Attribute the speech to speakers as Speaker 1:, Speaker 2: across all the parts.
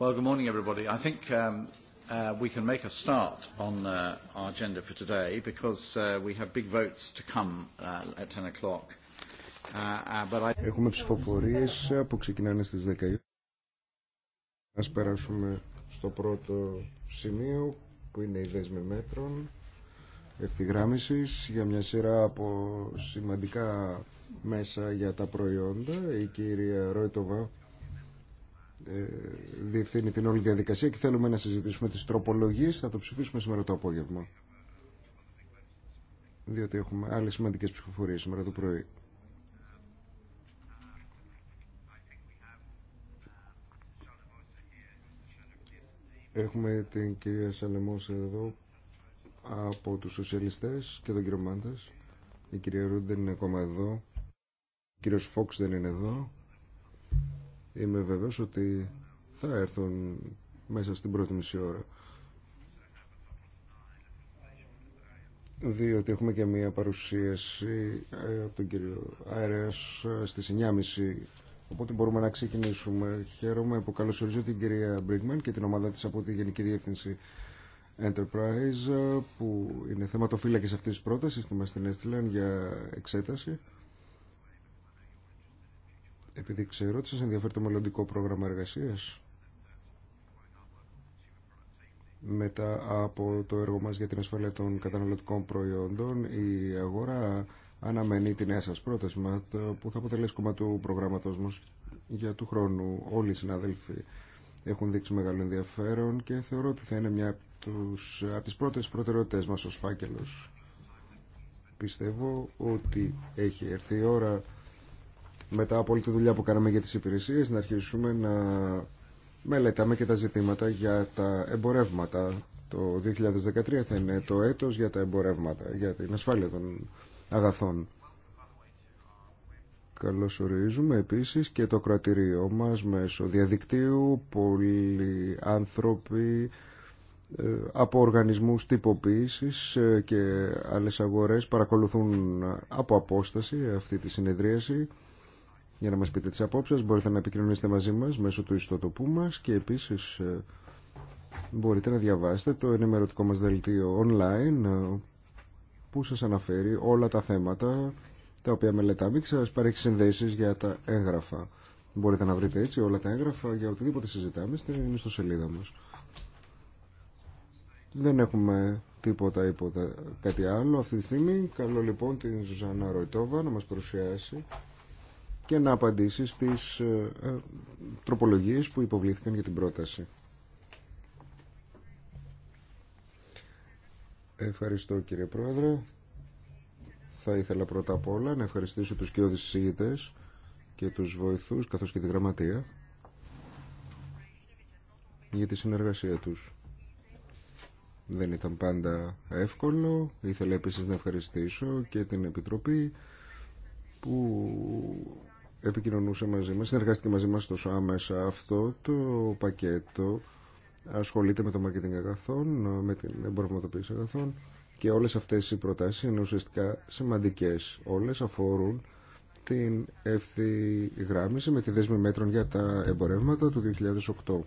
Speaker 1: Well, good morning, everybody. I think um, uh, we can make a start on uh, our agenda for today because uh, we have big votes to come at 10 o'clock.
Speaker 2: Έχουμε ψηφοφορίες που ξεκινάνε στις 10. Ας περάσουμε στο πρώτο σημείο που είναι η δέσμη μέτρων ευθυγράμμισης για μια σειρά από σημαντικά μέσα για τα προϊόντα. Η κυρία Ρόιτοβα ε, διευθύνει την όλη διαδικασία και θέλουμε να συζητήσουμε τις τροπολογίες. Θα το ψηφίσουμε σήμερα το απόγευμα. Διότι έχουμε άλλες σημαντικές ψηφοφορίες σήμερα το πρωί. Έχουμε την κυρία Σαλεμός εδώ από τους σοσιαλιστές και τον κύριο Μάντας. Η κυρία Ρούντ δεν είναι ακόμα εδώ. Ο κύριος Φόξ δεν είναι εδώ. Είμαι βέβαιος ότι θα έρθουν μέσα στην πρώτη μισή ώρα. Διότι έχουμε και μία παρουσίαση ε, από τον κύριο Αέρας ε, στις 9.30. Οπότε μπορούμε να ξεκινήσουμε. Χαίρομαι που καλωσορίζω την κυρία Μπρίγκμαν και την ομάδα της από τη Γενική Διεύθυνση Enterprise ε, που είναι θεματοφύλακες αυτής της πρότασης που μας την έστειλαν για εξέταση. Επειδή ξέρω ότι σας ενδιαφέρει το μελλοντικό πρόγραμμα εργασίας μετά από το έργο μας για την ασφάλεια των καταναλωτικών προϊόντων η αγορά αναμένει τη νέα σας πρότασμα που θα αποτελέσει κομμάτι του προγράμματός μας για του χρόνου. Όλοι οι συναδέλφοι έχουν δείξει μεγάλο ενδιαφέρον και θεωρώ ότι θα είναι μια από, τους, από τις πρώτες προτεραιότητες μας ως φάκελος. Πιστεύω ότι έχει έρθει η ώρα μετά από όλη τη δουλειά που κάναμε για τις υπηρεσίες να αρχίσουμε να μελετάμε και τα ζητήματα για τα εμπορεύματα. Το 2013 θα είναι το έτος για τα εμπορεύματα, για την ασφάλεια των αγαθών. ορίζουμε επίσης και το κρατηριό μας μέσω διαδικτύου, πολλοί άνθρωποι ε, από οργανισμούς τυποποίησης ε, και άλλες αγορές παρακολουθούν από απόσταση αυτή τη συνεδρίαση για να μας πείτε τις απόψεις. Μπορείτε να επικοινωνήσετε μαζί μας μέσω του ιστοτοπού μας και επίσης ε, μπορείτε να διαβάσετε το ενημερωτικό μας δελτίο online ε, που σας αναφέρει όλα τα θέματα τα οποία μελετάμε και σας παρέχει συνδέσεις για τα έγγραφα. Μπορείτε να βρείτε έτσι όλα τα έγγραφα για οτιδήποτε συζητάμε στην ιστοσελίδα μας. Δεν έχουμε τίποτα ή κάτι άλλο αυτή τη στιγμή. Καλό λοιπόν την Ζωζάνα Ροϊτόβα να μας παρουσιάσει και να απαντήσει στις ε, ε, τροπολογίες που υποβλήθηκαν για την πρόταση. Ευχαριστώ κύριε Πρόεδρε. Θα ήθελα πρώτα απ' όλα να ευχαριστήσω τους και συζήτητες και τους βοηθούς καθώς και τη γραμματεία για τη συνεργασία τους. Δεν ήταν πάντα εύκολο. Ήθελα επίσης να ευχαριστήσω και την Επιτροπή που επικοινωνούσε μαζί μας, συνεργάστηκε μαζί μας τόσο άμεσα. Αυτό το πακέτο ασχολείται με το marketing αγαθών, με την εμπορευματοποίηση αγαθών και όλες αυτές οι προτάσεις είναι ουσιαστικά σημαντικές. Όλες αφορούν την ευθυγράμμιση με τη δέσμη μέτρων για τα εμπορεύματα του 2008.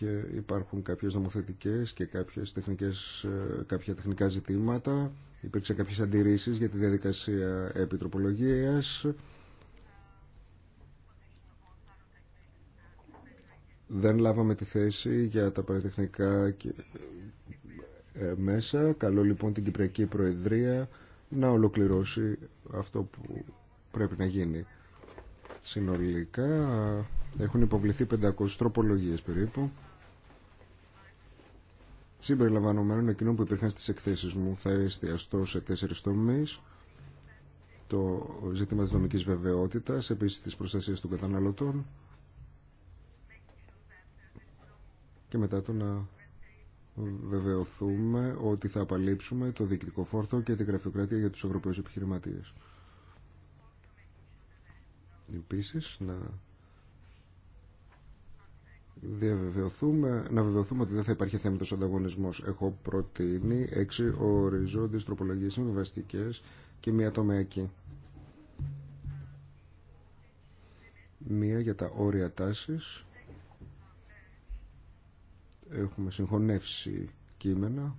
Speaker 2: Ε, υπάρχουν κάποιες νομοθετικές και κάποιες τεχνικές, ε, κάποια τεχνικά ζητήματα υπήρξαν κάποιες αντιρρήσεις για τη διαδικασία επιτροπολογίας. Δεν λάβαμε τη θέση για τα παρατεχνικά και, ε, μέσα. Καλό λοιπόν την Κυπριακή Προεδρία να ολοκληρώσει αυτό που πρέπει να γίνει. Συνολικά έχουν υποβληθεί 500 τροπολογίες περίπου συμπεριλαμβανομένων εκείνων που υπήρχαν στις εκθέσεις μου. Θα εστιαστώ σε τέσσερις τομείς. Το ζήτημα της νομικής βεβαιότητας, επίσης της προστασίας των καταναλωτών και μετά το να βεβαιωθούμε ότι θα απαλείψουμε το διοικητικό φόρτο και την γραφειοκρατία για τους Ευρωπαίους επιχειρηματίες. Επίσης, να διαβεβαιωθούμε, να βεβαιωθούμε ότι δεν θα υπάρχει θέμα του ανταγωνισμό. Έχω προτείνει έξι οριζόντιες τροπολογίε, συμβαστικέ και μία τομεακή. Μία για τα όρια τάση. Έχουμε συγχωνεύσει κείμενα.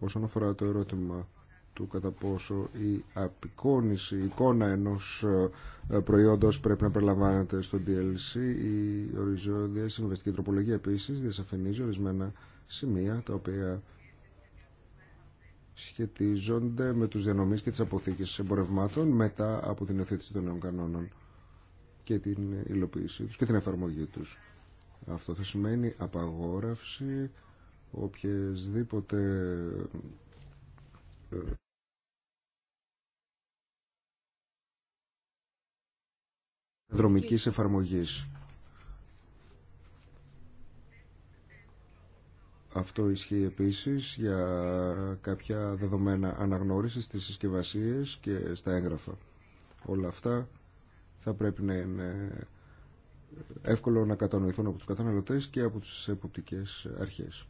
Speaker 2: Όσον αφορά το ερώτημα του κατά πόσο η απεικόνηση, η εικόνα ενός ε, προϊόντος πρέπει να περιλαμβάνεται στο DLC. Η οριζόντια συμβαστική τροπολογία επίσης διασαφενίζει ορισμένα σημεία τα οποία σχετίζονται με τους διανομής και τις αποθήκες εμπορευμάτων μετά από την υιοθέτηση των νέων κανόνων και την υλοποίησή τους και την εφαρμογή τους. Αυτό θα σημαίνει απαγόραυση οποιασδήποτε ε, δρομικής εφαρμογής. Αυτό ισχύει επίσης για κάποια δεδομένα αναγνώρισης στις συσκευασίες και στα έγγραφα. Όλα αυτά θα πρέπει να είναι εύκολο να κατανοηθούν από τους καταναλωτές και από τις εποπτικές αρχές.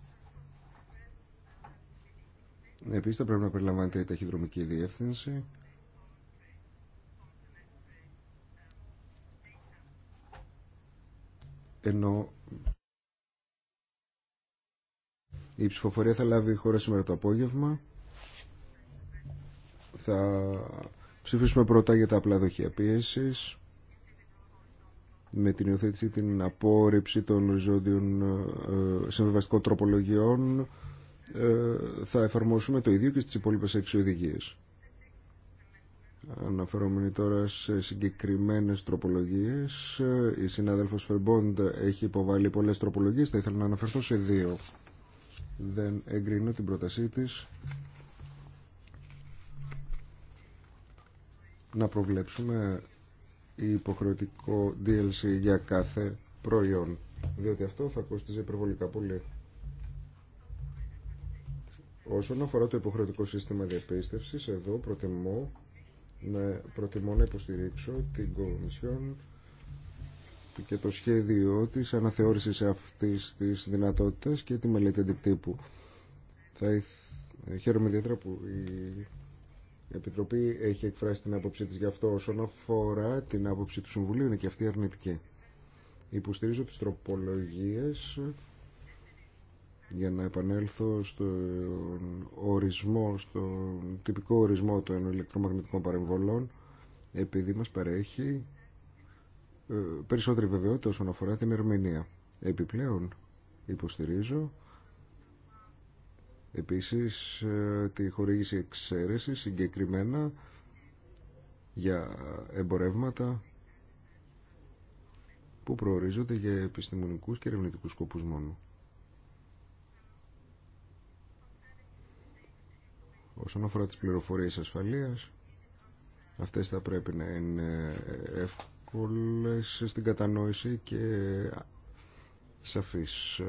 Speaker 2: Επίσης θα πρέπει να περιλαμβάνεται η ταχυδρομική διεύθυνση ενώ η ψηφοφορία θα λάβει χώρα σήμερα το απόγευμα. Θα ψηφίσουμε πρώτα για τα απλά δοχεία πίεσης με την υιοθέτηση την απόρριψη των οριζόντιων ε, συμβιβαστικών τροπολογιών ε, θα εφαρμόσουμε το ίδιο και στις υπόλοιπες έξι Αναφερόμενοι τώρα σε συγκεκριμένες τροπολογίες, η συνάδελφος Φερμπόντ έχει υποβάλει πολλές τροπολογίες, θα ήθελα να αναφερθώ σε δύο. Δεν εγκρίνω την πρότασή της να προβλέψουμε υποχρεωτικό DLC για κάθε προϊόν, διότι αυτό θα κόστιζε υπερβολικά πολύ. Όσον αφορά το υποχρεωτικό σύστημα διαπίστευσης, εδώ προτιμώ να προτιμώ να υποστηρίξω την Κομισιόν και το σχέδιο της αναθεώρησης αυτής της δυνατότητας και τη μελέτη αντικτύπου. Θα Χαίρομαι ιδιαίτερα που η Επιτροπή έχει εκφράσει την άποψή της γι' αυτό όσον αφορά την άποψη του Συμβουλίου είναι και αυτή αρνητική. Υποστηρίζω τις τροπολογίες για να επανέλθω στον ορισμό, στον τυπικό ορισμό των ηλεκτρομαγνητικών παρεμβολών επειδή μας παρέχει ε, περισσότερη βεβαιότητα όσον αφορά την Ερμηνεία. Επιπλέον υποστηρίζω επίσης ε, τη χορήγηση εξαίρεση συγκεκριμένα για εμπορεύματα που προορίζονται για επιστημονικούς και ερευνητικούς σκοπούς μόνο. Όσον αφορά τις πληροφορίες ασφαλείας, αυτές θα πρέπει να είναι εύκολες στην κατανόηση και σαφείς.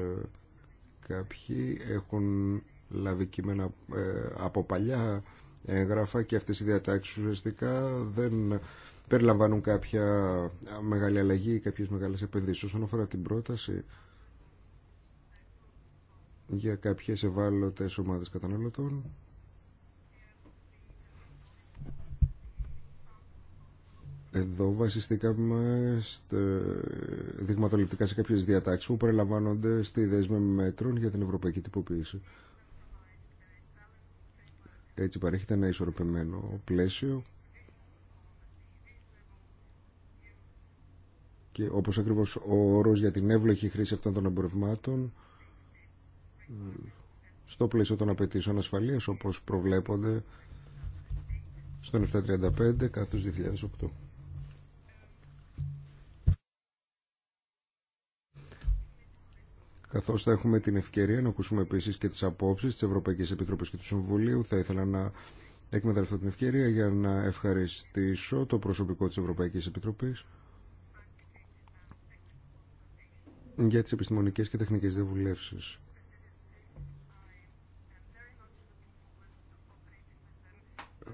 Speaker 2: Κάποιοι έχουν λάβει κείμενα ε, από παλιά έγγραφα και αυτές οι διατάξεις ουσιαστικά δεν περιλαμβάνουν κάποια μεγάλη αλλαγή ή κάποιες μεγάλες επενδύσεις. Όσον αφορά την πρόταση για κάποιες ευάλωτες ομάδες καταναλωτών, Εδώ βασιστήκαμε δειγματοληπτικά σε κάποιες διατάξεις που περιλαμβάνονται στη δέσμη μέτρων για την ευρωπαϊκή τυποποίηση. Έτσι παρέχεται ένα ισορροπημένο πλαίσιο και όπως ακριβώς ο όρος για την εύλογη χρήση αυτών των εμπορευμάτων στο πλαίσιο των απαιτήσεων ασφαλείας όπως προβλέπονται στον 735 καθώς 2008. Καθώ θα έχουμε την ευκαιρία να ακούσουμε επίση και τι απόψει τη Ευρωπαϊκή Επιτροπή και του Συμβουλίου. Θα ήθελα να εκμεταλλευτώ την ευκαιρία για να ευχαριστήσω το προσωπικό τη Ευρωπαϊκή Επιτροπή για τι επιστημονικέ και τεχνικέ διαβουλευσει.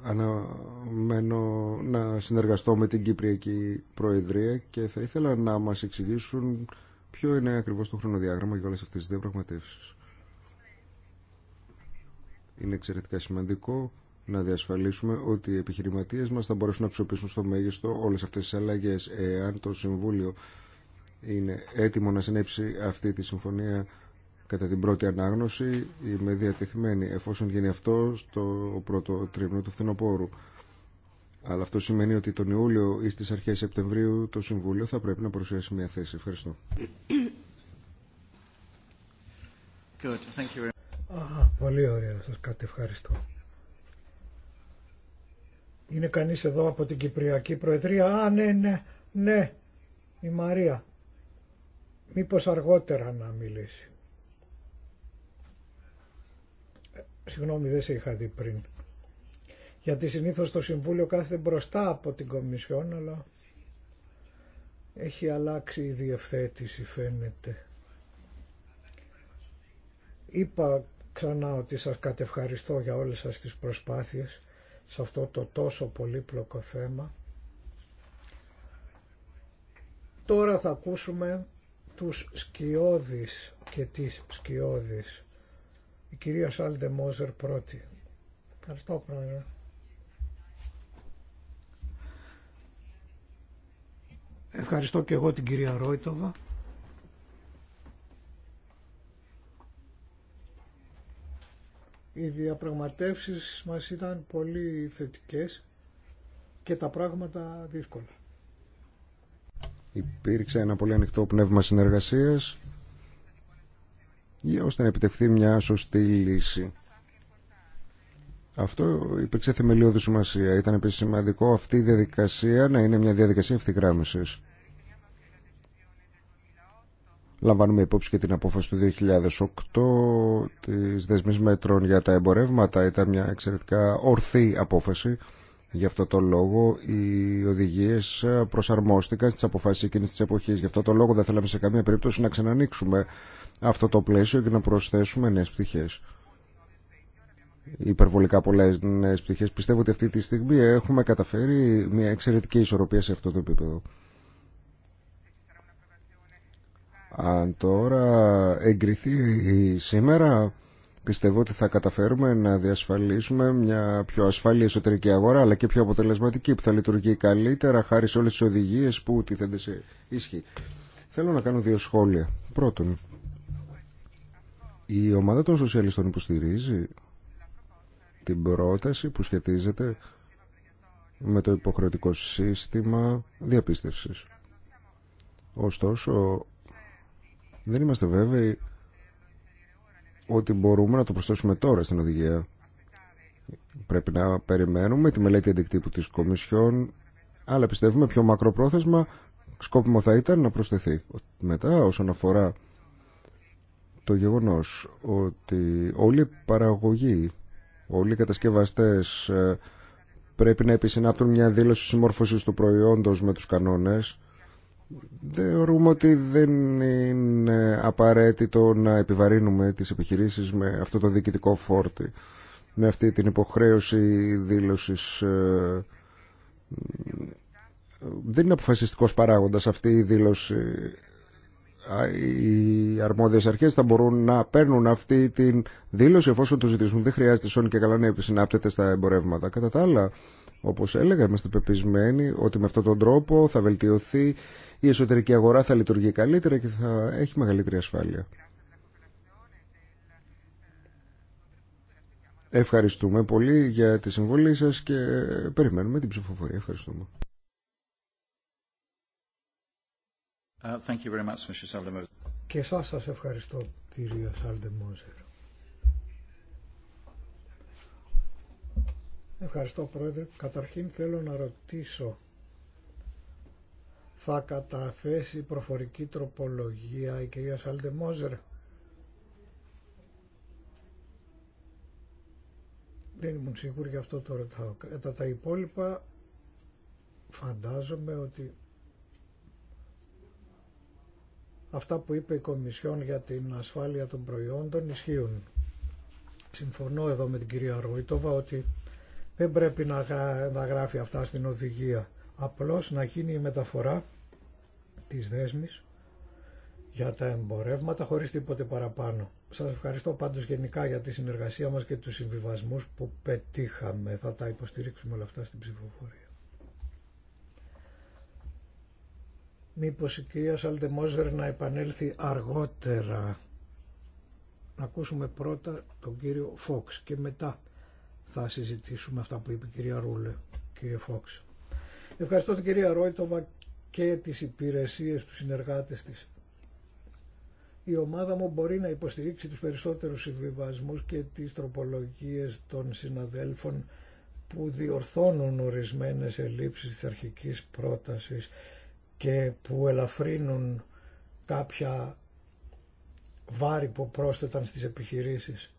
Speaker 2: αναμένω να συνεργαστώ με την Κυπριακή Προεδρία και θα ήθελα να μας εξηγήσουν Ποιο είναι ακριβώς το χρονοδιάγραμμα για όλες αυτές τις διαπραγματεύσεις. Είναι εξαιρετικά σημαντικό να διασφαλίσουμε ότι οι επιχειρηματίες μας θα μπορέσουν να αξιοποιήσουν στο μέγιστο όλες αυτές τις αλλαγές. Εάν το Συμβούλιο είναι έτοιμο να συνέψει αυτή τη συμφωνία κατά την πρώτη ανάγνωση, είμαι διατεθειμένη εφόσον γίνει αυτό στο πρώτο τρίμηνο του φθινοπόρου. Αλλά αυτό σημαίνει ότι τον Ιούλιο ή στις αρχές Σεπτεμβρίου το Συμβούλιο θα πρέπει να παρουσιάσει μια θέση. Ευχαριστώ.
Speaker 1: Good. Thank you.
Speaker 3: πολύ ωραία. Σας κάτι ευχαριστώ. Είναι κανείς εδώ από την Κυπριακή Προεδρία. Α, ναι, ναι, ναι. Η Μαρία. Μήπως αργότερα να μιλήσει. Ε, συγγνώμη, δεν σε είχα δει πριν γιατί συνήθως το Συμβούλιο κάθεται μπροστά από την Κομισιόν, αλλά έχει αλλάξει η διευθέτηση φαίνεται. Είπα ξανά ότι σας κατευχαριστώ για όλες σας τις προσπάθειες σε αυτό το τόσο πολύπλοκο θέμα. Τώρα θα ακούσουμε τους σκιώδεις και τις σκιώδεις. Η κυρία Σάλντε Μόζερ πρώτη. Ευχαριστώ πρόεδρε. Ευχαριστώ και εγώ την κυρία Ρόιτοβα. Οι διαπραγματεύσεις μας ήταν πολύ θετικές και τα πράγματα δύσκολα.
Speaker 2: Υπήρξε ένα πολύ ανοιχτό πνεύμα συνεργασίας για ώστε να επιτευχθεί μια σωστή λύση αυτό υπήρξε θεμελιώδη σημασία. Ήταν επίση σημαντικό αυτή η διαδικασία να είναι μια διαδικασία ευθυγράμμιση. Λαμβάνουμε υπόψη και την απόφαση του 2008 τη δεσμή μέτρων για τα εμπορεύματα. Ήταν μια εξαιρετικά ορθή απόφαση. Γι' αυτό το λόγο οι οδηγίε προσαρμόστηκαν στι αποφάσει εκείνης τη εποχή. Γι' αυτό το λόγο δεν θέλαμε σε καμία περίπτωση να ξανανοίξουμε αυτό το πλαίσιο και να προσθέσουμε νέε πτυχέ υπερβολικά πολλέ νέε πτυχές. Πιστεύω ότι αυτή τη στιγμή έχουμε καταφέρει μια εξαιρετική ισορροπία σε αυτό το επίπεδο. Αν τώρα εγκριθεί σήμερα, πιστεύω ότι θα καταφέρουμε να διασφαλίσουμε μια πιο ασφαλή εσωτερική αγορά, αλλά και πιο αποτελεσματική, που θα λειτουργεί καλύτερα χάρη σε όλες τις οδηγίες που τίθενται σε ίσχυ. Θέλω να κάνω δύο σχόλια. Πρώτον, η ομάδα των σοσιαλιστών υποστηρίζει την πρόταση που σχετίζεται με το υποχρεωτικό σύστημα διαπίστευσης. Ωστόσο, δεν είμαστε βέβαιοι ότι μπορούμε να το προσθέσουμε τώρα στην οδηγία. Πρέπει να περιμένουμε τη μελέτη αντικτύπου της Κομισιόν, αλλά πιστεύουμε πιο μακροπρόθεσμα σκόπιμο θα ήταν να προσθεθεί. Μετά, όσον αφορά το γεγονός ότι όλη η παραγωγή Όλοι οι κατασκευαστές ε, πρέπει να επισυνάπτουν μια δήλωση συμμόρφωσης του προϊόντο με τους κανόνες. Θεωρούμε ότι δεν είναι απαραίτητο να επιβαρύνουμε τις επιχειρήσεις με αυτό το διοικητικό φόρτι, με αυτή την υποχρέωση δήλωσης. Ε, δεν είναι αποφασιστικός παράγοντας αυτή η δήλωση οι αρμόδιες αρχές θα μπορούν να παίρνουν αυτή την δήλωση εφόσον το ζητήσουν. Δεν χρειάζεται σόνι και καλά να επισυνάπτεται στα εμπορεύματα. Κατά τα άλλα, όπως έλεγα, είμαστε πεπισμένοι ότι με αυτόν τον τρόπο θα βελτιωθεί η εσωτερική αγορά, θα λειτουργεί καλύτερα και θα έχει μεγαλύτερη ασφάλεια. Ευχαριστούμε πολύ για τη συμβολή σας και περιμένουμε την ψηφοφορία. Ευχαριστούμε.
Speaker 1: Uh, thank you very much, Mr.
Speaker 3: Και εσάς σας ευχαριστώ κύριε Σαλντεμόζερ. Ευχαριστώ πρόεδρε. Καταρχήν θέλω να ρωτήσω θα καταθέσει προφορική τροπολογία η κυρία Σαλντεμόζερ. Δεν ήμουν σίγουρη γι' αυτό το ρωτάω. Κατά τα υπόλοιπα φαντάζομαι ότι Αυτά που είπε η Κομισιόν για την ασφάλεια των προϊόντων ισχύουν. Συμφωνώ εδώ με την κυρία Ροϊτόβα ότι δεν πρέπει να, να γράφει αυτά στην οδηγία. Απλώς να γίνει η μεταφορά της δέσμης για τα εμπορεύματα χωρίς τίποτε παραπάνω. Σας ευχαριστώ πάντως γενικά για τη συνεργασία μας και τους συμβιβασμούς που πετύχαμε. Θα τα υποστηρίξουμε όλα αυτά στην ψηφοφορία. Μήπως η κυρία Σαλτεμόζερ να επανέλθει αργότερα. Να ακούσουμε πρώτα τον κύριο Φόξ και μετά θα συζητήσουμε αυτά που είπε η κυρία Ρούλε, κύριε Φόξ. Ευχαριστώ την κυρία Ρόιτοβα και τις υπηρεσίες του συνεργάτες της. Η ομάδα μου μπορεί να υποστηρίξει τους περισσότερους συμβιβασμούς και τις τροπολογίες των συναδέλφων που διορθώνουν ορισμένες ελλείψεις της αρχικής πρότασης και που ελαφρύνουν κάποια βάρη που πρόσθεταν στις επιχειρήσεις.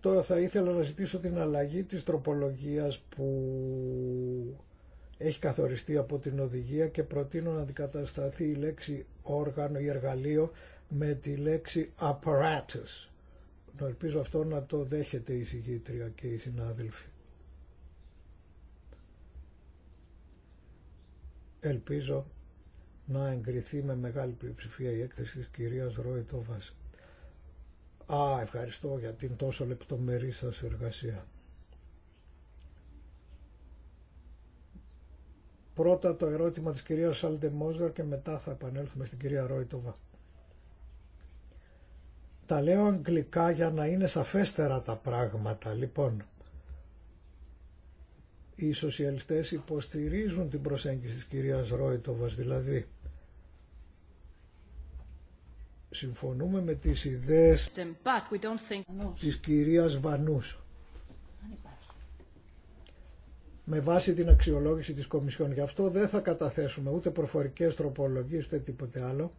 Speaker 3: Τώρα θα ήθελα να ζητήσω την αλλαγή της τροπολογίας που έχει καθοριστεί από την οδηγία και προτείνω να αντικατασταθεί η λέξη όργανο ή εργαλείο με τη λέξη apparatus. Ελπίζω αυτό να το δέχεται η συγγήτρια και οι συνάδελφοι. Ελπίζω να εγκριθεί με μεγάλη πλειοψηφία η έκθεση της κυρίας Ροϊτόβας. Α, ευχαριστώ για την τόσο λεπτομερή σας εργασία. Πρώτα το ερώτημα της κυρίας Μόζερ και μετά θα επανέλθουμε στην κυρία Ρόιτοβα. Τα λέω αγγλικά για να είναι σαφέστερα τα πράγματα. Λοιπόν, οι σοσιαλιστές υποστηρίζουν την προσέγγιση της κυρίας Ρόιτοβας δηλαδή. Συμφωνούμε με τις ιδέες
Speaker 4: think... της
Speaker 3: κυρίας Βανούς. Με βάση την αξιολόγηση της Κομισιόν. Γι' αυτό δεν θα καταθέσουμε ούτε προφορικές τροπολογίες ούτε τίποτε άλλο.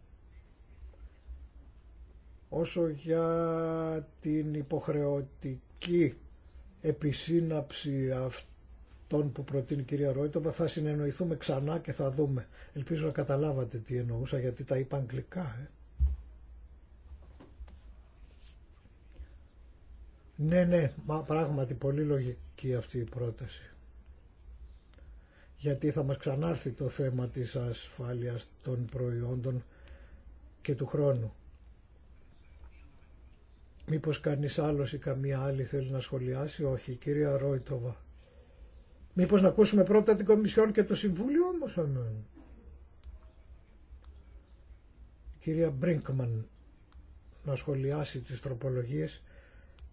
Speaker 3: Όσο για την υποχρεωτική επισύναψη αυτή αυτών που προτείνει η κυρία Ρόιτοβα θα συνεννοηθούμε ξανά και θα δούμε. Ελπίζω να καταλάβατε τι εννοούσα γιατί τα είπα αγγλικά. Ε. Ναι, ναι, μα πράγματι πολύ λογική αυτή η πρόταση. Γιατί θα μας ξανάρθει το θέμα της ασφάλειας των προϊόντων και του χρόνου. Μήπως κανείς άλλος ή καμία άλλη θέλει να σχολιάσει. Όχι, κυρία Ρόιτοβα. Μήπως να ακούσουμε πρώτα την Κομισιόν και το Συμβούλιο όμως. Κυρία Μπρίνκμαν να σχολιάσει τις τροπολογίες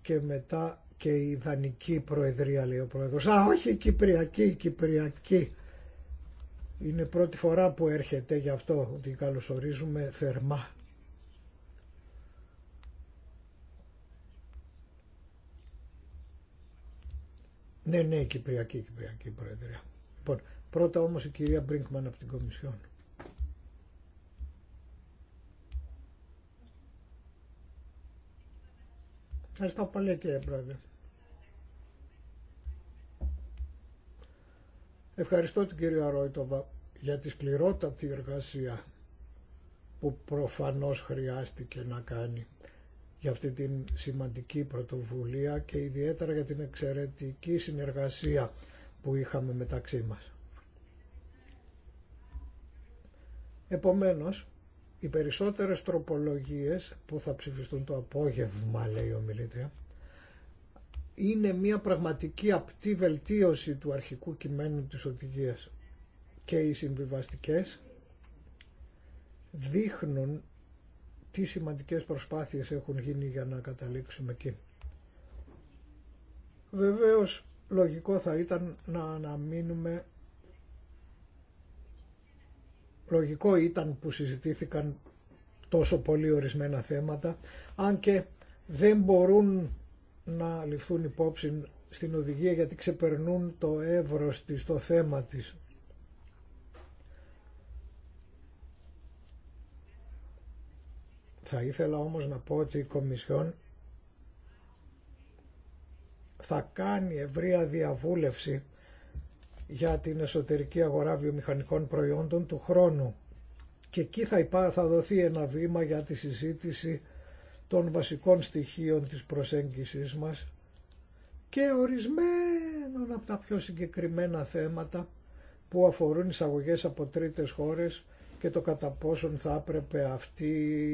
Speaker 3: και μετά και η Δανική Προεδρία λέει ο Πρόεδρος. Α, όχι η Κυπριακή, η Κυπριακή. Είναι πρώτη φορά που έρχεται, γι' αυτό ότι καλωσορίζουμε θερμά. Ναι, ναι, η Κυπριακή, η Κυπριακή Προεδρία. Λοιπόν, πρώτα όμως η κυρία Μπρίνκμαν από την Κομισιόν. Ευχαριστώ πολύ κύριε Πρόεδρε. Ευχαριστώ την κυρία Ρόιτοβα για τη σκληρότατη εργασία που προφανώς χρειάστηκε να κάνει για αυτή την σημαντική πρωτοβουλία και ιδιαίτερα για την εξαιρετική συνεργασία που είχαμε μεταξύ μας. Επομένως, οι περισσότερες τροπολογίες που θα ψηφιστούν το απόγευμα, λέει ο Μιλήτρια, είναι μια πραγματική απτή βελτίωση του αρχικού κειμένου της οδηγίας και οι συμβιβαστικές δείχνουν τι σημαντικές προσπάθειες έχουν γίνει για να καταλήξουμε εκεί. Βεβαίως λογικό θα ήταν να αναμείνουμε λογικό ήταν που συζητήθηκαν τόσο πολύ ορισμένα θέματα αν και δεν μπορούν να ληφθούν υπόψη στην οδηγία γιατί ξεπερνούν το εύρος της, το θέμα της Θα ήθελα όμως να πω ότι η Κομισιόν θα κάνει ευρεία διαβούλευση για την εσωτερική αγορά βιομηχανικών προϊόντων του χρόνου και εκεί θα, υπά, θα δοθεί ένα βήμα για τη συζήτηση των βασικών στοιχείων της προσέγγισης μας και ορισμένων από τα πιο συγκεκριμένα θέματα που αφορούν εισαγωγές από τρίτες χώρες και το κατά πόσον θα έπρεπε αυτή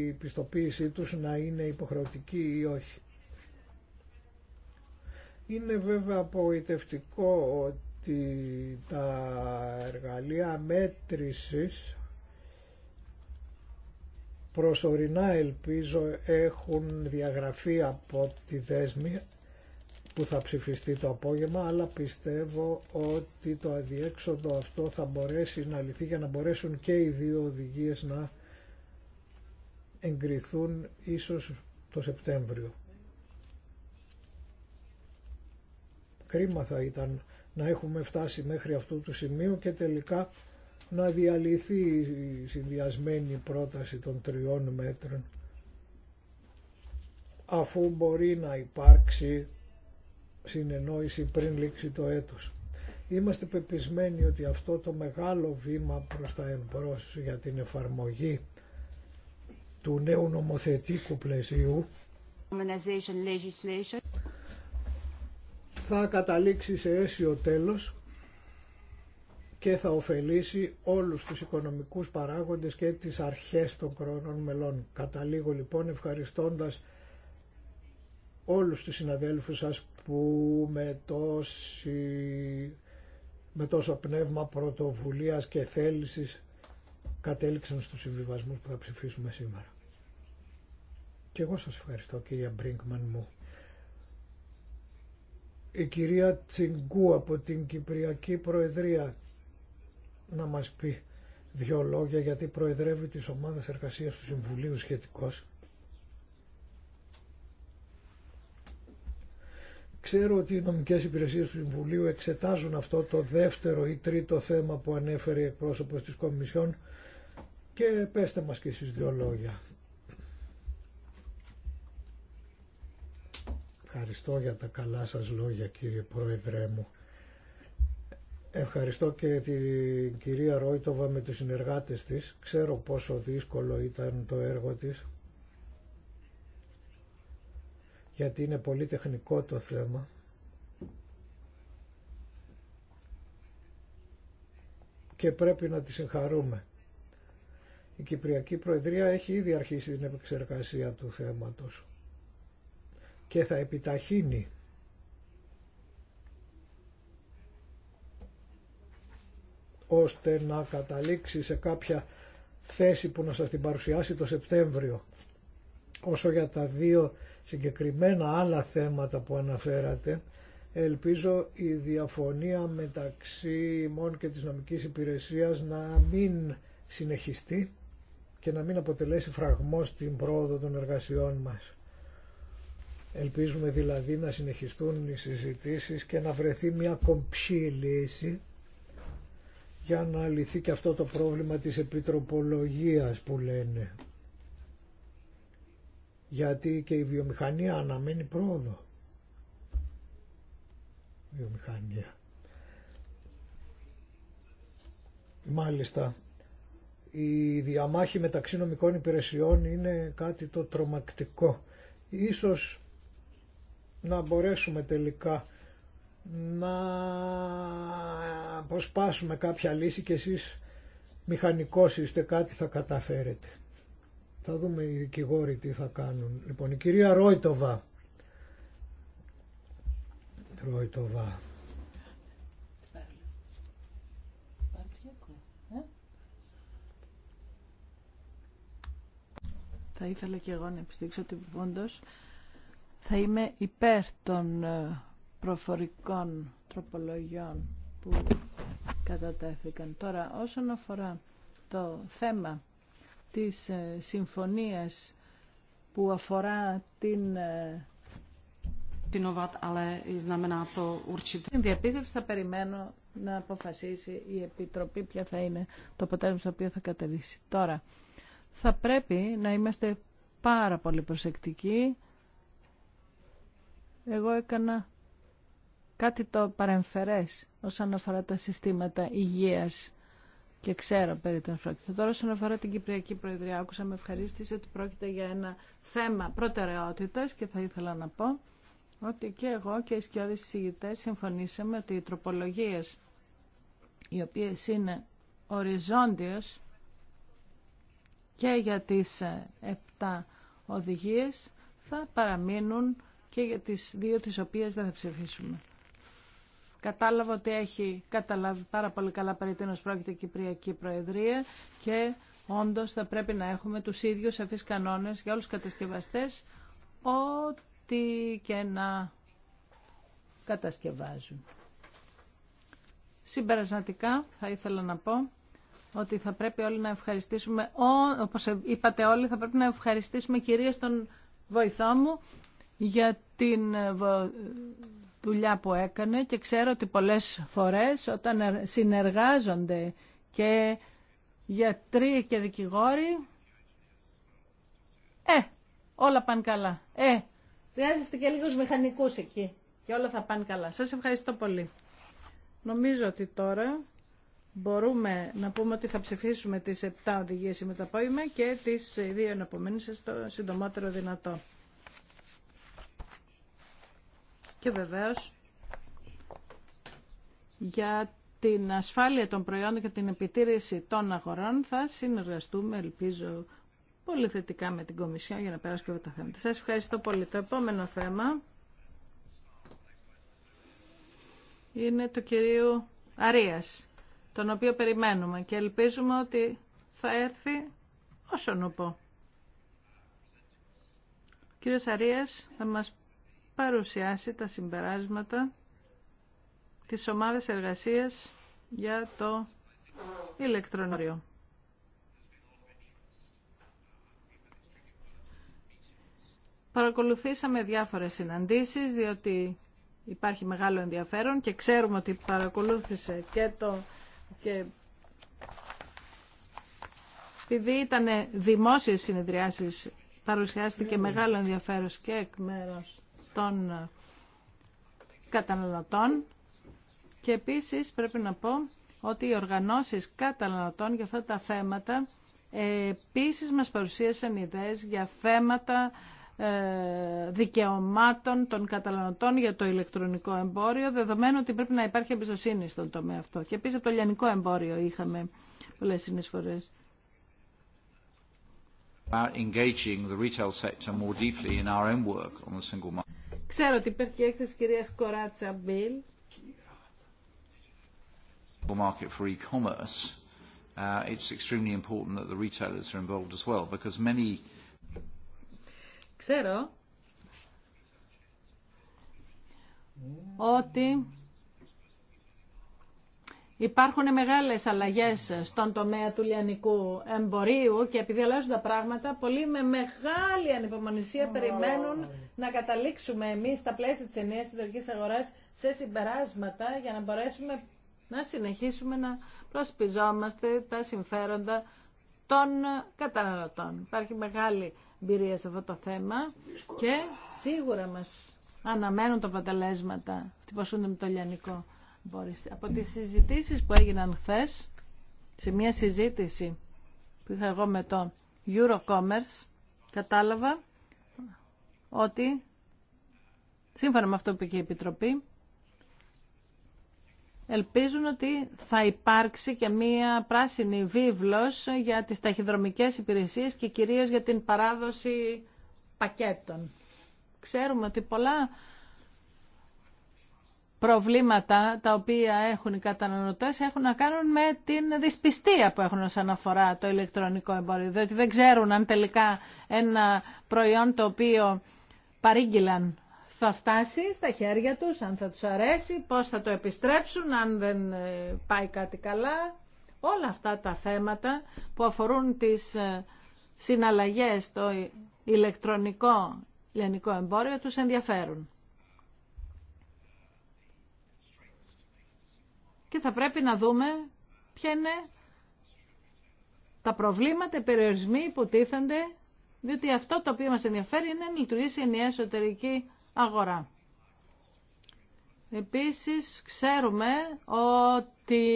Speaker 3: η πιστοποίησή τους να είναι υποχρεωτική ή όχι. Είναι βέβαια απογοητευτικό ότι τα εργαλεία μέτρησης προσωρινά ελπίζω έχουν διαγραφεί από τη δέσμη που θα ψηφιστεί το απόγευμα, αλλά πιστεύω ότι το αδιέξοδο αυτό θα μπορέσει να λυθεί για να μπορέσουν και οι δύο οδηγίες να εγκριθούν ίσως το Σεπτέμβριο. Κρίμα θα ήταν να έχουμε φτάσει μέχρι αυτού του σημείου και τελικά να διαλυθεί η συνδυασμένη πρόταση των τριών μέτρων αφού μπορεί να υπάρξει συνεννόηση πριν λήξει το έτος. Είμαστε πεπισμένοι ότι αυτό το μεγάλο βήμα προς τα εμπρός για την εφαρμογή του νέου νομοθετικού πλαισίου θα καταλήξει σε αίσιο τέλος και θα ωφελήσει όλους τους οικονομικούς παράγοντες και τις αρχές των κρόνων μελών. Καταλήγω λοιπόν ευχαριστώντας όλους τους συναδέλφους σας που με, τόση, με τόσο πνεύμα πρωτοβουλίας και θέλησης κατέληξαν στους συμβιβασμούς που θα ψηφίσουμε σήμερα. Και εγώ σας ευχαριστώ κυρία Μπρίνκμαν μου. Η κυρία Τσιγκού από την Κυπριακή Προεδρία να μας πει δύο λόγια γιατί προεδρεύει τις ομάδες εργασίας του Συμβουλίου σχετικώς. Ξέρω ότι οι νομικές υπηρεσίες του Συμβουλίου εξετάζουν αυτό το δεύτερο ή τρίτο θέμα που ανέφερε η εκπρόσωπος της Κομισιόν και πέστε μας και εσείς δύο λόγια. Ευχαριστώ για τα καλά σας λόγια κύριε Πρόεδρέ μου. Ευχαριστώ και την κυρία Ρόιτοβα με τους συνεργάτες της. Ξέρω πόσο δύσκολο ήταν το έργο της γιατί είναι πολύ τεχνικό το θέμα. και πρέπει να τη συγχαρούμε. Η Κυπριακή Προεδρία έχει ήδη αρχίσει την επεξεργασία του θέματος και θα επιταχύνει ώστε να καταλήξει σε κάποια θέση που να σας την παρουσιάσει το Σεπτέμβριο. Όσο για τα δύο συγκεκριμένα άλλα θέματα που αναφέρατε, ελπίζω η διαφωνία μεταξύ ημών και της νομικής υπηρεσίας να μην συνεχιστεί και να μην αποτελέσει φραγμό στην πρόοδο των εργασιών μας. Ελπίζουμε δηλαδή να συνεχιστούν οι συζητήσεις και να βρεθεί μια κομψή λύση για να λυθεί και αυτό το πρόβλημα της επιτροπολογίας που λένε γιατί και η βιομηχανία αναμένει πρόοδο. Βιομηχανία. Μάλιστα, η διαμάχη μεταξύ νομικών υπηρεσιών είναι κάτι το τρομακτικό. Ίσως να μπορέσουμε τελικά να προσπάσουμε κάποια λύση και εσείς μηχανικός είστε κάτι θα καταφέρετε. Θα δούμε οι δικηγόροι τι θα κάνουν. Λοιπόν, η κυρία Ρόιτοβα. Ρόιτοβα.
Speaker 4: Θα ήθελα και εγώ να επιστήξω ότι όντως θα είμαι υπέρ των ε, προφορικών τροπολογιών που κατατέθηκαν. Τώρα, όσον αφορά το θέμα της ε, συμφωνίας που αφορά την ε, ε, την διαπίστευση θα περιμένω να αποφασίσει η Επιτροπή ποια θα είναι το αποτέλεσμα στο οποίο θα κατελήσει. Τώρα, θα πρέπει να είμαστε πάρα πολύ προσεκτικοί. Εγώ έκανα κάτι το παρεμφερές όσον αφορά τα συστήματα υγείας και ξέρω περί των Τώρα, όσον αφορά την Κυπριακή Προεδρία, άκουσα με ευχαρίστηση ότι πρόκειται για ένα θέμα προτεραιότητα και θα ήθελα να πω ότι και εγώ και οι σκιώδεις συζητητέ συμφωνήσαμε ότι οι τροπολογίε, οι οποίες είναι οριζόντιε και για τις 7 ε, οδηγίες θα παραμείνουν και για τις δύο τις οποίες δεν θα ψηφίσουμε. Κατάλαβα ότι έχει καταλάβει πάρα πολύ καλά περί τίνος πρόκειται η Κυπριακή Προεδρία και όντως θα πρέπει να έχουμε τους ίδιους σαφείς κανόνες για όλους τους κατασκευαστές ό,τι και να κατασκευάζουν. Συμπερασματικά θα ήθελα να πω ότι θα πρέπει όλοι να ευχαριστήσουμε, όπως είπατε όλοι, θα πρέπει να ευχαριστήσουμε κυρίως τον βοηθό μου για την δουλειά που έκανε και ξέρω ότι πολλές φορές όταν ε, συνεργάζονται και γιατροί και δικηγόροι, ε, όλα πάνε καλά. Ε, χρειάζεστε και λίγους μηχανικούς εκεί και όλα θα πάνε καλά. Σας ευχαριστώ πολύ. Νομίζω ότι τώρα μπορούμε να πούμε ότι θα ψηφίσουμε τις 7 οδηγίες με και τις δύο εναπομένες το συντομότερο δυνατό. και βεβαίως για την ασφάλεια των προϊόντων και την επιτήρηση των αγορών θα συνεργαστούμε, ελπίζω, πολύ θετικά με την Κομισιόν για να περάσουμε και τα θέματα. Σας ευχαριστώ πολύ. Το επόμενο θέμα είναι το κυρίου Αρίας, τον οποίο περιμένουμε και ελπίζουμε ότι θα έρθει όσο να κύριος Αρίας θα μας παρουσιάσει τα συμπεράσματα της ομάδας εργασίας για το ηλεκτρονόριο. Παρακολουθήσαμε διάφορες συναντήσεις, διότι υπάρχει μεγάλο ενδιαφέρον και ξέρουμε ότι παρακολούθησε και το... Και επειδή ήταν δημόσιες συνεδριάσεις, παρουσιάστηκε μεγάλο ενδιαφέρον και εκ μέρους των ε, καταναλωτών και επίσης πρέπει να πω ότι οι οργανώσεις καταναλωτών για αυτά τα θέματα επίσης μας παρουσίασαν ιδέες για θέματα ε, δικαιωμάτων των καταναλωτών για το ηλεκτρονικό εμπόριο, δεδομένου ότι πρέπει να υπάρχει εμπιστοσύνη στον τομέα αυτό. Και επίσης από το λιανικό εμπόριο είχαμε πολλές συνεισφορές.
Speaker 1: Engaging the retail sector more deeply in our own work on the single market.
Speaker 4: Ξέρω ότι υπάρχει και έκθεση κυρία Κοράτσα Μπίλ.
Speaker 1: Market for e-commerce, uh, it's extremely important that the retailers are involved as well, because many.
Speaker 4: Ξέρω ότι Υπάρχουν μεγάλες αλλαγές στον τομέα του λιανικού εμπορίου και επειδή αλλάζουν τα πράγματα, πολλοί με μεγάλη ανυπομονησία περιμένουν να καταλήξουμε εμείς στα πλαίσια της ενιαίας συντορικής αγοράς σε συμπεράσματα για να μπορέσουμε να συνεχίσουμε να προσπιζόμαστε τα συμφέροντα των καταναλωτών. Υπάρχει μεγάλη εμπειρία σε αυτό το θέμα και σίγουρα μας αναμένουν τα αποτελέσματα. τυπωσούνται με το λιανικό από τις συζητήσεις που έγιναν χθε, σε μια συζήτηση που είχα εγώ με το Eurocommerce, κατάλαβα ότι, σύμφωνα με αυτό που είπε η Επιτροπή, ελπίζουν ότι θα υπάρξει και μία πράσινη βίβλος για τις ταχυδρομικές υπηρεσίες και κυρίως για την παράδοση πακέτων. Ξέρουμε ότι πολλά προβλήματα τα οποία έχουν οι καταναλωτές έχουν να κάνουν με την δυσπιστία που έχουν όσον αφορά το ηλεκτρονικό εμπόριο. Διότι δεν ξέρουν αν τελικά ένα προϊόν το οποίο παρήγγειλαν θα φτάσει στα χέρια τους, αν θα τους αρέσει, πώς θα το επιστρέψουν, αν δεν ε, πάει κάτι καλά. Όλα αυτά τα θέματα που αφορούν τις ε, συναλλαγές στο ηλεκτρονικό ελληνικό εμπόριο τους ενδιαφέρουν. και θα πρέπει να δούμε ποια είναι τα προβλήματα, οι περιορισμοί που τίθενται, διότι αυτό το οποίο μας ενδιαφέρει είναι να λειτουργήσει η ενιαία εσωτερική αγορά. Επίσης, ξέρουμε ότι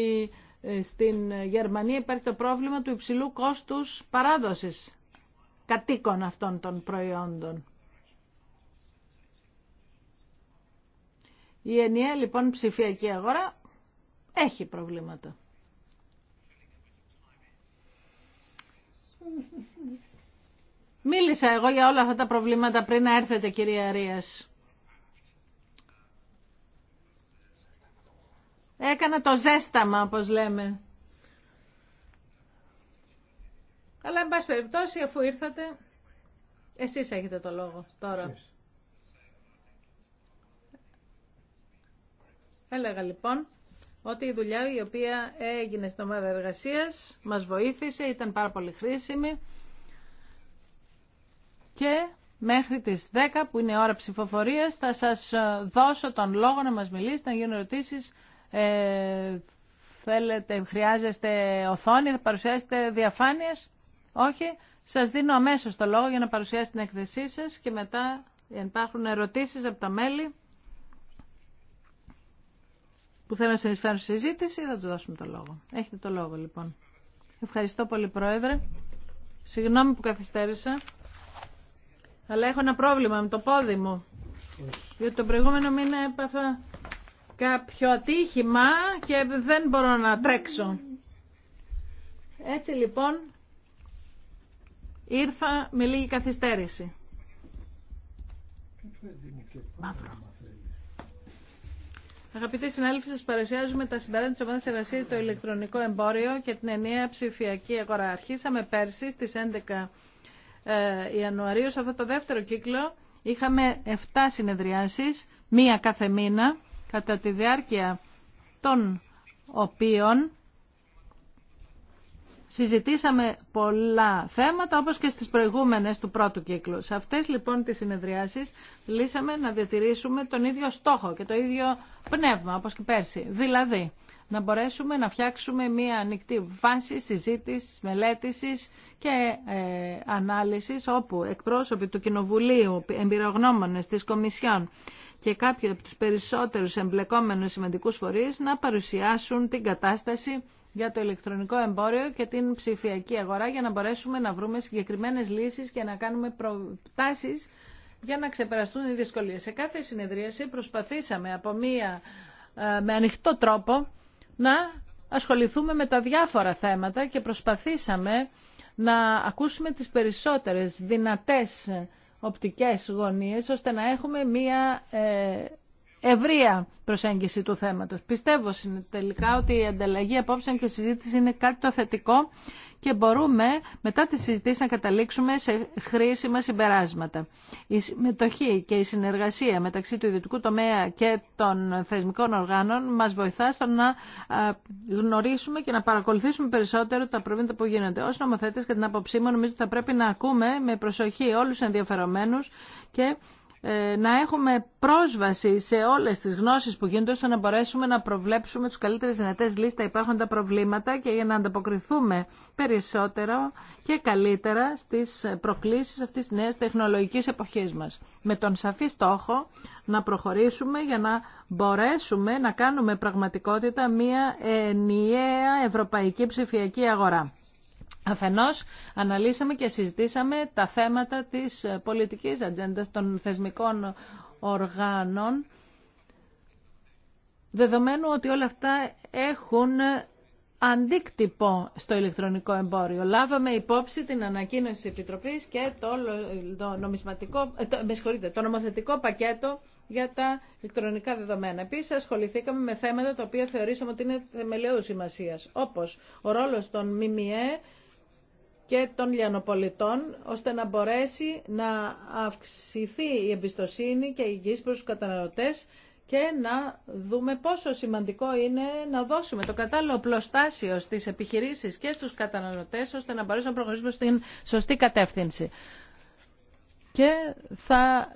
Speaker 4: ε, στην Γερμανία υπάρχει το πρόβλημα του υψηλού κόστους παράδοσης κατοίκων αυτών των προϊόντων. Η ενιαία λοιπόν ψηφιακή αγορά έχει προβλήματα. Μίλησα εγώ για όλα αυτά τα προβλήματα πριν να έρθετε κυρία Ρίας. Έκανα το ζέσταμα, όπως λέμε. Αλλά, εν πάση περιπτώσει, αφού ήρθατε, εσείς έχετε το λόγο τώρα. Έλεγα, λοιπόν, ότι η δουλειά η οποία έγινε στο ομάδα εργασία μας βοήθησε, ήταν πάρα πολύ χρήσιμη και μέχρι τις 10 που είναι ώρα ψηφοφορίας θα σας ε, δώσω τον λόγο να μας μιλήσετε, να γίνουν ερωτήσεις ε, θέλετε, χρειάζεστε οθόνη, θα παρουσιάσετε διαφάνειες, όχι, σας δίνω αμέσως το λόγο για να παρουσιάσετε την έκθεσή σας και μετά υπάρχουν ερωτήσεις από τα μέλη που θέλουν να συνεισφέρουν στη συζήτηση, θα του δώσουμε το λόγο. Έχετε το λόγο, λοιπόν. Ευχαριστώ πολύ, Πρόεδρε. Συγγνώμη που καθυστέρησα, αλλά έχω ένα πρόβλημα με το πόδι μου. Γιατί τον προηγούμενο μήνα έπαθα κάποιο ατύχημα και δεν μπορώ να τρέξω. Έτσι λοιπόν ήρθα με λίγη καθυστέρηση. Μαύρο. Αγαπητοί συνάδελφοι, σα παρουσιάζουμε τα συμπεράσματα τη Ομάδα Εργασία στο ηλεκτρονικό εμπόριο και την ενιαία ψηφιακή αγορά. Αρχίσαμε πέρσι στι 11 ε, Ιανουαρίου σε αυτό το δεύτερο κύκλο. Είχαμε 7 συνεδριάσεις, μία κάθε μήνα, κατά τη διάρκεια των οποίων συζητήσαμε πολλά θέματα όπως και στις προηγούμενες του πρώτου κύκλου. Σε αυτές λοιπόν τις συνεδριάσεις λύσαμε να διατηρήσουμε τον ίδιο στόχο και το ίδιο πνεύμα όπως και πέρσι. Δηλαδή να μπορέσουμε να φτιάξουμε μια ανοιχτή βάση συζήτησης, μελέτησης και ε, ανάλυσης όπου εκπρόσωποι του Κοινοβουλίου, εμπειρογνώμονες της Κομισιόν και κάποιοι από τους περισσότερους εμπλεκόμενους σημαντικούς φορείς να παρουσιάσουν την κατάσταση για το ηλεκτρονικό εμπόριο και την ψηφιακή αγορά για να μπορέσουμε να βρούμε συγκεκριμένες λύσεις και να κάνουμε προτάσεις για να ξεπεραστούν οι δυσκολίες. Σε κάθε συνεδρίαση προσπαθήσαμε από μία ε, με ανοιχτό τρόπο να ασχοληθούμε με τα διάφορα θέματα και προσπαθήσαμε να ακούσουμε τις περισσότερες δυνατές οπτικές γωνίες ώστε να έχουμε μία ε, ευρεία προσέγγιση του θέματος. Πιστεύω τελικά ότι η ανταλλαγή απόψεων και συζήτηση είναι κάτι το θετικό και μπορούμε μετά τη συζήτηση να καταλήξουμε σε χρήσιμα συμπεράσματα. Η συμμετοχή και η συνεργασία μεταξύ του ιδιωτικού τομέα και των θεσμικών οργάνων μας βοηθά στο να γνωρίσουμε και να παρακολουθήσουμε περισσότερο τα προβλήματα που γίνονται. Ως νομοθέτες, και την άποψή μου, νομίζω ότι θα πρέπει να ακούμε με προσοχή όλους τους ενδιαφερομένους και ε, να έχουμε πρόσβαση σε όλες τις γνώσεις που γίνονται ώστε να μπορέσουμε να προβλέψουμε τους καλύτερες δυνατές λίστα υπάρχοντα προβλήματα και για να ανταποκριθούμε περισσότερο και καλύτερα στις προκλήσεις αυτής της νέας τεχνολογικής εποχής μας. Με τον σαφή στόχο να προχωρήσουμε για να μπορέσουμε να κάνουμε πραγματικότητα μια ενιαία ευρωπαϊκή ψηφιακή αγορά. Αφενός αναλύσαμε και συζητήσαμε τα θέματα της ε, πολιτικής ατζέντα των θεσμικών οργάνων δεδομένου ότι όλα αυτά έχουν ε, αντίκτυπο στο ηλεκτρονικό εμπόριο. Λάβαμε υπόψη την ανακοίνωση της Επιτροπής και το, νομισματικό, ε, το, το νομοθετικό πακέτο για τα ηλεκτρονικά δεδομένα. Επίσης ασχοληθήκαμε με θέματα τα οποία θεωρήσαμε ότι είναι σημασίας, όπως ο ρόλος των ΜΜΕ και των λιανοπολιτών, ώστε να μπορέσει να αυξηθεί η εμπιστοσύνη και η εγγύηση προς τους καταναλωτές και να δούμε πόσο σημαντικό είναι να δώσουμε το κατάλληλο πλωστάσιο στις επιχειρήσεις και στους καταναλωτές, ώστε να μπορέσουμε να προχωρήσουμε στην σωστή κατεύθυνση. Και θα,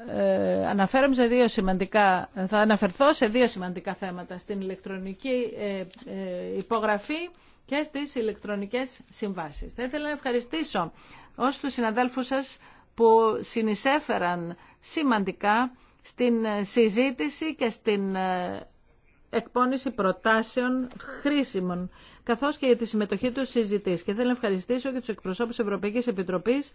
Speaker 4: ε, δύο σημαντικά, θα αναφερθώ σε δύο σημαντικά θέματα. Στην ηλεκτρονική ε, ε, υπογραφή και στις ηλεκτρονικές συμβάσεις. Θα ήθελα να ευχαριστήσω όσους τους συναδέλφους σας που συνεισέφεραν σημαντικά στην ε, συζήτηση και στην ε, εκπόνηση προτάσεων χρήσιμων, καθώς και για τη συμμετοχή τους συζητής. Και θέλω να ευχαριστήσω και τους εκπροσώπους Ευρωπαϊκής Επιτροπής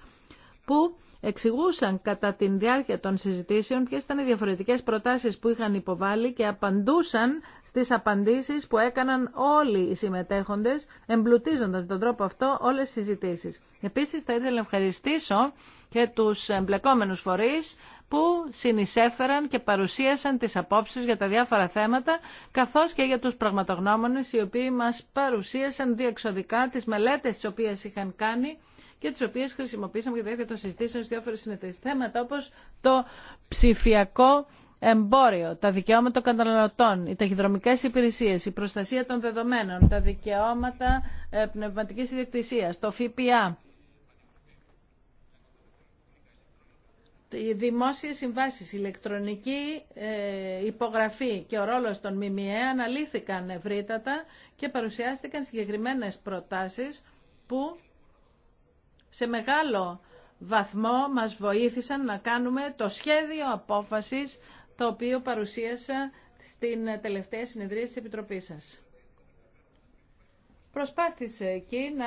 Speaker 4: που εξηγούσαν κατά την διάρκεια των συζητήσεων ποιες ήταν οι διαφορετικές προτάσεις που είχαν υποβάλει και απαντούσαν στις απαντήσεις που έκαναν όλοι οι συμμετέχοντες, εμπλουτίζοντας τον τρόπο αυτό όλες τις συζητήσεις. Επίσης θα ήθελα να ευχαριστήσω και τους εμπλεκόμενους φορείς που συνεισέφεραν και παρουσίασαν τις απόψεις για τα διάφορα θέματα, καθώς και για τους πραγματογνώμονες οι οποίοι μας παρουσίασαν διεξοδικά τις μελέτες τις οποίες είχαν κάνει και τις οποίες χρησιμοποίησαμε για τη διάρκεια των συζητήσεων στις διάφορες συνεταιρίες. Θέματα όπως το ψηφιακό εμπόριο, τα δικαιώματα των καταναλωτών, οι ταχυδρομικές υπηρεσίες, η προστασία των δεδομένων, τα δικαιώματα ε, πνευματικής ιδιοκτησίας, το ΦΠΑ, οι δημόσιες συμβάσεις, ηλεκτρονική ε, υπογραφή και ο ρόλος των ΜΜΕ αναλύθηκαν ευρύτατα και παρουσιάστηκαν συγκεκριμένες προτάσεις που σε μεγάλο βαθμό μας βοήθησαν να κάνουμε το σχέδιο απόφασης το οποίο παρουσίασα στην τελευταία συνεδρίαση της Επιτροπής σας. Προσπάθησε εκεί να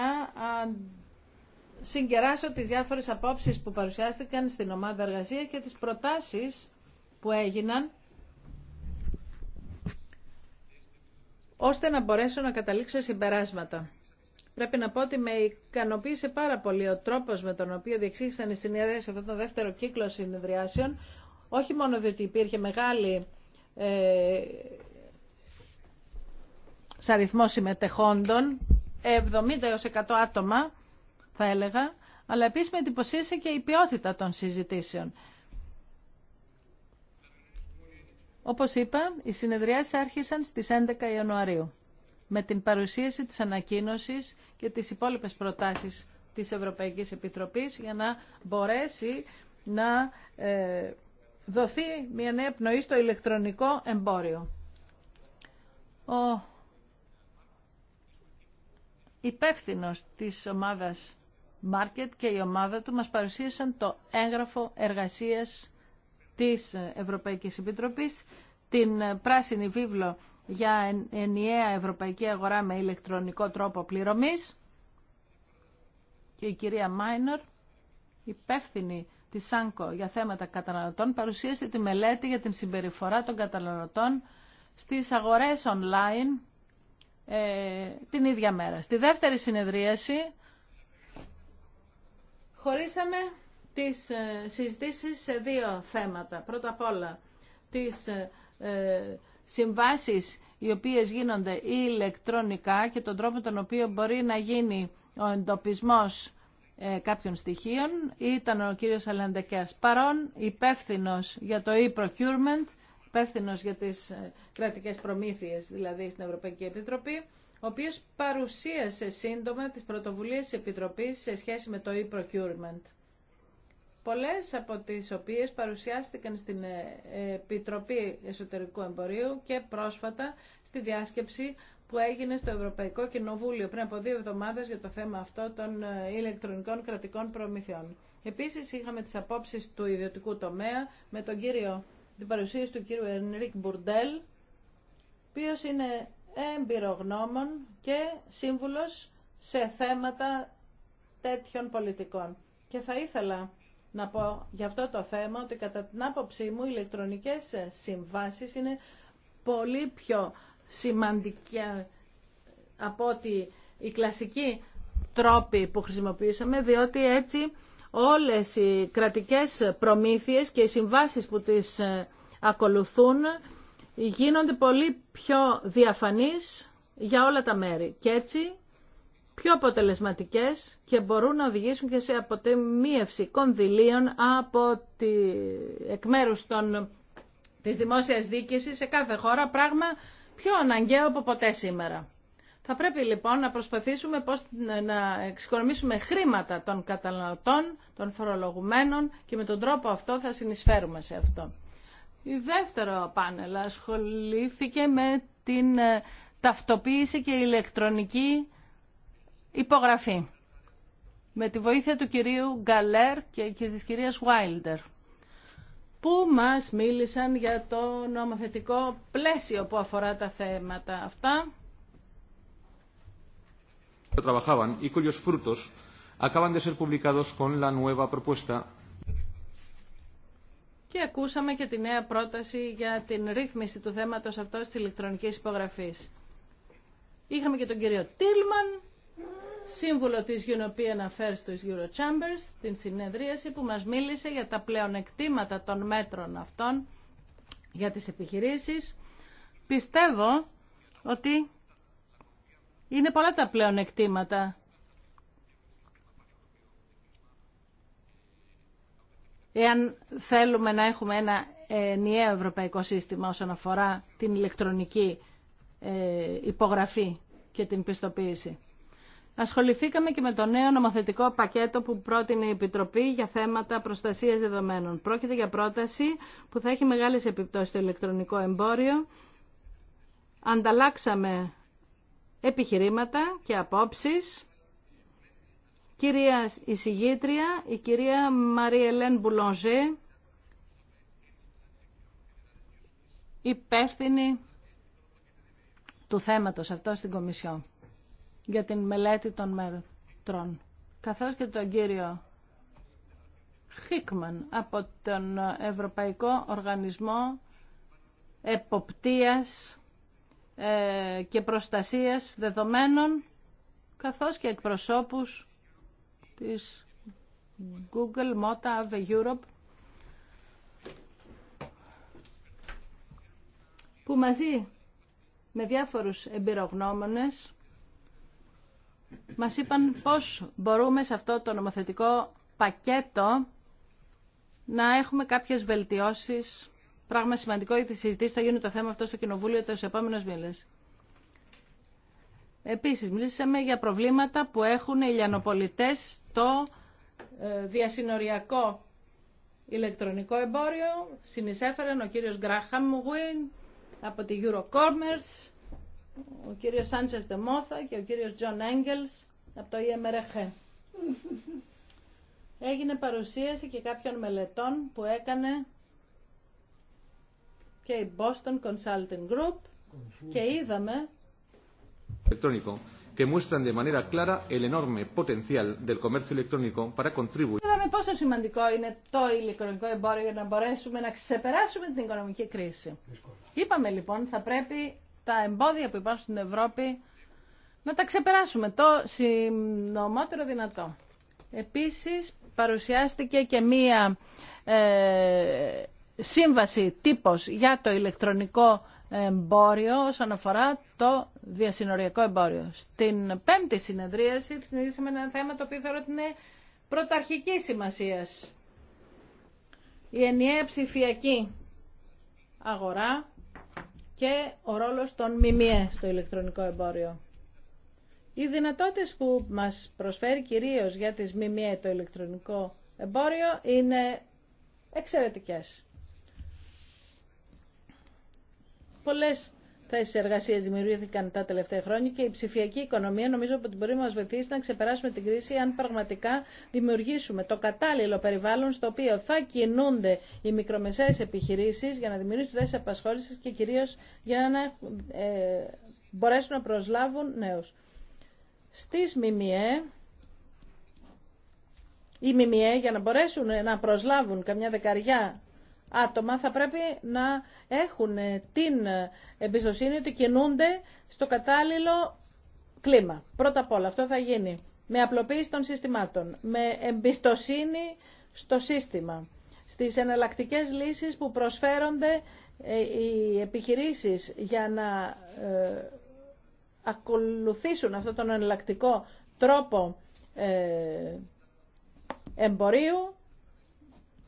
Speaker 4: συγκεράσω τις διάφορες απόψεις που παρουσιάστηκαν στην ομάδα εργασία και τις προτάσεις που έγιναν ώστε να μπορέσω να καταλήξω συμπεράσματα. Πρέπει να πω ότι με ικανοποίησε πάρα πολύ ο τρόπο με τον οποίο διεξήγησαν οι συνεδρίε σε αυτόν τον δεύτερο κύκλο συνεδριάσεων, όχι μόνο διότι υπήρχε μεγάλη ε, αριθμό συμμετεχόντων, 70 έως 100 άτομα θα έλεγα, αλλά επίσης με εντυπωσίασε και η ποιότητα των συζητήσεων. Όπως είπα, οι συνεδριάσεις άρχισαν στις 11 Ιανουαρίου με την παρουσίαση της ανακοίνωσης και τις υπόλοιπες προτάσεις της Ευρωπαϊκής Επιτροπής για να μπορέσει να ε, δοθεί μια νέα πνοή στο ηλεκτρονικό εμπόριο. Ο υπεύθυνος της ομάδας Market και η ομάδα του μας παρουσίασαν το έγγραφο εργασίας της Ευρωπαϊκής Επιτροπής, την πράσινη βίβλο για ενιαία ευρωπαϊκή αγορά με ηλεκτρονικό τρόπο πληρωμής και η κυρία Μάινορ, υπεύθυνη τη ΣΑΝΚΟ για θέματα καταναλωτών, παρουσίασε τη μελέτη για την συμπεριφορά των καταναλωτών στις αγορές online ε, την ίδια μέρα. Στη δεύτερη συνεδρίαση χωρίσαμε τις ε, συζητήσεις σε δύο θέματα. Πρώτα απ' όλα τις ε, συμβάσεις οι οποίες γίνονται ηλεκτρονικά και τον τρόπο τον οποίο μπορεί να γίνει ο εντοπισμός ε, κάποιων στοιχείων. Ήταν ο κύριος Αλαντεκέας παρόν, υπεύθυνο για το e-procurement, υπεύθυνο για τις ε, κρατικές προμήθειες, δηλαδή στην Ευρωπαϊκή Επιτροπή, ο οποίος παρουσίασε σύντομα τις πρωτοβουλίες της Επιτροπής σε σχέση με το e-procurement πολλές από τις οποίες παρουσιάστηκαν στην ε, Επιτροπή Εσωτερικού Εμπορίου και πρόσφατα στη διάσκεψη που έγινε στο Ευρωπαϊκό Κοινοβούλιο πριν από δύο εβδομάδες για το θέμα αυτό των ε, ηλεκτρονικών κρατικών προμηθειών. Επίσης είχαμε τις απόψεις του ιδιωτικού τομέα με τον κύριο, την παρουσίαση του κύριου Ενρίκ Μπουρντέλ, οποίος είναι εμπειρογνώμων και σύμβουλος σε θέματα τέτοιων πολιτικών. Και θα ήθελα να πω για αυτό το θέμα ότι κατά την άποψή μου οι ηλεκτρονικές συμβάσεις είναι πολύ πιο σημαντικές ε, από ότι οι κλασικοί τρόποι που χρησιμοποιήσαμε, διότι έτσι όλες οι κρατικές προμήθειες και οι συμβάσεις που τις ε, ακολουθούν γίνονται πολύ πιο διαφανείς για όλα τα μέρη. Και έτσι πιο αποτελεσματικές και μπορούν να οδηγήσουν και σε αποτεμίευση κονδυλίων από τη, εκ μέρου των, της δημόσιας διοίκησης σε κάθε χώρα, πράγμα πιο αναγκαίο από ποτέ σήμερα. Θα πρέπει λοιπόν να προσπαθήσουμε πώς να εξοικονομήσουμε χρήματα των καταναλωτών, των φορολογουμένων και με τον τρόπο αυτό θα συνεισφέρουμε σε αυτό. Η δεύτερο πάνελ ασχολήθηκε με την ε, ταυτοποίηση και ηλεκτρονική υπογραφή με τη βοήθεια του κυρίου Γκαλέρ και της κυρίας Βάιλντερ που μας μίλησαν για το νομοθετικό πλαίσιο που αφορά τα θέματα αυτά.
Speaker 2: publicados con la nueva propuesta.
Speaker 4: Και ακούσαμε και τη νέα πρόταση για την ρύθμιση του θέματος αυτό της ηλεκτρονικής υπογραφής. Είχαμε και τον κύριο Τίλμαν σύμβουλο της European Affairs του Eurochambers, την συνεδρίαση που μας μίλησε για τα πλεονεκτήματα των μέτρων αυτών για τις επιχειρήσεις. Πιστεύω ότι είναι πολλά τα πλεονεκτήματα. Εάν θέλουμε να έχουμε ένα ενιαίο ευρωπαϊκό σύστημα όσον αφορά την ηλεκτρονική ε, υπογραφή και την πιστοποίηση. Ασχοληθήκαμε και με το νέο νομοθετικό πακέτο που πρότεινε η Επιτροπή για θέματα προστασίας δεδομένων. Πρόκειται για πρόταση που θα έχει μεγάλε επιπτώσει στο ηλεκτρονικό εμπόριο. Ανταλλάξαμε επιχειρήματα και απόψεις. Κυρία εισηγήτρια, η κυρία Μαριελέν Μπουλονζέ, υπεύθυνη του θέματος αυτό στην Κομισιόν για την μελέτη των μέτρων, καθώς και τον κύριο Χίκμαν από τον Ευρωπαϊκό Οργανισμό Εποπτείας ε, και Προστασίας Δεδομένων, καθώς και εκπροσώπους της Google, Mota, of Europe, που μαζί με διάφορους εμπειρογνώμονες μας είπαν πώς μπορούμε σε αυτό το νομοθετικό πακέτο να έχουμε κάποιες βελτιώσεις. Πράγμα σημαντικό γιατί συζητήσει θα γίνει το θέμα αυτό στο Κοινοβούλιο τους επόμενους μήνες. Επίσης, μιλήσαμε για προβλήματα που έχουν οι λιανοπολιτές στο ε, διασυνοριακό ηλεκτρονικό εμπόριο. Συνεισέφεραν ο κύριος Γκράχαμ Γουίν από τη Eurocommerce ο κύριος Σάντσες Δεμόθα και ο κύριος Τζον Έγγελς από το EMRH. Έγινε παρουσίαση και κάποιων μελετών που έκανε και η Boston Consulting Group και είδαμε
Speaker 2: και muestran de manera clara el enorme potencial
Speaker 1: del comercio electrónico para contribuir.
Speaker 4: Είδαμε πόσο σημαντικό είναι το ηλεκτρονικό εμπόριο για να μπορέσουμε να ξεπεράσουμε την οικονομική κρίση. Είπαμε λοιπόν θα πρέπει τα εμπόδια που υπάρχουν στην Ευρώπη να τα ξεπεράσουμε το συνομότερο δυνατό. Επίσης παρουσιάστηκε και μία ε, σύμβαση τύπος για το ηλεκτρονικό εμπόριο όσον αφορά το διασυνοριακό εμπόριο. Στην πέμπτη συνεδρίαση συνειδήσαμε ένα θέμα το οποίο θεωρώ ότι είναι πρωταρχική σημασίας. Η ενιαία ψηφιακή αγορά και ο ρόλος των ΜΜΕ στο ηλεκτρονικό εμπόριο. Οι δυνατότητες που μας προσφέρει κυρίως για τις ΜΜΕ το ηλεκτρονικό εμπόριο είναι εξαιρετικές. Πολλές θέσει εργασία δημιουργήθηκαν τα τελευταία χρόνια και η ψηφιακή οικονομία νομίζω ότι μπορεί να μα βοηθήσει να ξεπεράσουμε την κρίση αν πραγματικά δημιουργήσουμε το κατάλληλο περιβάλλον στο οποίο θα κινούνται οι μικρομεσαίες επιχειρήσει για να δημιουργήσουν θέσει απασχόληση και κυρίω για να ε, μπορέσουν να προσλάβουν νέου. Στι ΜΜΕ, οι ΜΜΕ για να μπορέσουν να προσλάβουν καμιά δεκαριά άτομα θα πρέπει να έχουν ε, την ε, εμπιστοσύνη ότι κινούνται στο κατάλληλο κλίμα. Πρώτα απ' όλα αυτό θα γίνει με απλοποίηση των συστημάτων, με εμπιστοσύνη στο σύστημα, στις εναλλακτικέ λύσεις που προσφέρονται ε, οι επιχειρήσεις για να ακολουθήσουν αυτόν τον εναλλακτικό τρόπο εμπορίου,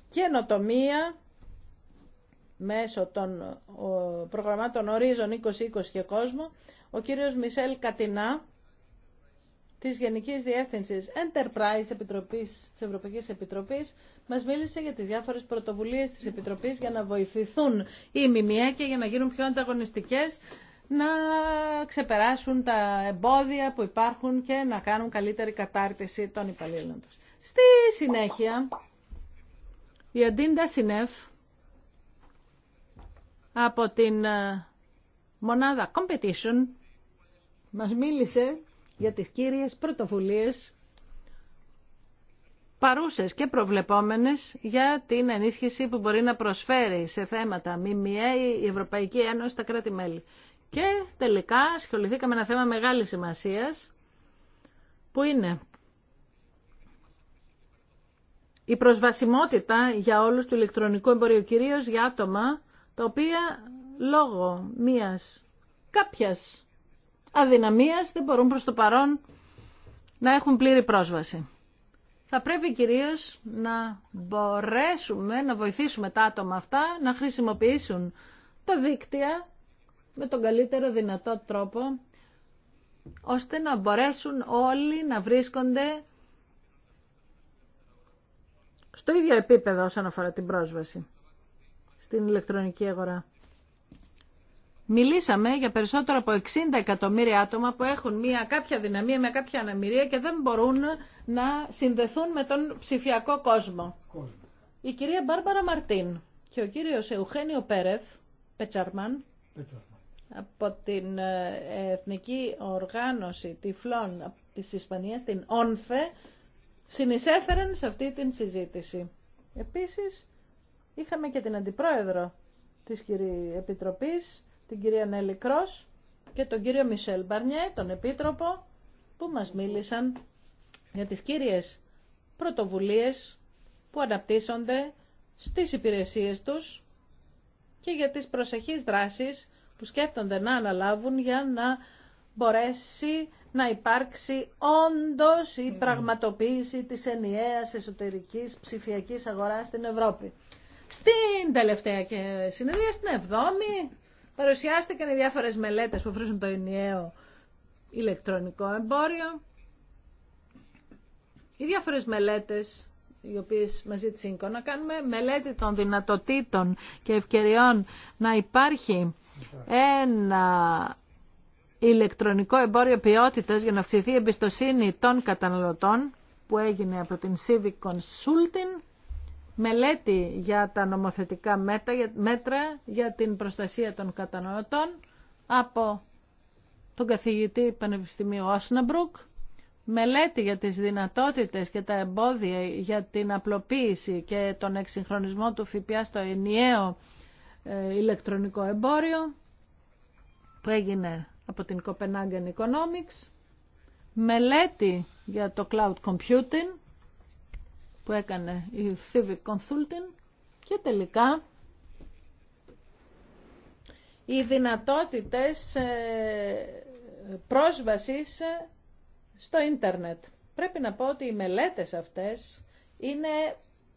Speaker 4: καινοτομία, μέσω των προγραμμάτων Ορίζων 2020 και Κόσμο, ο κύριος Μισελ Κατινά της Γενικής Διεύθυνσης Enterprise Επιτροπής, της Ευρωπαϊκής Επιτροπής μας μίλησε για τις διάφορες πρωτοβουλίες της Επιτροπής για να βοηθηθούν οι ΜΜΕ και για να γίνουν πιο ανταγωνιστικές να ξεπεράσουν τα εμπόδια που υπάρχουν και να κάνουν καλύτερη κατάρτιση των υπαλλήλων τους. Στη συνέχεια, η Αντίντα Σινεφ, από την ε, μονάδα Competition μας μίλησε για τις κύριες πρωτοβουλίε. παρούσες και προβλεπόμενες για την ενίσχυση που μπορεί να προσφέρει σε θέματα ΜΜΕ η Ευρωπαϊκή Ένωση στα κράτη-μέλη. Και τελικά ασχοληθήκαμε ένα θέμα μεγάλης σημασίας που είναι η προσβασιμότητα για όλους του ηλεκτρονικού εμπορίου, κυρίως για άτομα τα οποία λόγω μίας κάποιας αδυναμίας δεν μπορούν προς το παρόν να έχουν πλήρη πρόσβαση. Θα πρέπει κυρίως να μπορέσουμε να βοηθήσουμε τα άτομα αυτά να χρησιμοποιήσουν τα δίκτυα με τον καλύτερο δυνατό τρόπο ώστε να μπορέσουν όλοι να βρίσκονται στο ίδιο επίπεδο όσον αφορά την πρόσβαση στην ηλεκτρονική αγορά. Μιλήσαμε για περισσότερο από 60 εκατομμύρια άτομα που έχουν μια κάποια δυναμία, μια κάποια αναμυρία και δεν μπορούν να συνδεθούν με τον ψηφιακό κόσμο. Η κυρία Μπάρμπαρα Μαρτίν και ο κύριος Εουχένιο Πέρεθ, Πετσαρμάν, από την ε, Εθνική Οργάνωση Τυφλών της Ισπανίας, την ΟΝΦΕ, συνεισέφεραν σε αυτή την συζήτηση. Επίσης, Είχαμε και την αντιπρόεδρο της Κυρίας Επιτροπής, την κυρία Νέλη Κρός και τον κύριο Μισελ Μπαρνιέ, τον Επίτροπο, που μας μίλησαν για τις κύριες πρωτοβουλίες που αναπτύσσονται στις υπηρεσίες τους και για τις προσεχείς δράσεις που σκέφτονται να αναλάβουν για να μπορέσει να υπάρξει όντως η mm. πραγματοποίηση της ενιαίας εσωτερικής ψηφιακής αγοράς στην Ευρώπη. Στην τελευταία συνεδρία, στην 7 παρουσιάστηκαν οι διάφορε μελέτες που αφορούσαν το ενιαίο ηλεκτρονικό εμπόριο. Οι διάφορες μελέτες οι οποίες μαζί τη ΣΥΝΚΟ να κάνουμε μελέτη των δυνατοτήτων και ευκαιριών να υπάρχει ένα ηλεκτρονικό εμπόριο ποιότητα για να αυξηθεί η εμπιστοσύνη των καταναλωτών που έγινε από την Civic Consulting μελέτη για τα νομοθετικά μέτρα για την προστασία των καταναλωτών από τον καθηγητή Πανεπιστημίου Όσναμπρουκ, μελέτη για τις δυνατότητες και τα εμπόδια για την απλοποίηση και τον εξυγχρονισμό του ΦΠΑ στο ενιαίο ε, ηλεκτρονικό εμπόριο που έγινε από την Copenhagen Economics, μελέτη για το cloud computing που έκανε η Civic Consulting και τελικά οι δυνατότητες ε, πρόσβασης στο ίντερνετ. Πρέπει να πω ότι οι μελέτες αυτές είναι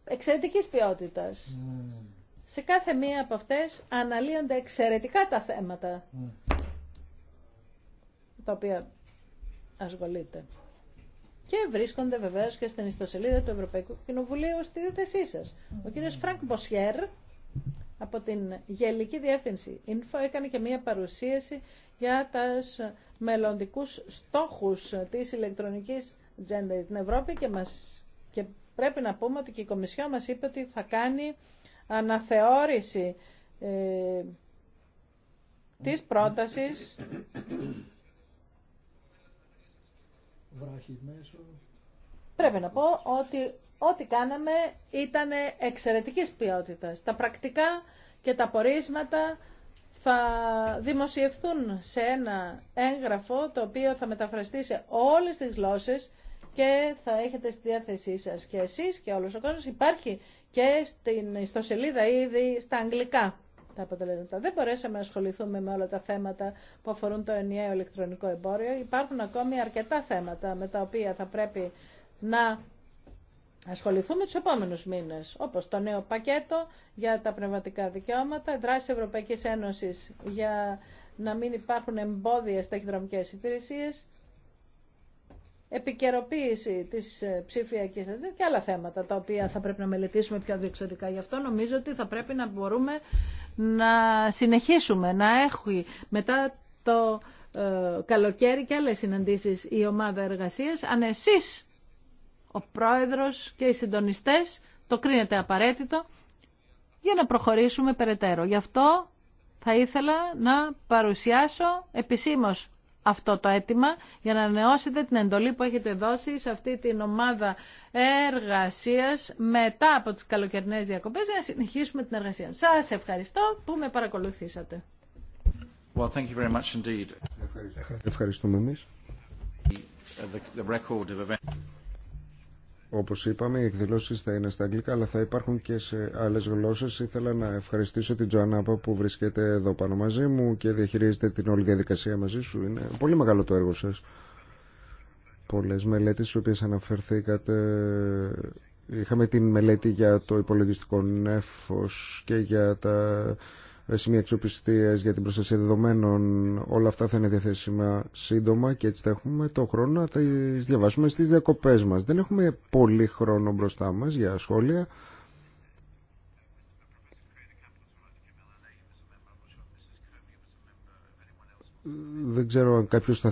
Speaker 4: εξαιρετικής ποιότητας. Mm. Σε κάθε μία από αυτές αναλύονται εξαιρετικά τα θέματα mm. τα οποία ασχολείται και βρίσκονται βεβαίως και στην ιστοσελίδα του Ευρωπαϊκού Κοινοβουλίου στη διάθεσή σας. Ο κύριο Φρανκ Μποσιέρ από την Γελική Διεύθυνση Info έκανε και μία παρουσίαση για του μελλοντικού στόχους της ηλεκτρονικής agenda στην Ευρώπη και, μας, και πρέπει να πούμε ότι και η Κομισιό μας είπε ότι θα κάνει αναθεώρηση ε, της πρότασης Πρέπει να πω ότι ό,τι κάναμε ήταν εξαιρετικής ποιότητας. Τα πρακτικά και τα πορίσματα θα δημοσιευθούν σε ένα έγγραφο το οποίο θα μεταφραστεί σε όλες τις γλώσσες και θα έχετε στη διάθεσή σας και εσείς και όλος ο κόσμος. Υπάρχει και στην ιστοσελίδα ήδη στα αγγλικά τα αποτελέσματα. Δεν μπορέσαμε να ασχοληθούμε με όλα τα θέματα που αφορούν το ενιαίο ηλεκτρονικό εμπόριο. Υπάρχουν ακόμη αρκετά θέματα με τα οποία θα πρέπει να ασχοληθούμε τους επόμενους μήνες, όπως το νέο πακέτο για τα πνευματικά δικαιώματα, δράση Ευρωπαϊκής Ένωσης για να μην υπάρχουν εμπόδια στα υπηρεσίες, επικαιροποίηση ψηφιακή ε, ψηφιακής και άλλα θέματα τα οποία θα πρέπει να μελετήσουμε πιο διεξοδικά. Γι' αυτό νομίζω ότι θα πρέπει να μπορούμε να συνεχίσουμε να έχουμε μετά το ε, καλοκαίρι και άλλε συναντήσει η ομάδα εργασία. αν εσεί, ο πρόεδρο και οι συντονιστέ, το κρίνετε απαραίτητο για να προχωρήσουμε περαιτέρω. Γι' αυτό θα ήθελα να παρουσιάσω επισήμως αυτό το αίτημα για να ανανεώσετε την εντολή που έχετε δώσει σε αυτή την ομάδα εργασίας μετά από τις καλοκαιρινές διακοπές για να συνεχίσουμε την εργασία. Σας ευχαριστώ που με παρακολουθήσατε.
Speaker 1: Well, thank you very much indeed.
Speaker 2: Ευχαριστούμε εμείς. Όπως είπαμε, οι εκδηλώσει θα είναι στα αγγλικά, αλλά θα υπάρχουν και σε άλλες γλώσσες. Ήθελα να ευχαριστήσω την Τζοανάπα που βρίσκεται εδώ πάνω μαζί μου και διαχειρίζεται την όλη διαδικασία μαζί σου. Είναι πολύ μεγάλο το έργο σας. Πολλές μελέτες στις οποίες αναφερθήκατε. Είχαμε την μελέτη για το υπολογιστικό νέφος και για τα σημεία εξοπιστία για την προστασία δεδομένων. Όλα αυτά θα είναι διαθέσιμα σύντομα και έτσι θα έχουμε το χρόνο να τα διαβάσουμε στις διακοπέ μας. Δεν έχουμε πολύ χρόνο μπροστά μα για σχόλια. Δεν ξέρω αν κάποιος θα,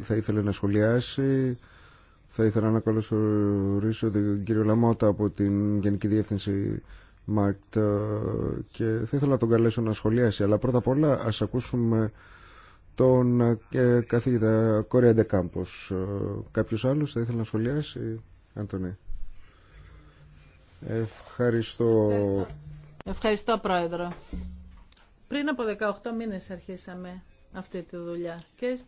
Speaker 2: θα ήθελε να σχολιάσει. Θα ήθελα να καλωσορίσω τον κύριο Λαμότα από την Γενική Διεύθυνση και θα ήθελα να τον καλέσω να σχολιάσει αλλά πρώτα απ' όλα ας ακούσουμε τον ε, καθηγητά Κόρια Ντεκάμπος κάποιος άλλος θα ήθελε να σχολιάσει Άντωνη Ευχαριστώ Ευχαριστώ,
Speaker 4: Ευχαριστώ Πρόεδρο πριν από 18 μήνες αρχίσαμε αυτή τη δουλειά και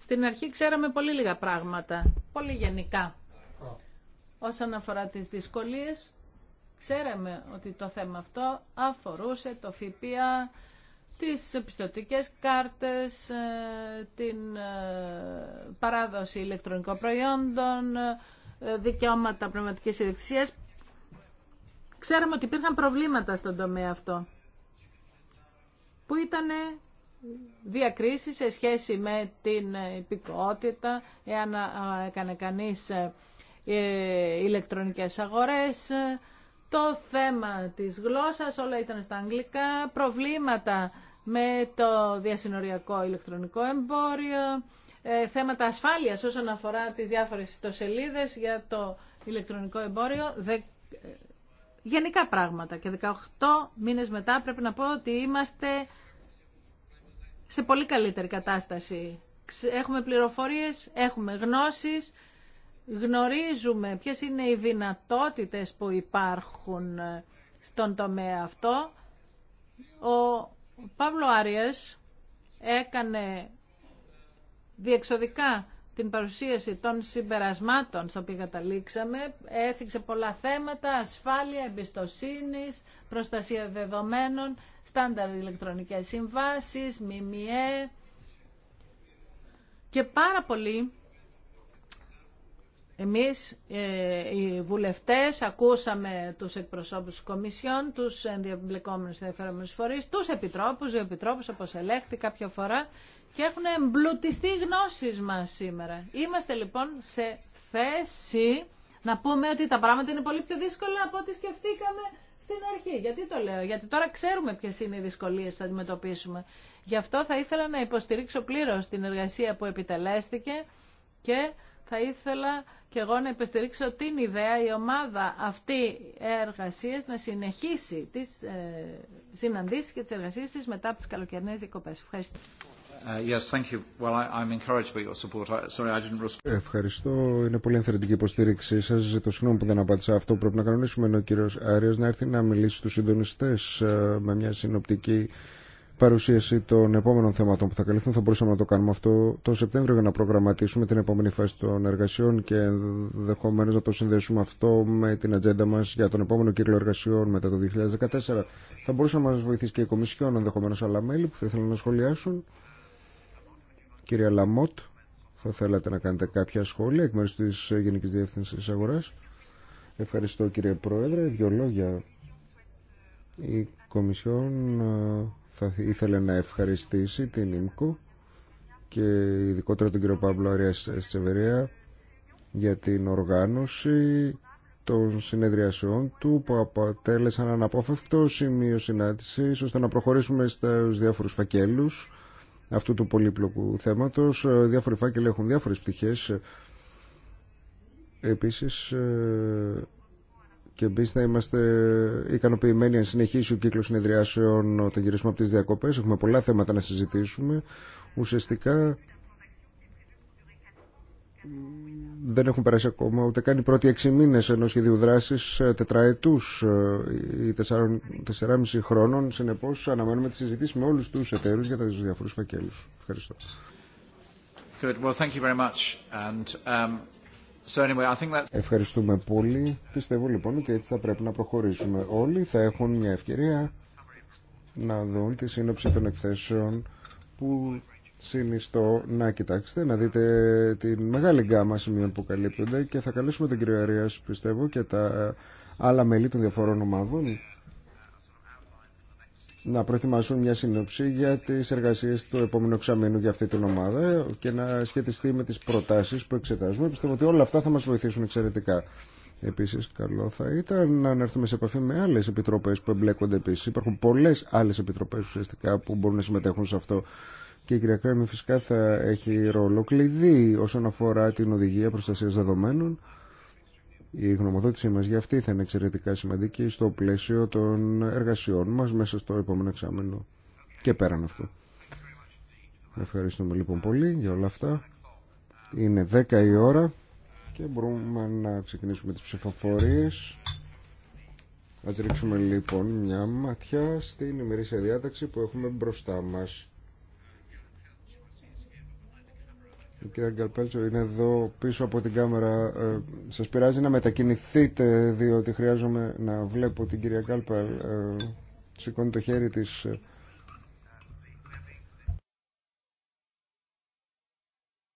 Speaker 4: στην αρχή ξέραμε πολύ λίγα πράγματα, πολύ γενικά όσον αφορά τις δυσκολίες Ξέραμε ότι το θέμα αυτό αφορούσε το ΦΠΑ, τις πιστοτικές κάρτες, ε, την ε, παράδοση ηλεκτρονικών προϊόντων, ε, δικαιώματα πνευματικής ιδιοκτησίας. Ξέραμε ότι υπήρχαν προβλήματα στον τομέα αυτό, που ήταν διακρίσεις σε σχέση με την υπηκότητα, εάν έκανε κανείς ηλεκτρονικές αγορές, το θέμα της γλώσσας, όλα ήταν στα αγγλικά, προβλήματα με το διασυνοριακό ηλεκτρονικό εμπόριο, ε, θέματα ασφάλειας όσον αφορά τις διάφορες ιστοσελίδες για το ηλεκτρονικό εμπόριο, ε, γενικά πράγματα. Και 18 μήνες μετά πρέπει να πω ότι είμαστε σε πολύ καλύτερη κατάσταση. Έχουμε πληροφορίες, έχουμε γνώσεις γνωρίζουμε ποιες είναι οι δυνατότητες που υπάρχουν ε, στον τομέα αυτό. Ο Παύλο Άριες έκανε διεξοδικά την παρουσίαση των συμπερασμάτων στο οποίο καταλήξαμε, έθιξε πολλά θέματα, ασφάλεια, εμπιστοσύνη, προστασία δεδομένων, στάνταρ ηλεκτρονικές συμβάσεις, ΜΜΕ και πάρα πολλοί εμείς ε, οι βουλευτές ακούσαμε τους εκπροσώπους της Κομισιόν, τους ενδιαμπλεκόμενους ενδιαφέρομενους φορείς, τους επιτρόπους, οι επιτρόπους όπως ελέγχθη κάποια φορά και έχουν εμπλουτιστεί γνώσεις μας σήμερα. Είμαστε λοιπόν σε θέση να πούμε ότι τα πράγματα είναι πολύ πιο δύσκολα από ό,τι σκεφτήκαμε στην αρχή. Γιατί το λέω, γιατί τώρα ξέρουμε ποιες είναι οι δυσκολίες που θα αντιμετωπίσουμε. Γι' αυτό θα ήθελα να υποστηρίξω πλήρως την εργασία που επιτελέστηκε και θα ήθελα και εγώ να υπεστηρίξω την ιδέα η ομάδα αυτή εργασίες να συνεχίσει τις ε, συναντήσεις και τις εργασίες της μετά από τις καλοκαιρινές δικοπε. Ευχαριστώ.
Speaker 2: Ευχαριστώ. Είναι πολύ ενθαρρυντική υποστήριξή σα. Ζητώ συγγνώμη που δεν απάντησα αυτό. Πρέπει να κανονίσουμε ο κύριο Άρια να έρθει να μιλήσει στου συντονιστέ ε, με μια συνοπτική παρουσίαση των επόμενων θέματων που θα καλυφθούν θα μπορούσαμε να το κάνουμε αυτό το Σεπτέμβριο για να προγραμματίσουμε την επόμενη φάση των εργασιών και ενδεχομένω να το συνδέσουμε αυτό με την ατζέντα μα για τον επόμενο κύκλο εργασιών μετά το 2014. Θα μπορούσαμε να μα βοηθήσει και η Κομισιόν ενδεχομένω άλλα μέλη που θα ήθελαν να σχολιάσουν. Κυρία Λαμότ, θα θέλατε να κάνετε κάποια σχόλια εκ μέρου τη Γενική Διεύθυνση Αγορά. Ευχαριστώ κύριε Πρόεδρε. Δύο λόγια. Η Κομισιόν θα ήθελε να ευχαριστήσει την ΙΜΚΟ και ειδικότερα τον κύριο Παύλο Αρίας Σεβερία για την οργάνωση των συνεδριασιών του που αποτέλεσαν αναπόφευκτο σημείο συνάντηση ώστε να προχωρήσουμε στους διάφορους φακέλους αυτού του πολύπλοκου θέματος. Ε, διάφοροι φάκελοι έχουν διάφορες πτυχές. Επίσης, ε, και εμεί θα είμαστε ικανοποιημένοι αν συνεχίσει ο κύκλο συνεδριάσεων όταν γυρίσουμε από τι διακοπέ. Έχουμε πολλά θέματα να συζητήσουμε. Ουσιαστικά δεν έχουν περάσει ακόμα ούτε καν οι πρώτοι έξι μήνε ενό σχεδίου δράση ε, τετραετού ε, ή τεσσεράμιση χρόνων. Συνεπώ, αναμένουμε τη συζήτηση με όλου του εταίρου για του διαφορού φακέλου. Ευχαριστώ.
Speaker 1: Good. Well, thank you very much. And, um...
Speaker 2: Ευχαριστούμε πολύ. Πιστεύω λοιπόν ότι έτσι θα πρέπει να προχωρήσουμε. Όλοι θα έχουν μια ευκαιρία να δουν τη σύνοψη των εκθέσεων που συνιστώ να κοιτάξετε, να δείτε τη μεγάλη γκάμα σημείων που καλύπτονται και θα καλέσουμε τον κύριο Αρίας πιστεύω, και τα άλλα μέλη των διαφορών ομάδων να προετοιμάσουν μια σύνοψη για τις εργασίες του επόμενου εξαμήνου για αυτή την ομάδα και να σχετιστεί με τις προτάσεις που εξετάζουμε. Πιστεύω ότι όλα αυτά θα μας βοηθήσουν εξαιρετικά. Επίσης, καλό θα ήταν να έρθουμε σε επαφή με άλλες επιτροπές που εμπλέκονται επίσης. Υπάρχουν πολλές άλλες επιτροπές ουσιαστικά που μπορούν να συμμετέχουν σε αυτό. Και η κυρία Κρέμη φυσικά θα έχει ρόλο κλειδί όσον αφορά την οδηγία προστασίας δεδομένων η γνωμοδότησή μας για αυτή θα είναι εξαιρετικά σημαντική στο πλαίσιο των εργασιών μας μέσα στο επόμενο εξάμενο και πέραν αυτού. Ευχαριστούμε λοιπόν πολύ για όλα αυτά. Είναι 10 η ώρα και μπορούμε να ξεκινήσουμε τις ψηφοφορίες. Ας ρίξουμε λοιπόν μια ματιά στην ημερήσια διάταξη που έχουμε μπροστά μας. Η κυρία Γκαλπέλτσο είναι εδώ πίσω από την κάμερα. Ε, σας πειράζει να μετακινηθείτε διότι χρειάζομαι να βλέπω την κυρία Γκάλπελ. Ε, σηκώνει το χέρι της. Ε,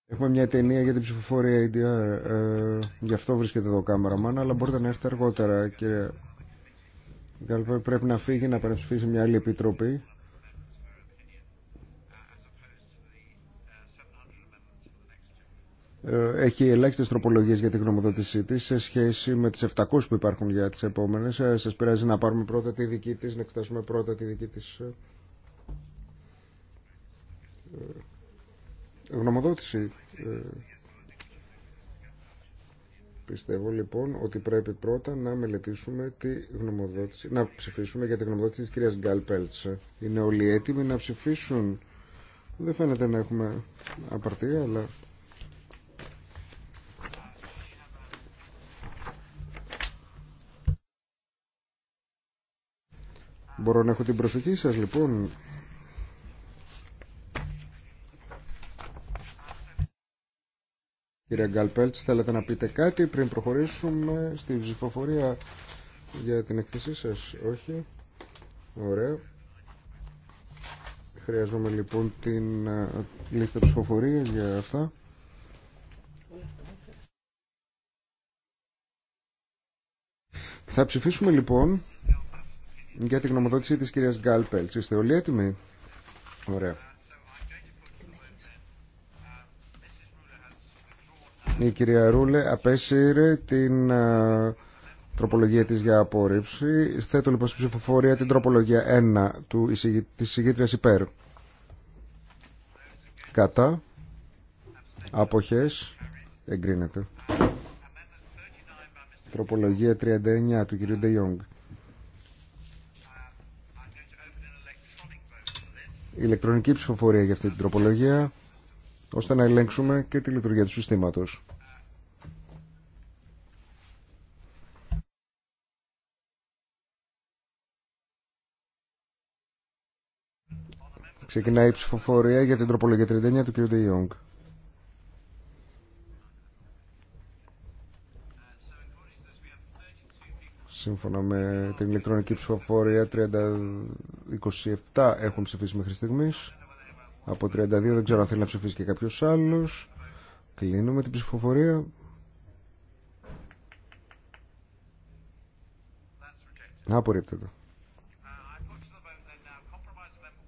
Speaker 2: έχουμε μια ταινία για την ψηφοφορία ADR. Ε, γι' αυτό βρίσκεται εδώ ο κάμεραμαν, αλλά μπορείτε να έρθετε αργότερα, κύριε Γκάλπελ. Πρέπει να φύγει να παρεψηφίσει μια άλλη επιτροπή. Ε, έχει ελάχιστε τροπολογίε για τη γνωμοδότησή τη σε σχέση με τι 700 που υπάρχουν για τι επόμενε. Ε, Σα πειράζει να πάρουμε πρώτα τη δική τη, να εξετάσουμε πρώτα τη δική τη ε, γνωμοδότηση. Πιστεύω λοιπόν ότι πρέπει πρώτα να μελετήσουμε τη γνωμοδότηση, να ψηφίσουμε για τη γνωμοδότηση της κυρίας Γκάλ Είναι όλοι έτοιμοι να ψηφίσουν. Δεν φαίνεται να έχουμε απαρτία, αλλά Μπορώ να έχω την προσοχή σας λοιπόν. Κύριε Γκαλπέλτς, θέλετε να πείτε κάτι πριν προχωρήσουμε στη ψηφοφορία για την εκθεσή σας. Όχι. Ωραία. Χρειαζόμαι λοιπόν την λίστα ψηφοφορία για αυτά. Θα ψηφίσουμε λοιπόν για την γνωμοδότηση της κυρίας Γκάλπελτς. Είστε όλοι έτοιμοι. Ωραία. Η κυρία Ρούλε απέσυρε την τροπολογία της για απόρριψη. Θέτω λοιπόν στην ψηφοφορία την τροπολογία 1 του, της συγγήτριας υπέρ. Κατά. Αποχές. Εγκρίνεται. Τροπολογία 39 του κυρίου Ντε ηλεκτρονική ψηφοφορία για αυτή την τροπολογία ώστε να ελέγξουμε και τη λειτουργία του συστήματος. Ξεκινάει η ψηφοφορία για την τροπολογία 39 του κ. Ιόγκ. Σύμφωνα με την ηλεκτρονική ψηφοφορία, 27 έχουν ψηφίσει μέχρι στιγμή. Από 32 δεν ξέρω αν θέλει να ψηφίσει και κάποιο άλλο. Κλείνουμε την ψηφοφορία. Απορρίπτεται.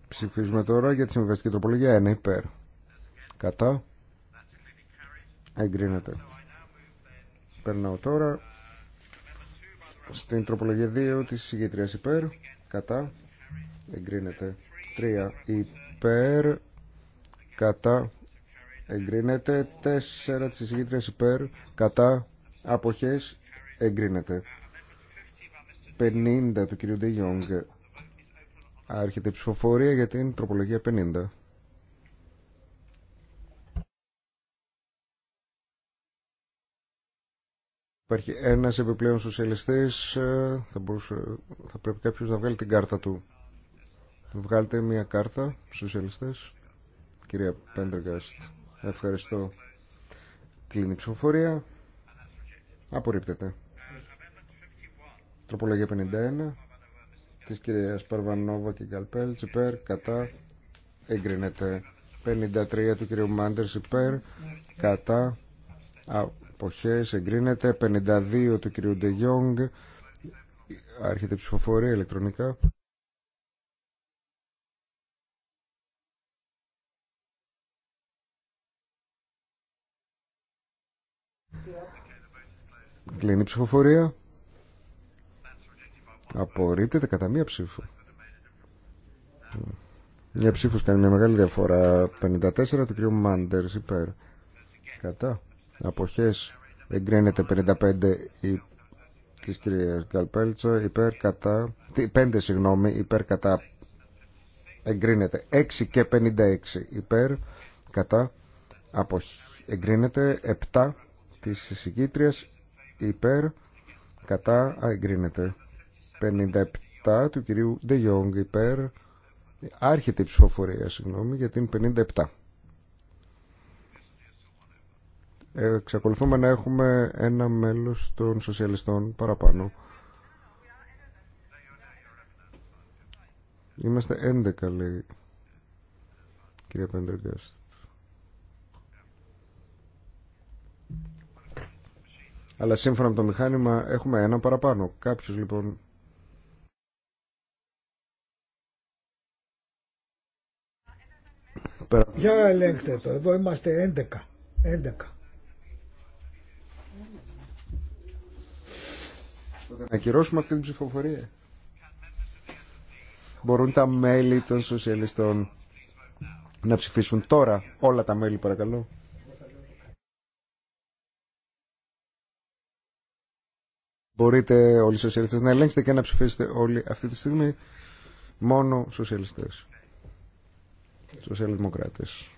Speaker 2: Ψηφίζουμε τώρα για τη συμβιβαστική τροπολογία 1 υπέρ. Κατά. Εγκρίνεται. Περνάω τώρα στην τροπολογία 2 της ηγετρίας υπέρ, κατά, εγκρίνεται. 3 υπέρ, κατά, εγκρίνεται. 4 της ηγετρίας υπέρ, κατά, αποχές, εγκρίνεται. 50 του κ. Ντεγιόγκ. Άρχεται η ψηφοφορία για την τροπολογία 50. Υπάρχει ένας επιπλέον σοσιαλιστής, ε, θα, μπορούσε, θα πρέπει κάποιος να βγάλει την κάρτα του. Βγάλετε μια κάρτα, σοσιαλιστές. Κυρία Πέντεργαστ, ευχαριστώ. Κλείνει η ψηφοφορία. Απορρίπτεται. Τροπολογία 51 της κυρίας Παρβανόβα και Γκαλπέλ, υπέρ, κατά, εγκρίνεται. 53 του κυρίου Μάντερ υπέρ, κατά, Εποχές εγκρίνεται 52 του κυρίου Ντεγιόγκ άρχεται ψηφοφορία ηλεκτρονικά Κλείνει η ψηφοφορία. Απορρίπτεται κατά μία ψήφο. Μια ψήφος κάνει μια μεγάλη διαφορά. 54 του κ. Μάντερς υπέρ. Κατά αποχές εγκρίνεται 55 η, της κυρίας Γκαλπέλτσο υπέρ κατά 5 συγγνώμη υπέρ κατά εγκρίνεται 6 και 56 υπέρ κατά εγκρίνεται 7 της συγκήτριας υπέρ κατά εγκρίνεται 57 του κυρίου De υπέρ άρχεται η ψηφοφορία συγγνώμη για την 57 εξακολουθούμε να έχουμε ένα μέλος των σοσιαλιστών παραπάνω. Είμαστε 11 λέει κυρία Πέντρεγκαστ. Αλλά σύμφωνα με το μηχάνημα έχουμε ένα παραπάνω. Κάποιος λοιπόν Για ελέγξτε
Speaker 3: το. Εδώ είμαστε 11. 11.
Speaker 2: Να ακυρώσουμε αυτή την ψηφοφορία. Μπορούν τα μέλη των σοσιαλιστών να ψηφίσουν τώρα όλα τα μέλη παρακαλώ. Μπορείτε όλοι οι σοσιαλιστές να ελέγξετε και να ψηφίσετε όλοι αυτή τη στιγμή μόνο σοσιαλιστές. Σοσιαλδημοκράτες.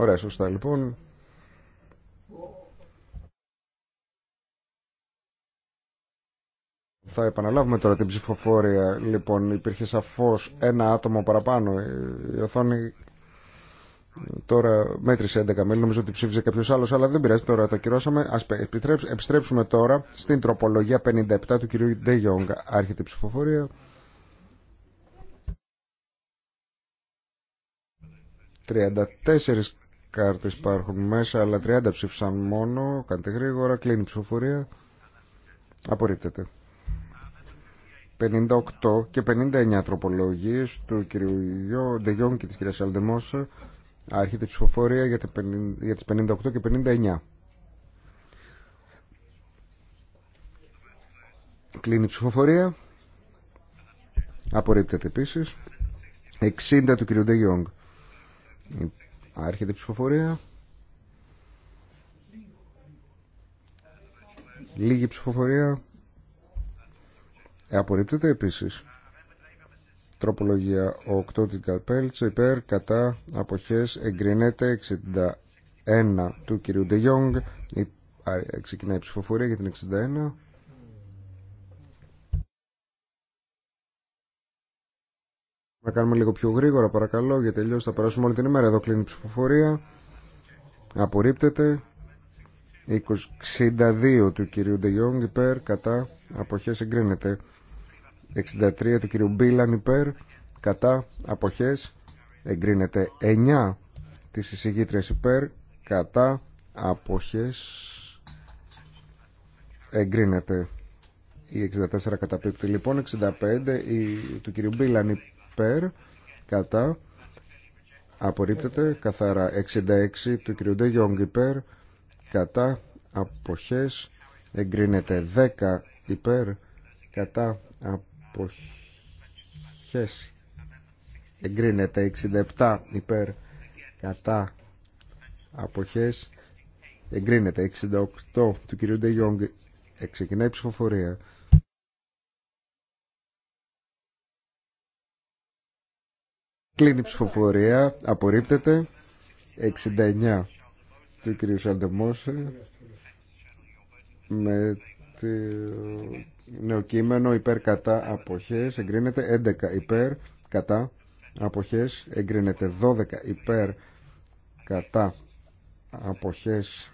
Speaker 2: Ωραία, σωστά λοιπόν. Θα επαναλάβουμε τώρα την ψηφοφόρια. Λοιπόν, υπήρχε σαφώς ένα άτομο παραπάνω. Ε, η οθόνη τώρα μέτρησε 11 μέλη. Νομίζω ότι ψήφιζε κάποιο άλλο, αλλά δεν πειράζει τώρα. Το κυρώσαμε. Α επιστρέψουμε τώρα στην τροπολογία 57 του κυρίου Ντέγιονγκ, Άρχεται η ψηφοφορία. 34 κάρτες υπάρχουν μέσα, αλλά 30 ψήφισαν μόνο. Κάντε γρήγορα, κλείνει η ψηφοφορία. Απορρίπτεται. 58 και 59 τροπολογίες του κ. Ντεγιόν και της κ. Αλδεμόσα. Άρχεται η ψηφοφορία για τις 58 και 59. Κλείνει η ψηφοφορία. Απορρίπτεται επίσης. 60 του κ. Ντεγιόγκ. Άρχεται η ψηφοφορία. Λίγη ψηφοφορία. Ε, απορρίπτεται επίσης. Τροπολογία 8 την Καλπέλτσο υπέρ κατά αποχές εγκρινέται 61 του κυρίου Ντεγιόγκ. Ε, ξεκινάει η ψηφοφορία για την 61. Να κάνουμε λίγο πιο γρήγορα παρακαλώ γιατί τελειώς θα περάσουμε όλη την ημέρα. Εδώ κλείνει η ψηφοφορία. Απορρίπτεται. 62 του κυρίου Ντεγιόγκ υπέρ κατά αποχές εγκρίνεται. 63 του κυρίου Μπίλαν υπέρ κατά αποχές εγκρίνεται. 9 της εισηγήτριας υπέρ κατά αποχές εγκρίνεται η 64 καταπίπτει λοιπόν 65 η, του κυρίου Μπίλαν υπέρ κατά απορρίπτεται καθαρά 66 του κ. Ντεγιόγκ υπέρ κατά αποχές εγκρίνεται 10 υπέρ κατά αποχές εγκρίνεται 67 υπέρ κατά αποχές εγκρίνεται 68 του κ. Ντεγιόγκ εξεκινάει ψηφοφορία Κλείνει η ψηφοφορία. Απορρίπτεται. 69 του κ. Σαντεμόσε με το νέο κείμενο υπέρ κατά αποχές εγκρίνεται 11 υπέρ κατά αποχές εγκρίνεται 12 υπέρ κατά αποχές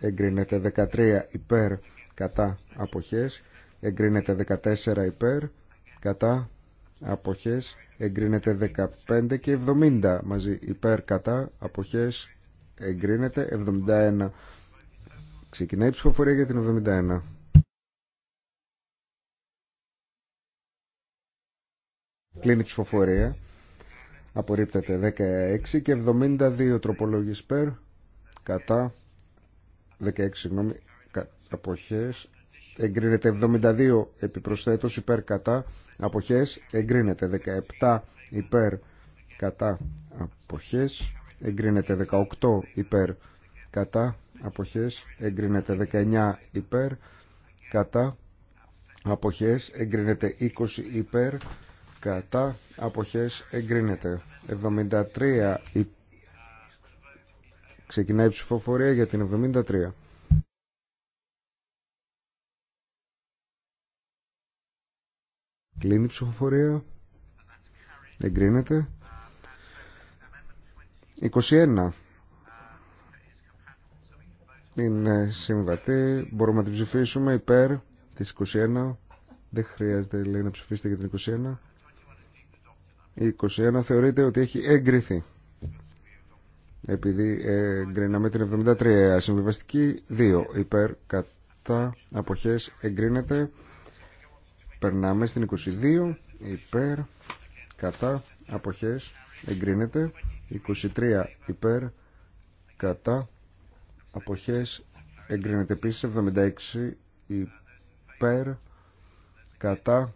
Speaker 2: εγκρίνεται 13 υπέρ κατά αποχές εγκρίνεται 14 υπέρ κατά αποχές εγκρίνεται 15 και 70 μαζί υπέρ κατά αποχές εγκρίνεται 71 ξεκινάει η ψηφοφορία για την 71 κλείνει η ψηφοφορία απορρίπτεται 16 και 72 τροπολόγιες υπέρ κατά 16 συγγνώμη αποχές εγκρίνεται 72 επιπροσθέτως υπέρ κατά αποχές εγκρίνεται 17 υπέρ κατά αποχές εγκρίνεται 18 υπέρ κατά αποχές εγκρίνεται 19 υπέρ κατά αποχές εγκρίνεται 20 υπέρ κατά αποχές εγκρίνεται 73 Ξεκινάει η ψηφοφορία για την 73. Κλείνει η ψηφοφορία. Εγκρίνεται. 21. Είναι συμβατή. Μπορούμε να την ψηφίσουμε υπέρ της 21. Δεν χρειάζεται λέει, να ψηφίσετε για την 21. Η 21 θεωρείται ότι έχει εγκριθεί. Επειδή ε, εγκρίναμε την 73. Συμβιβαστική 2. Υπέρ κατά αποχές εγκρίνεται. Περνάμε στην 22 υπέρ κατά αποχές εγκρίνεται 23 υπέρ κατά αποχές εγκρίνεται επίσης 76 υπέρ κατά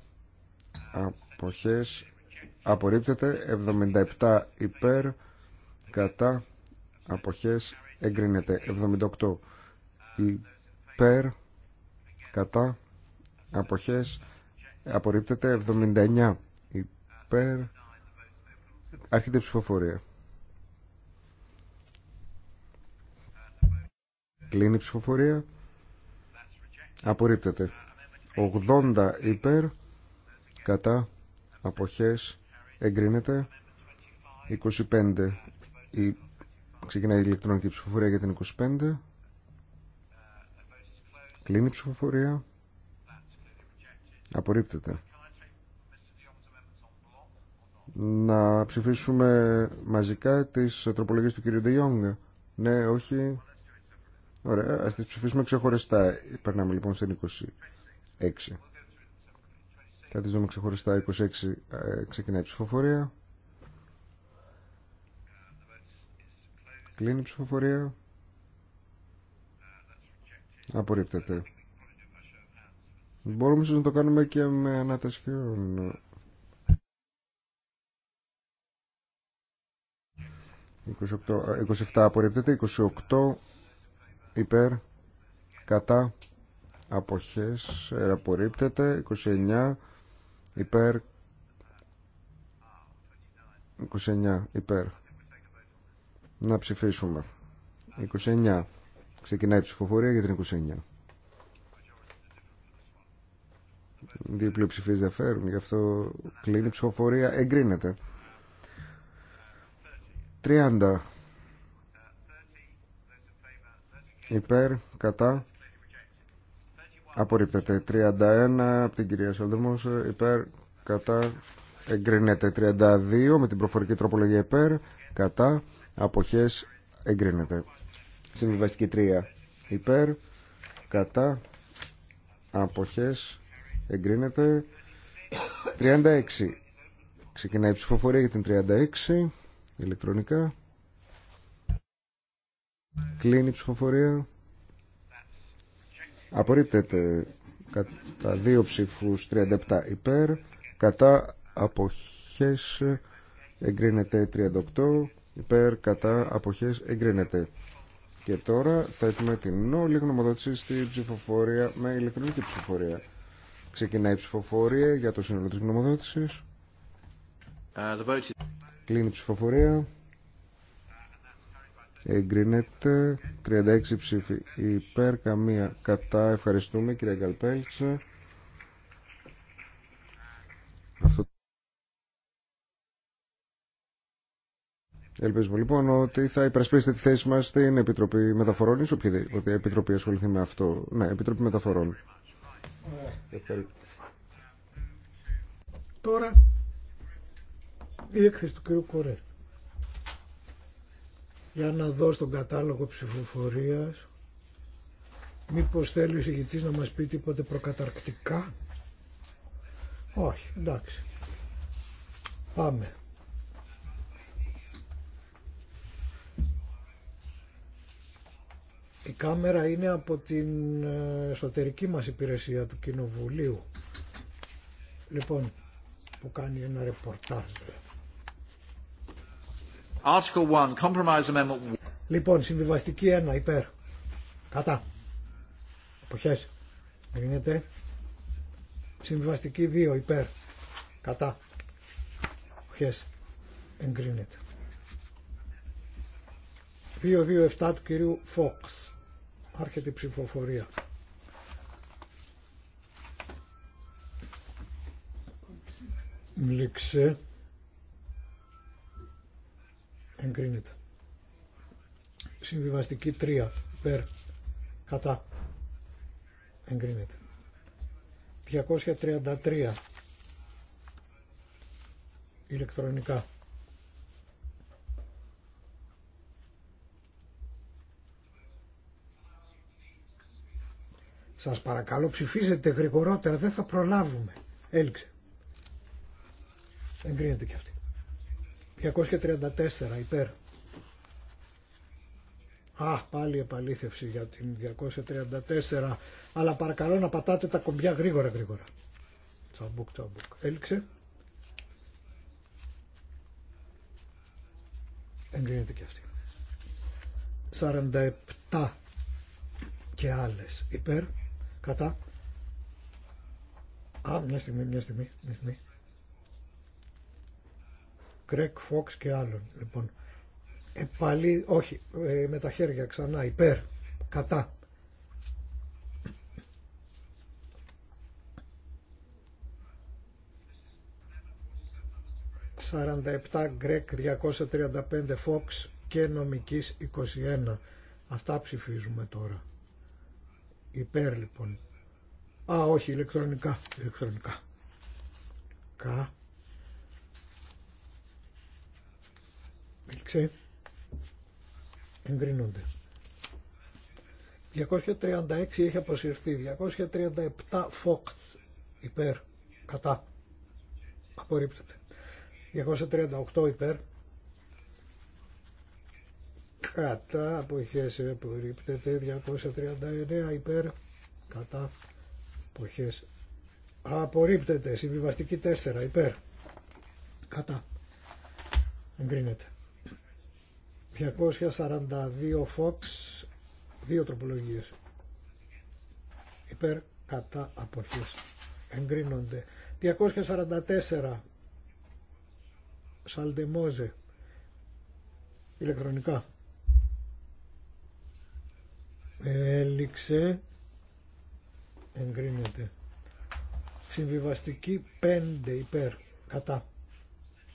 Speaker 2: αποχές απορρίπτεται 77 υπέρ κατά αποχές εγκρίνεται 78 υπέρ κατά αποχές Απορρίπτεται 79 υπέρ. Άρχεται ψηφοφορία. Κλείνει ψηφοφορία. Απορρίπτεται. 80 υπέρ. Κατά. Αποχές. Εγκρίνεται. 25. Η... Ξεκινάει η ηλεκτρονική ψηφοφορία για την 25. Κλείνει ψηφοφορία. Απορρίπτεται. Να ψηφίσουμε μαζικά τις τροπολογίες του κύριου Ντεγιόγκ. Ναι, όχι. Ωραία, ας τις ψηφίσουμε ξεχωριστά. Περνάμε λοιπόν στην 26. Θα τις δούμε ξεχωριστά. 26 ε, ξεκινάει η ψηφοφορία. Κλείνει η ψηφοφορία. Απορρίπτεται. Μπορούμε ίσως να το κάνουμε και με ανατασχέων. ...27 ε, απορρίπτεται, 28 υπέρ, κατά, αποχές, ε, απορρίπτεται, 29 υπέρ, 29 υπέρ. Να ψηφίσουμε. 29. Ξεκινάει η ψηφοφορία για την 29. Δύο πλειοψηφίε διαφέρουν. Γι' αυτό κλείνει η ψηφοφορία. Εγκρίνεται. 30. Υπέρ, κατά. Απορρίπτεται. 31 από την κυρία Σόλδεμο. Υπέρ, κατά. Εγκρίνεται. 32 με την προφορική τροπολογία υπέρ, κατά. Αποχέ. Εγκρίνεται. Συμβιβαστική 3. Υπέρ, κατά. Αποχές εγκρίνεται 36 ξεκινάει η ψηφοφορία για την 36 ηλεκτρονικά κλείνει η ψηφοφορία απορρίπτεται κατά δύο ψήφους 37 υπέρ κατά αποχές εγκρίνεται 38 υπέρ κατά αποχές εγκρίνεται και τώρα θα έχουμε την όλη γνωμοδότηση στη ψηφοφορία με ηλεκτρονική ψηφοφορία Ξεκινάει η ψηφοφορία για το σύνολο της γνωμοδότησης. Uh, ε, is... Κλείνει η ψηφοφορία. Εγκρίνεται 36 ψήφοι υπέρ, καμία κατά. Ευχαριστούμε κυρία Γκαλπέλτσε. Αυτό... Ελπίζουμε λοιπόν ότι θα υπερασπίσετε τη θέση μας στην Επιτροπή Μεταφορών ή σε οποιαδήποτε Επιτροπή ασχοληθεί με αυτό. Ναι, Επιτροπή Μεταφορών.
Speaker 4: Ε,
Speaker 3: Τώρα η έκθεση του κ. Κορέ. Για να δω στον κατάλογο ψηφοφορίας μήπως θέλει ο συγητής να μας πει τίποτε προκαταρκτικά. Όχι, εντάξει. Πάμε. Η κάμερα είναι από την ε, εσωτερική μας υπηρεσία του Κοινοβουλίου. Λοιπόν, που κάνει ένα ρεπορτάζ.
Speaker 1: Article 1, compromise amendment.
Speaker 3: Λοιπόν, συμβιβαστική 1, υπέρ. Κατά. Αποχές. Εγκρίνεται. Συμβιβαστική 2, υπέρ. Κατά. Αποχές. Εγκρίνεται. 227 του κυρίου Φόξ. Άρχεται η ψηφοφορία. Μλήξε. Εγκρίνεται. Συμβιβαστική 3. Περ. Κατά. Εγκρίνεται. 233. Ηλεκτρονικά. Σας παρακαλώ ψηφίζετε γρηγορότερα, δεν θα προλάβουμε. Έληξε. Εγκρίνεται και αυτή. 234 υπέρ. Α, πάλι επαλήθευση για την 234. Αλλά παρακαλώ να πατάτε τα κομπιά γρήγορα γρήγορα. Τσαμπούκ, τσαμπούκ. Έλξε. Εγκρίνεται και αυτή. 47 και άλλες υπέρ κατά α μια στιγμή μια στιγμή, μια στιγμή. Φόξ και άλλων λοιπόν ε, πάλι, όχι ε, με τα χέρια ξανά υπέρ κατά «47 Γκρέκ 235 Φόξ και νομικής 21». Αυτά ψηφίζουμε τώρα. Υπέρ λοιπόν. Α, όχι, ηλεκτρονικά. Ηλεκτρονικά. Κα. Έλξε. Εγκρίνονται. 236 έχει αποσυρθεί. 237 φόκτ. Υπέρ. Κατά. Απορρίπτεται. 238 υπέρ κατά αποχές απορρίπτεται 239 υπέρ κατά αποχές απορρίπτεται συμβιβαστική 4 υπέρ κατά εγκρίνεται 242 Fox δύο τροπολογίες υπέρ κατά αποχές εγκρίνονται 244 Σαλτεμόζε ηλεκτρονικά έληξε εγκρίνεται συμβιβαστική 5 υπέρ κατά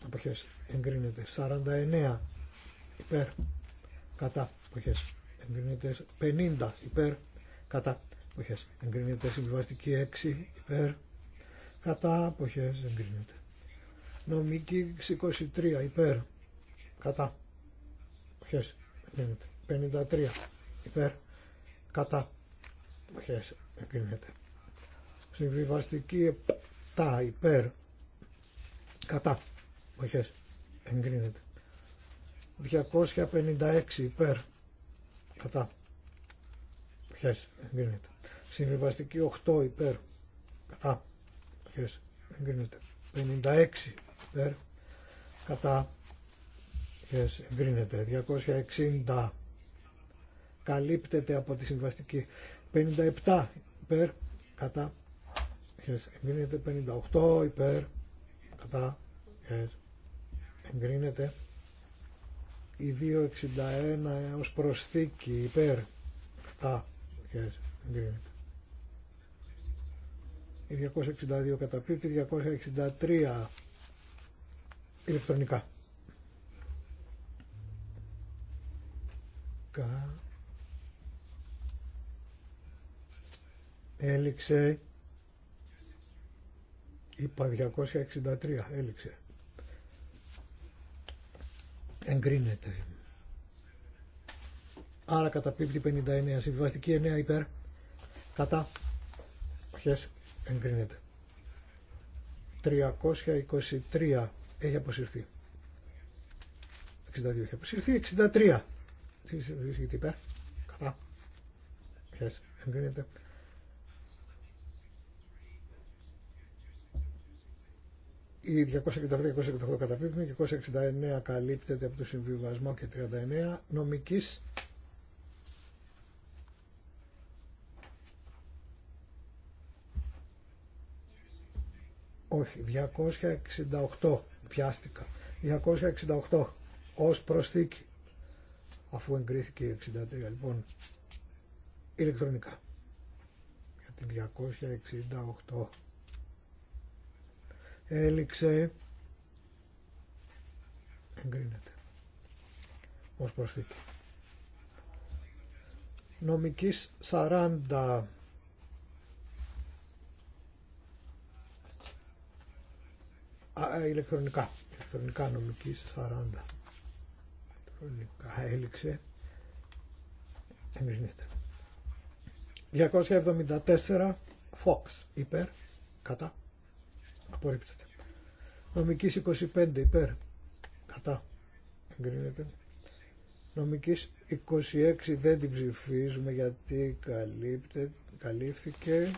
Speaker 3: αποχές εγκρίνεται 49 υπέρ κατά αποχές εγκρίνεται 50 υπέρ κατά αποχές εγκρίνεται συμβιβαστική 6 υπέρ κατά αποχές εγκρίνεται νομική 23 υπέρ κατά αποχές εγκρίνεται 53 υπέρ κατά αποχές εγκρίνεται. Συμβιβαστική 7 υπέρ κατά αποχές εγκρίνεται. 256 υπέρ κατά αποχές εγκρίνεται. Συμβιβαστική 8 υπέρ κατά αποχές εγκρίνεται. 56 υπέρ κατά αποχές εγκρίνεται. 260 καλύπτεται από τη συμβαστική. 57 υπέρ κατά εγκρίνεται. 58 υπέρ κατά εγκρίνεται. Η 261 ως προσθήκη υπέρ κατά εγκρίνεται. Η 262 καταπίπτει, 263 ηλεκτρονικά. έληξε είπα 263 έληξε εγκρίνεται άρα καταπίπτει 59 συμβιβαστική 9 υπέρ κατά ποιες εγκρίνεται 323 έχει αποσυρθεί 62 έχει αποσυρθεί 63 τι υπέρ κατά ποιες εγκρίνεται η 267-268 καταπίπτουν και 269 καλύπτεται από το συμβιβασμό και 39 νομικής όχι 268 πιάστηκα 268 ως προσθήκη αφού εγκρίθηκε η 63 λοιπόν ηλεκτρονικά για την 268 έληξε εγκρίνεται ως προσθήκη νομικής 40 Α, ε, ηλεκτρονικά ηλεκτρονικά νομική 40 ηλεκτρονικά έληξε εγκρίνεται 274 Fox υπέρ κατά Απορρίπτεται. Νομικής 25 υπέρ. Κατά. Εγκρίνεται. Νομικής 26 δεν την ψηφίζουμε γιατί καλύφθηκε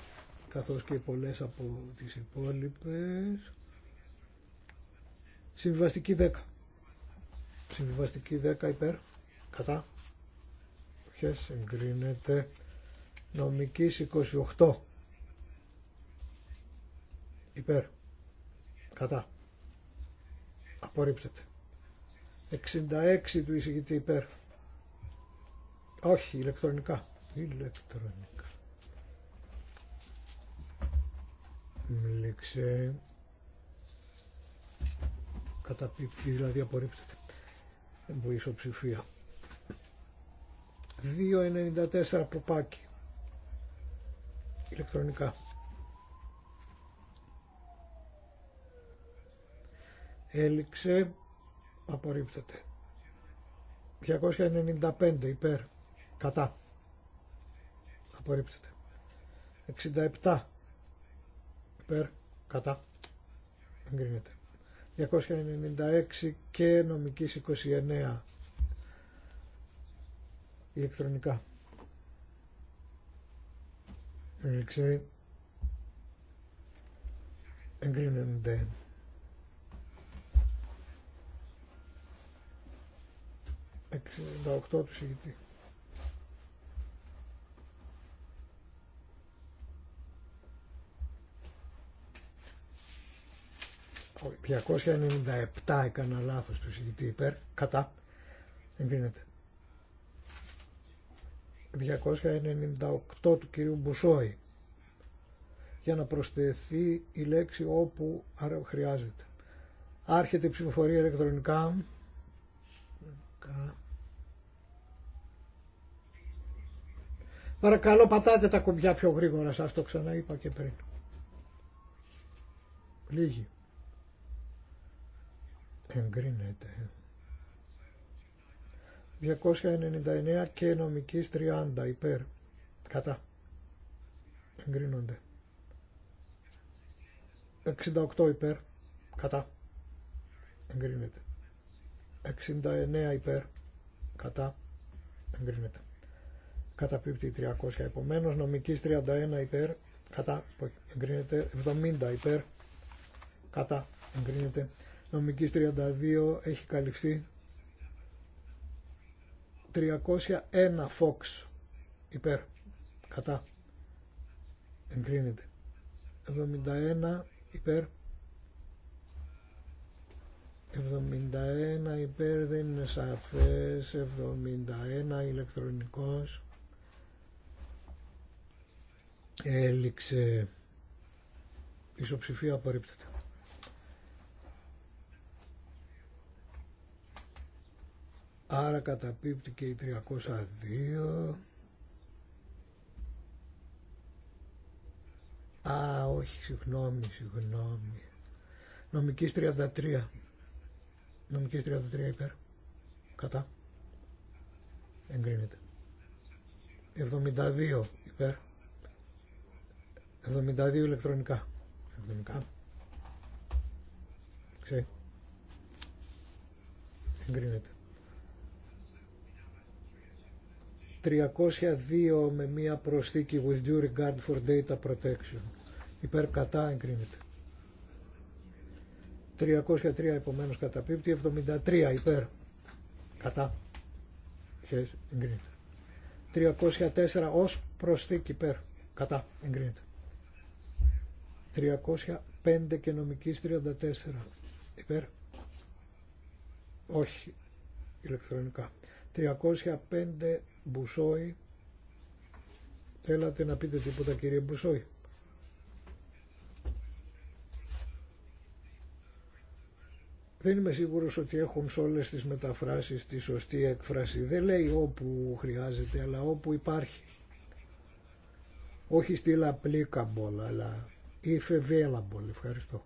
Speaker 3: καθώς και πολλές από τις υπόλοιπες. Συμβιβαστική 10. Συμβιβαστική 10 υπέρ. Κατά. Ποιε εγκρίνεται. Νομικής 28. Υπέρ. Κατά. Απορρίπτεται. 66 του εισηγητή υπέρ. Όχι, ηλεκτρονικά. Ηλεκτρονικά. Μλήξε. Καταπίπτει, δηλαδή απορρίπτεται. Με ψηφία. 2.94 ποπάκι. Ηλεκτρονικά. έληξε απορρίπτεται 295 υπέρ κατά απορρίπτεται 67 υπέρ κατά εγκρίνεται 296 και νομικής 29 ηλεκτρονικά έληξε εγκρίνεται 68 του συγητή. Ο 297 έκανα λάθος του συγητή υπέρ, κατά, εγκρίνεται. 298 του κυρίου Μπουσόη για να προσθεθεί η λέξη όπου χρειάζεται. Άρχεται η ψηφοφορία ηλεκτρονικά. Παρακαλώ πατάτε τα κουμπιά πιο γρήγορα σας το ξαναείπα και πριν. Λίγη. Εγκρίνεται. 299 και νομικής 30 υπέρ. Κατά. Εγκρίνονται. 68 υπέρ. Κατά. Εγκρίνεται. 69 υπέρ. Κατά. Εγκρίνεται καταπίπτει 300. Επομένως νομικής 31 υπέρ, κατά, εγκρίνεται 70 υπέρ, κατά, εγκρίνεται. Νομικής 32 έχει καλυφθεί 301 φόξ υπέρ, κατά, εγκρίνεται. 71 υπέρ, 71 υπέρ δεν είναι σαφές, 71 ηλεκτρονικός έληξε ισοψηφία απορρίπτεται. Άρα καταπίπτει και η 302. Α, όχι, συγγνώμη, συγγνώμη. Νομικής 33. Νομικής 33 υπέρ. Κατά. Εγκρίνεται. 72 υπέρ. 72 ηλεκτρονικά. 72. Ξέρει. Εγκρίνεται. 302 με μία προσθήκη with due regard for data protection. Υπέρ κατά εγκρίνεται. 303 επομένως καταπίπτει, 73 υπέρ κατά εγκρίνεται. 304 ως προσθήκη υπέρ κατά εγκρίνεται. 305 και νομικής 34. Υπέρ. Όχι. Ηλεκτρονικά. 305 Μπουσόη. Θέλατε να πείτε τίποτα κύριε Μπουσόη. Δεν είμαι σίγουρος ότι έχουν σε όλες τις μεταφράσεις τη σωστή έκφραση. Δεν λέει όπου χρειάζεται, αλλά όπου υπάρχει. Όχι στείλα λαπλή αλλά if available. Ευχαριστώ.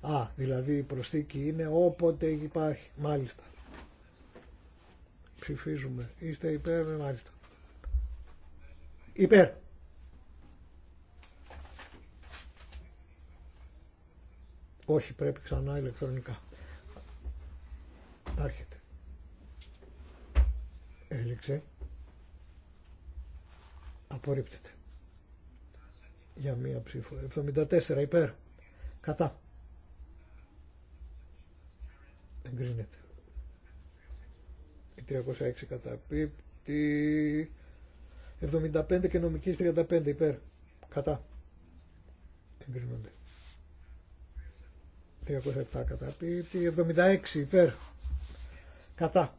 Speaker 3: Α, δηλαδή η προσθήκη είναι όποτε υπάρχει. Μάλιστα. Ψηφίζουμε. Είστε υπέρ, ε, μάλιστα. Υπέρ. Όχι, πρέπει ξανά ηλεκτρονικά. Άρχεται. Έληξε. Απορρίπτεται για μία ψήφο. 74 υπέρ. Κατά. Εγκρίνεται. Η 306 πίπτη. 75 και νομική 35 υπέρ. Κατά. Εγκρίνονται. 307 πίπτη. 76 υπέρ. Κατά.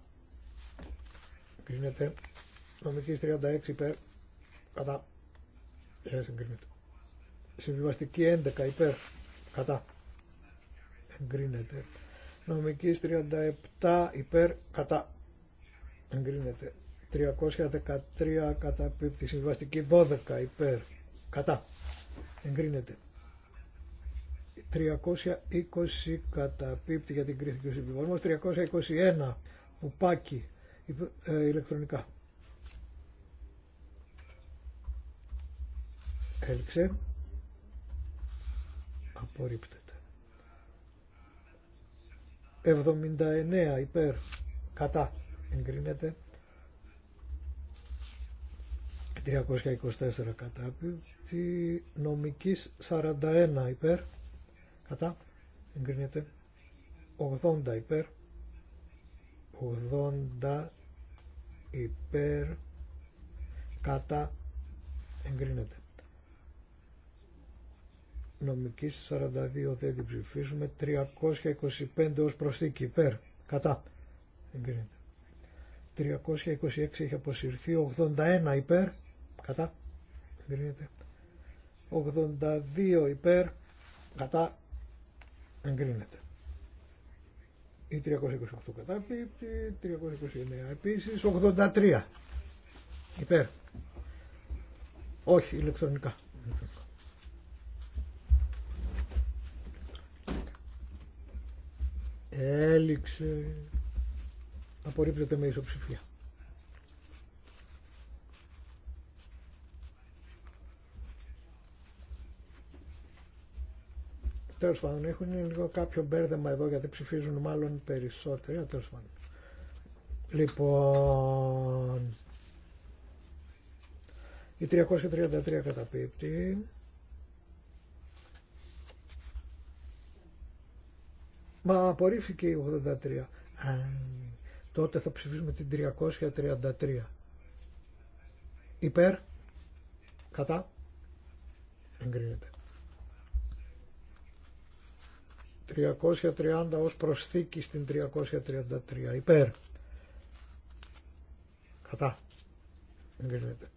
Speaker 3: Εγκρίνεται. νομική 36 υπέρ. Κατά. Δεν συγκρίνεται. Συμβιβαστική 11 υπέρ. Κατά. Εγκρίνεται. Νομική 37 υπέρ. Κατά. Εγκρίνεται. 313 κατά πίπτη. Συμβιβαστική 12 υπέρ. Κατά. Εγκρίνεται. 320 κατά πίπτη για την κρίση του συμβιβασμός. 321 που πάκι ηλεκτρονικά. Έλξε απορρίπτεται. 79 υπέρ κατά εγκρίνεται 324 κατά τη νομικής 41 υπέρ κατά εγκρίνεται 80 υπέρ 80 υπέρ κατά εγκρίνεται νομικής 42 δεν την ψηφίζουμε 325 ως προσθήκη υπέρ κατά εγκρίνεται 326 έχει αποσυρθεί 81 υπέρ κατά εγκρίνεται 82 υπέρ κατά εγκρίνεται ή 328 κατά πίπτη 329 επίσης 83 υπέρ όχι ηλεκτρονικά έληξε απορρίπτεται με ισοψηφία. τέλο πάντων, έχουν λίγο κάποιο μπέρδεμα εδώ γιατί ψηφίζουν μάλλον περισσότεροι. Τέλος πάντων. Λοιπόν, η 333 καταπίπτει. Μα απορρίφθηκε η 83. τότε θα ψηφίσουμε την 333. Υπέρ. Κατά. Εγκρίνεται. 330 ως προσθήκη στην 333. Υπέρ. Κατά. Εγκρίνεται.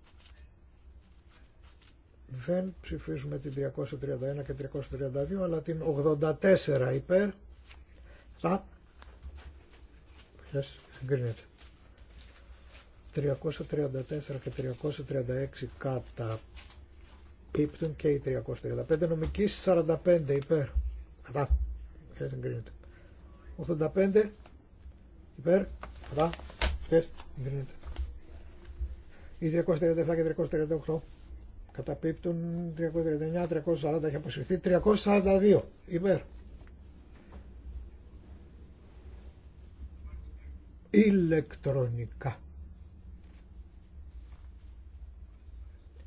Speaker 3: Δεν ψηφίζουμε την 331 και 332 αλλά την 84 υπέρ. Κατά. Ποιες συγκρίνεται. 334 και 336 κατά πίπτουν και οι 335 νομική 45 υπέρ κατά ποιες συγκρίνεται 85 υπέρ κατά ποιες συγκρίνεται οι 337 και 338 καταπίπτουν 339, 340 έχει αποσυρθεί 342 υπέρ ηλεκτρονικά.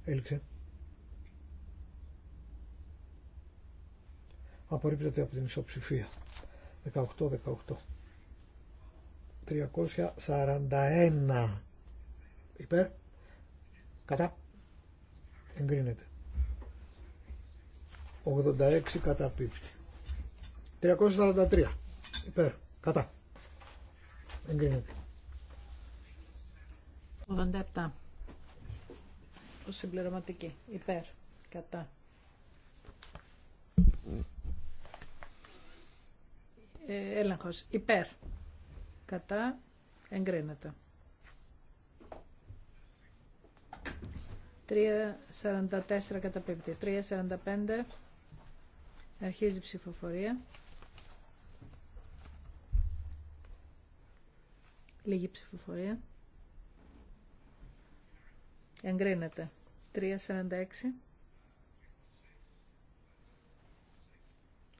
Speaker 3: Έληξε. Απορρίπτεται από την ισοψηφία. 18-18. 341 υπέρ κατά εγκρίνεται 86 κατά καταπίπτει 343 υπέρ κατά Εγκρίνεται.
Speaker 4: 87. Ο συμπληρωματική. Υπέρ. Κατά. Ε, έλεγχος. Υπέρ. Κατά. Εγκρίνεται. 3.44 καταπίπτει. 3.45 αρχίζει η ψηφοφορία. Λίγη ψηφοφορία. Εγκρίνεται. 3.46.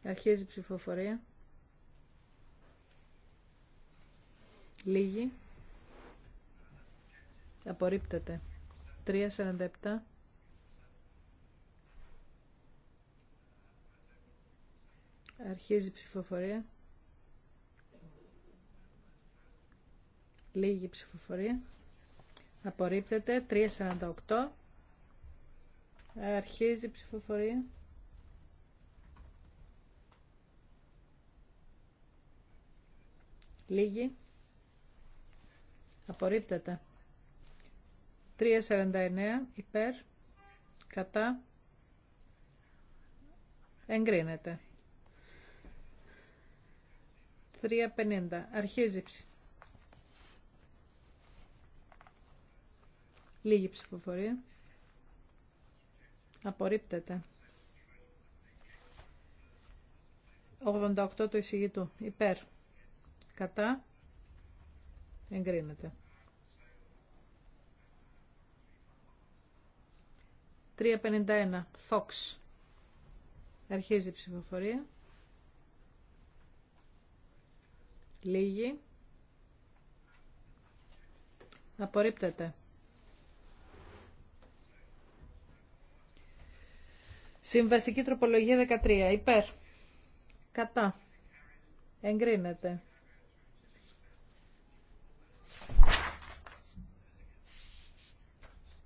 Speaker 4: Αρχίζει η ψηφοφορία. Λίγη. Απορρίπτεται. 3.47. Αρχίζει η ψηφοφορία. Λίγη ψηφοφορία. Απορρίπτεται. 3.48. Αρχίζει η ψηφοφορία. Λίγη. Απορρίπτεται. 3.49 υπέρ. Κατά. Εγκρίνεται. 3.50. Αρχίζει ψηφοφορία. Λίγη ψηφοφορία. Απορρίπτεται. 88 του εισηγητού. Υπέρ. Κατά. Εγκρίνεται. 351. Φόξ. Αρχίζει η ψηφοφορία. Λίγη. Απορρίπτεται. Συμβαστική τροπολογία 13. Υπέρ. Κατά. Εγκρίνεται.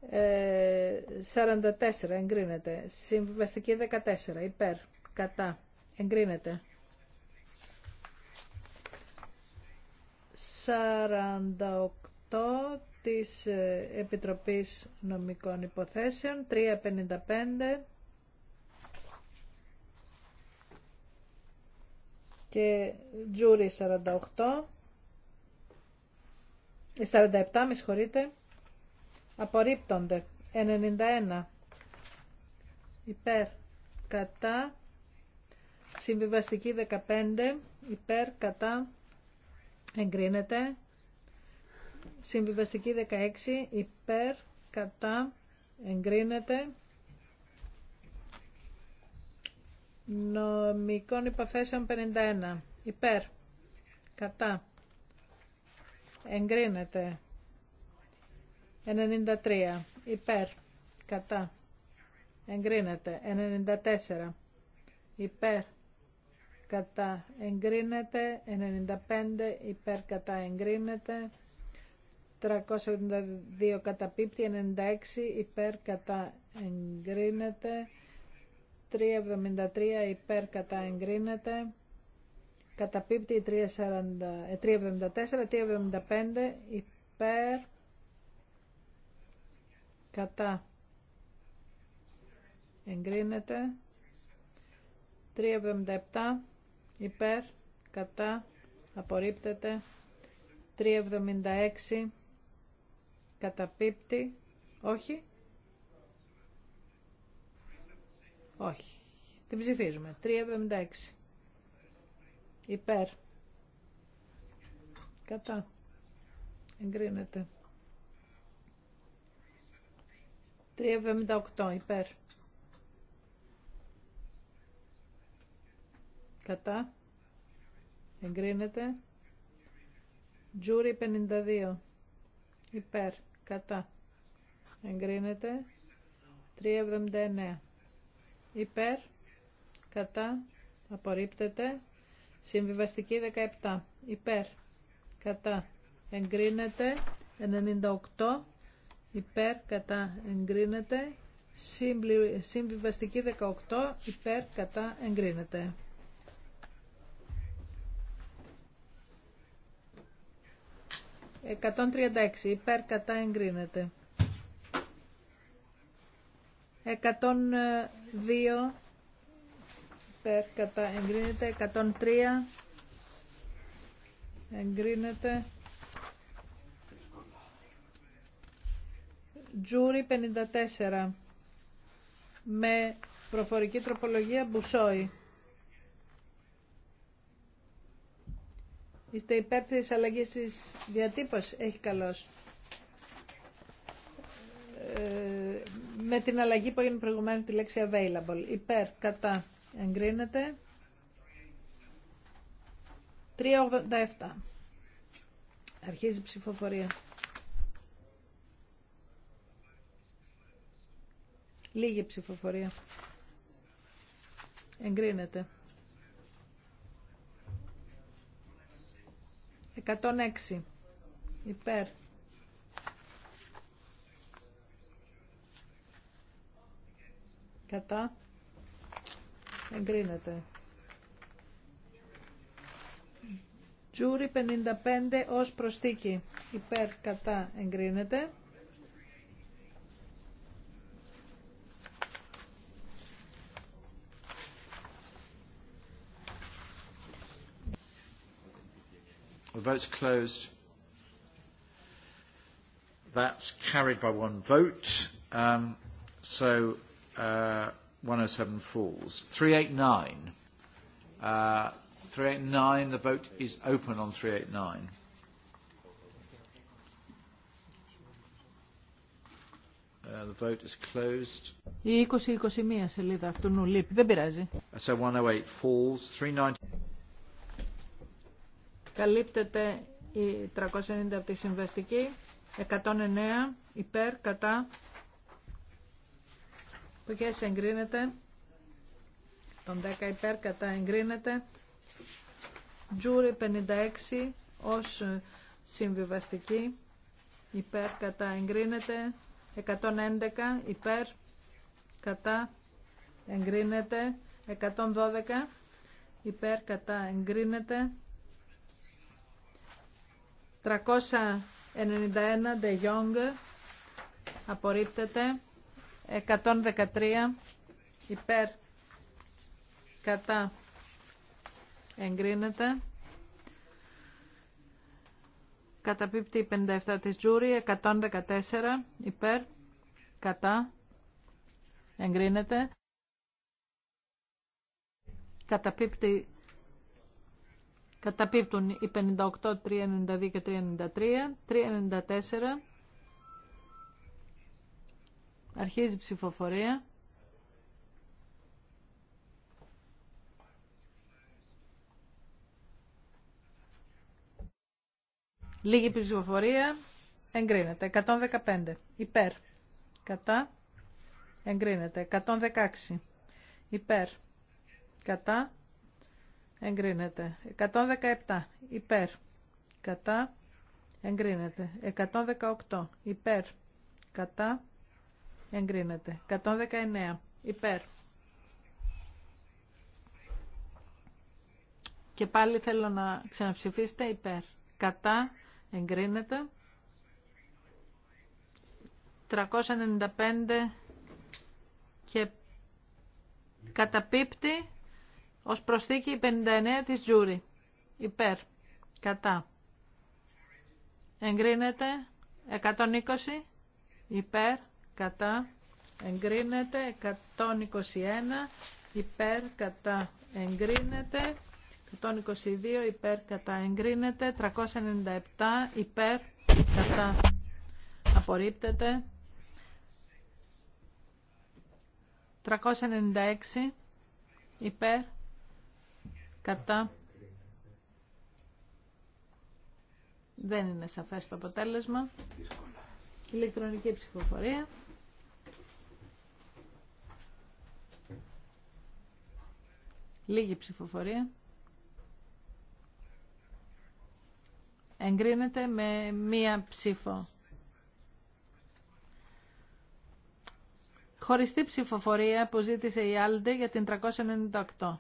Speaker 4: Ε, 44. Εγκρίνεται. Συμβαστική 14. Υπέρ. Κατά. Εγκρίνεται. 48 της Επιτροπής Νομικών Υποθέσεων 355 και Τζούρι 48 47 με συγχωρείτε απορρίπτονται 91 υπέρ κατά συμβιβαστική 15 υπέρ κατά εγκρίνεται συμβιβαστική 16 υπέρ κατά εγκρίνεται νομικών υποθέσεων 51. Υπέρ. Κατά. Εγκρίνεται. 93. Υπέρ. Κατά. Εγκρίνεται. 94. Υπέρ. Κατά. Εγκρίνεται. 95. Υπέρ. Κατά. Εγκρίνεται. 372 καταπίπτει. 96. Υπέρ. Κατά. Εγκρίνεται. 373 υπέρ κατά εγκρίνεται. Καταπίπτει 374, 375 ε, υπέρ κατά εγκρίνεται. 377 υπέρ κατά απορρίπτεται. 376 καταπίπτει. Όχι. Όχι. Την ψηφίζουμε. 3,76. Υπέρ. Κατά. Εγκρίνεται. 3,78. Υπέρ. Κατά. Εγκρίνεται. Τζούρι 52. Υπέρ. Κατά. Εγκρίνεται. 3,79 υπέρ, κατά, απορρίπτεται. Συμβιβαστική 17, υπέρ, κατά, εγκρίνεται. 98, υπέρ, κατά, εγκρίνεται. Συμβιβαστική 18, υπέρ, κατά, εγκρίνεται. «136. Υπέρ κατά εγκρίνεται». 102 υπέρ κατά εγκρίνεται 103 εγκρίνεται Τζούρι 54 με προφορική τροπολογία Μπουσόη. Είστε υπέρ της αλλαγής της διατύπωσης. Έχει καλώς. Ε, με την αλλαγή που έγινε προηγουμένως τη λέξη available. Υπέρ, κατά, εγκρίνεται. 387. Αρχίζει η ψηφοφορία. Λίγη ψηφοφορία. Εγκρίνεται. 106. Υπέρ. Κατά. Εγκρίνεται. Τζούρι 55 ως προστίκι Υπέρ κατά εγκρίνεται.
Speaker 1: The vote's closed. That's carried by one vote. Um, so 107 falls. 389. 389, uh, the vote is open on 389. Uh, the vote is closed.
Speaker 4: Η 20 σελίδα αυτού νου λείπει. Δεν πειράζει.
Speaker 1: Uh, so 108 falls. 390.
Speaker 4: Καλύπτεται η 390 από τη συμβαστική. 109 υπέρ, κατά, Αποχές εγκρίνεται. Τον 10 υπέρ κατά εγκρίνεται. Τζούρι 56 ως συμβιβαστική. Υπέρ κατά εγκρίνεται. 111 υπέρ κατά εγκρίνεται. 112 υπέρ κατά εγκρίνεται. 391 de Jong απορρίπτεται. 113 υπέρ κατά εγκρίνεται. Καταπίπτει 57 της Τζούρι, 114 υπέρ κατά εγκρίνεται. Καταπίπτει Καταπίπτουν οι 58, 392 και 393, 394 Αρχίζει η ψηφοφορία. Λίγη ψηφοφορία. Εγκρίνεται. 115. Υπέρ. Κατά. Εγκρίνεται. 116. Υπέρ. Κατά. Εγκρίνεται. 117. Υπέρ. Κατά. Εγκρίνεται. 118. Υπέρ. Κατά. Εγκρίνεται. 119. Υπέρ. Και πάλι θέλω να ξαναψηφίσετε υπέρ. Κατά. Εγκρίνεται. 395 και καταπίπτει ως προσθήκη 59 της Τζούρι. Υπέρ. Κατά. Εγκρίνεται. 120. Υπέρ κατά εγκρίνεται 121 υπέρ κατά εγκρίνεται 122 υπέρ κατά εγκρίνεται 397 υπέρ κατά απορρίπτεται 396 υπέρ κατά δεν είναι σαφές το αποτέλεσμα ηλεκτρονική ψηφοφορία Λίγη ψηφοφορία. Εγκρίνεται με μία ψήφο. Χωριστή ψηφοφορία που ζήτησε η Άλντε για την 398.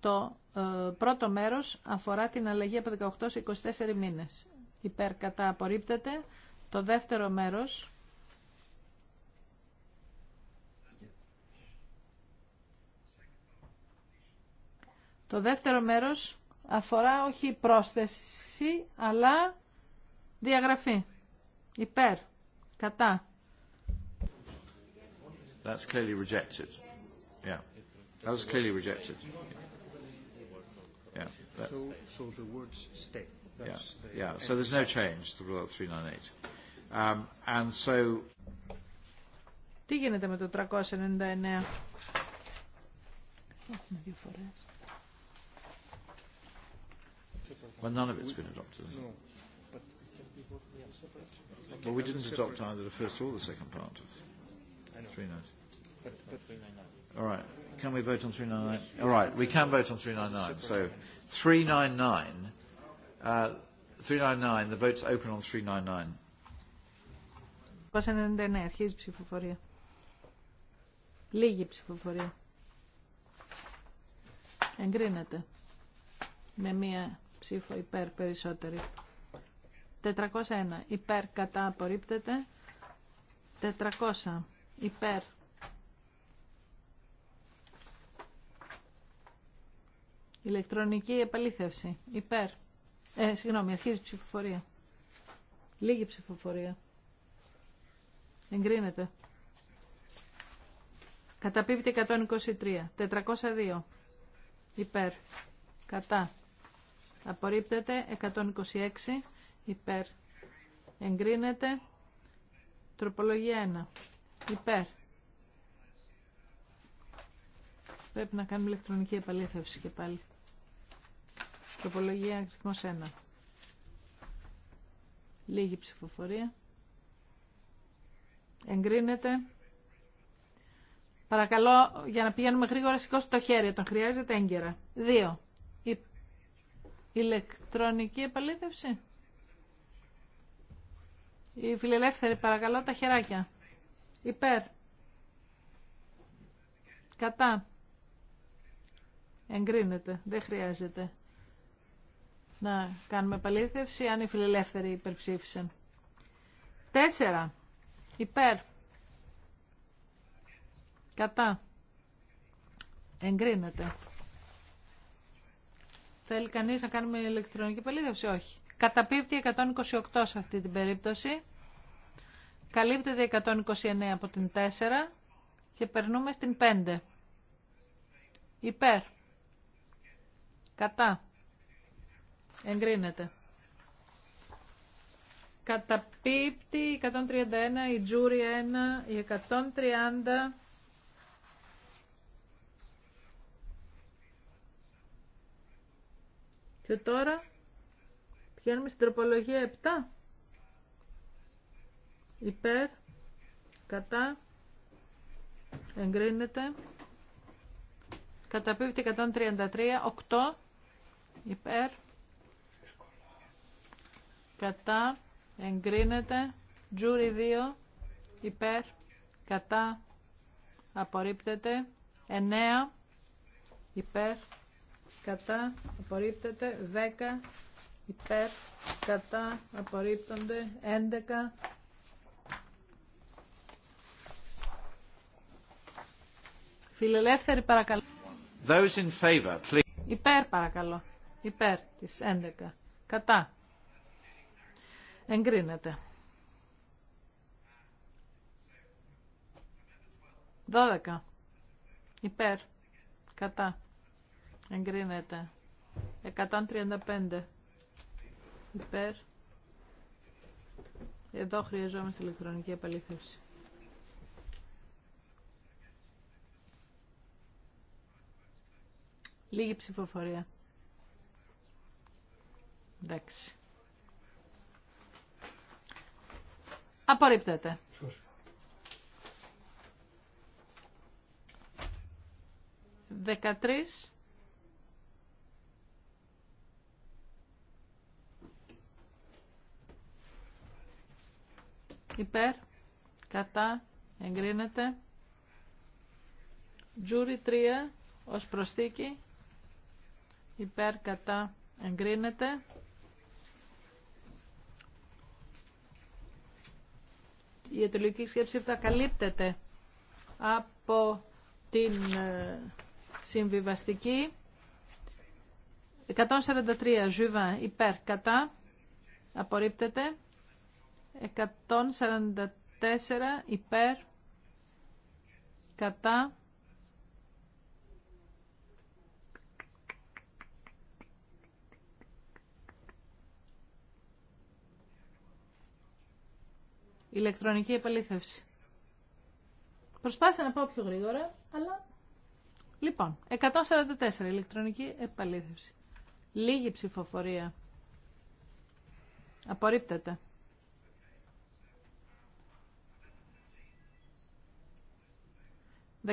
Speaker 4: Το ε, πρώτο μέρος αφορά την αλλαγή από 18 σε 24 μήνες. Υπέρ κατά απορρίπτεται. Το δεύτερο μέρος Το δεύτερο μέρος αφορά όχι πρόσθεση, αλλά διαγραφή. Υπέρ. Κατά.
Speaker 1: That's clearly rejected. Yeah. That was clearly rejected. Yeah. So,
Speaker 2: so the words stay. That's yeah. yeah. So
Speaker 1: there's no change to Rule 398. Um, and so...
Speaker 4: Τι γίνεται με το 399. Έχουμε δύο φορές.
Speaker 3: Well, none of it's been adopted. No.
Speaker 1: Well, we didn't adopt either the first or the second part of 399. All right. Can we vote on 399? All right. We can vote on 399. So 399, uh, 399, the vote's open on 399.
Speaker 4: 99, αρχίζει η ψηφοφορία. Λίγη ψηφοφορία. Εγκρίνεται. Με μία ψήφο υπέρ περισσότερη. 401 υπέρ κατά απορρίπτεται. 400 υπέρ. Ηλεκτρονική επαλήθευση. Υπέρ. Ε, συγγνώμη, αρχίζει ψηφοφορία. Λίγη ψηφοφορία. Εγκρίνεται. Καταπίπτει 123. 402. Υπέρ. Κατά. Απορρίπτεται 126 υπέρ. Εγκρίνεται τροπολογία 1 υπέρ. Πρέπει να κάνουμε ηλεκτρονική επαλήθευση και πάλι. Τροπολογία αριθμός 1. Λίγη ψηφοφορία. Εγκρίνεται. Παρακαλώ, για να πηγαίνουμε γρήγορα, σηκώστε το χέρι όταν χρειάζεται έγκαιρα. Δύο ηλεκτρονική επαλήθευση. η φιλελεύθερη παρακαλώ τα χεράκια. Υπέρ. Κατά. Εγκρίνεται. Δεν χρειάζεται να κάνουμε επαλήθευση αν οι φιλελεύθεροι υπερψήφισαν. Τέσσερα. Υπέρ. Κατά. Εγκρίνεται. Θέλει κανεί να κάνουμε ηλεκτρονική πελίδευση. Όχι. Καταπίπτει 128 σε αυτή την περίπτωση. Καλύπτεται 129 από την 4 και περνούμε στην 5. Υπέρ. Κατά. Εγκρίνεται. Καταπίπτει 131, η Τζούρι 1, η 130 Και τώρα πηγαίνουμε στην τροπολογία 7. Υπέρ, κατά, εγκρίνεται. Καταπίπτει 133, 8, υπέρ, κατά, εγκρίνεται. Τζούρι 2, υπέρ, κατά, απορρίπτεται. 9, υπέρ, κατά απορρίπτεται 10 υπέρ κατά απορρίπτονται 11 Φιλελεύθερη παρακαλώ.
Speaker 1: Those in favor, please.
Speaker 4: Υπέρ παρακαλώ. Υπέρ της 11. Κατά. Εγκρίνεται. 12. Υπέρ. Κατά. Εγκρίνεται. 135. Υπέρ. Εδώ χρειαζόμαστε ηλεκτρονική επαλήθευση. Λίγη ψηφοφορία. Εντάξει. Απορρίπτεται. Δεκατρεις. υπέρ, κατά, εγκρίνεται. Τζούρι 3 ως προστίκη, υπέρ, κατά, εγκρίνεται. Η αιτιολογική σκέψη θα καλύπτεται από την ε, συμβιβαστική. 143 ζουβά υπέρ κατά απορρίπτεται. 144 υπέρ κατά ηλεκτρονική επαλήθευση. Προσπάθησα να πάω πιο γρήγορα, αλλά... Λοιπόν, 144 ηλεκτρονική επαλήθευση. Λίγη ψηφοφορία. Απορρίπτεται.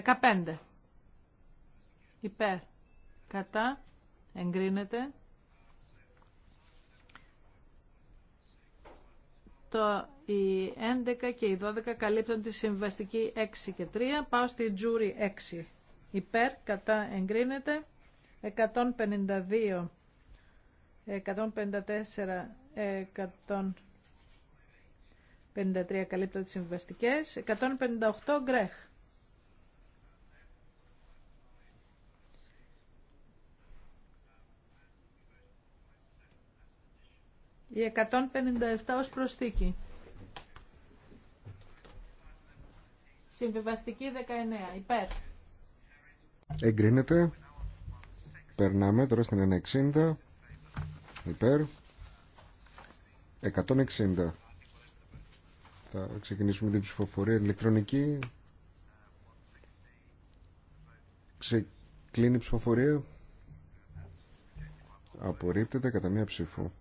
Speaker 4: 15. Υπέρ. Κατά. Εγκρίνεται. Το, οι 11 και οι 12 καλύπτουν τη συμβαστική 6 και 3. Πάω στη τζούρι 6. Υπέρ. Κατά. Εγκρίνεται. 152. 154. 100. 53 καλύπτω τις 158 γκρέχ. Η 157 ως προσθήκη. Συμβιβαστική 19. Υπέρ.
Speaker 2: Εγκρίνεται. Περνάμε τώρα στην 160. Υπέρ. 160. Θα ξεκινήσουμε την ψηφοφορία ηλεκτρονική. Ξεκλίνει η ψηφοφορία. Απορρίπτεται κατά μία ψήφο.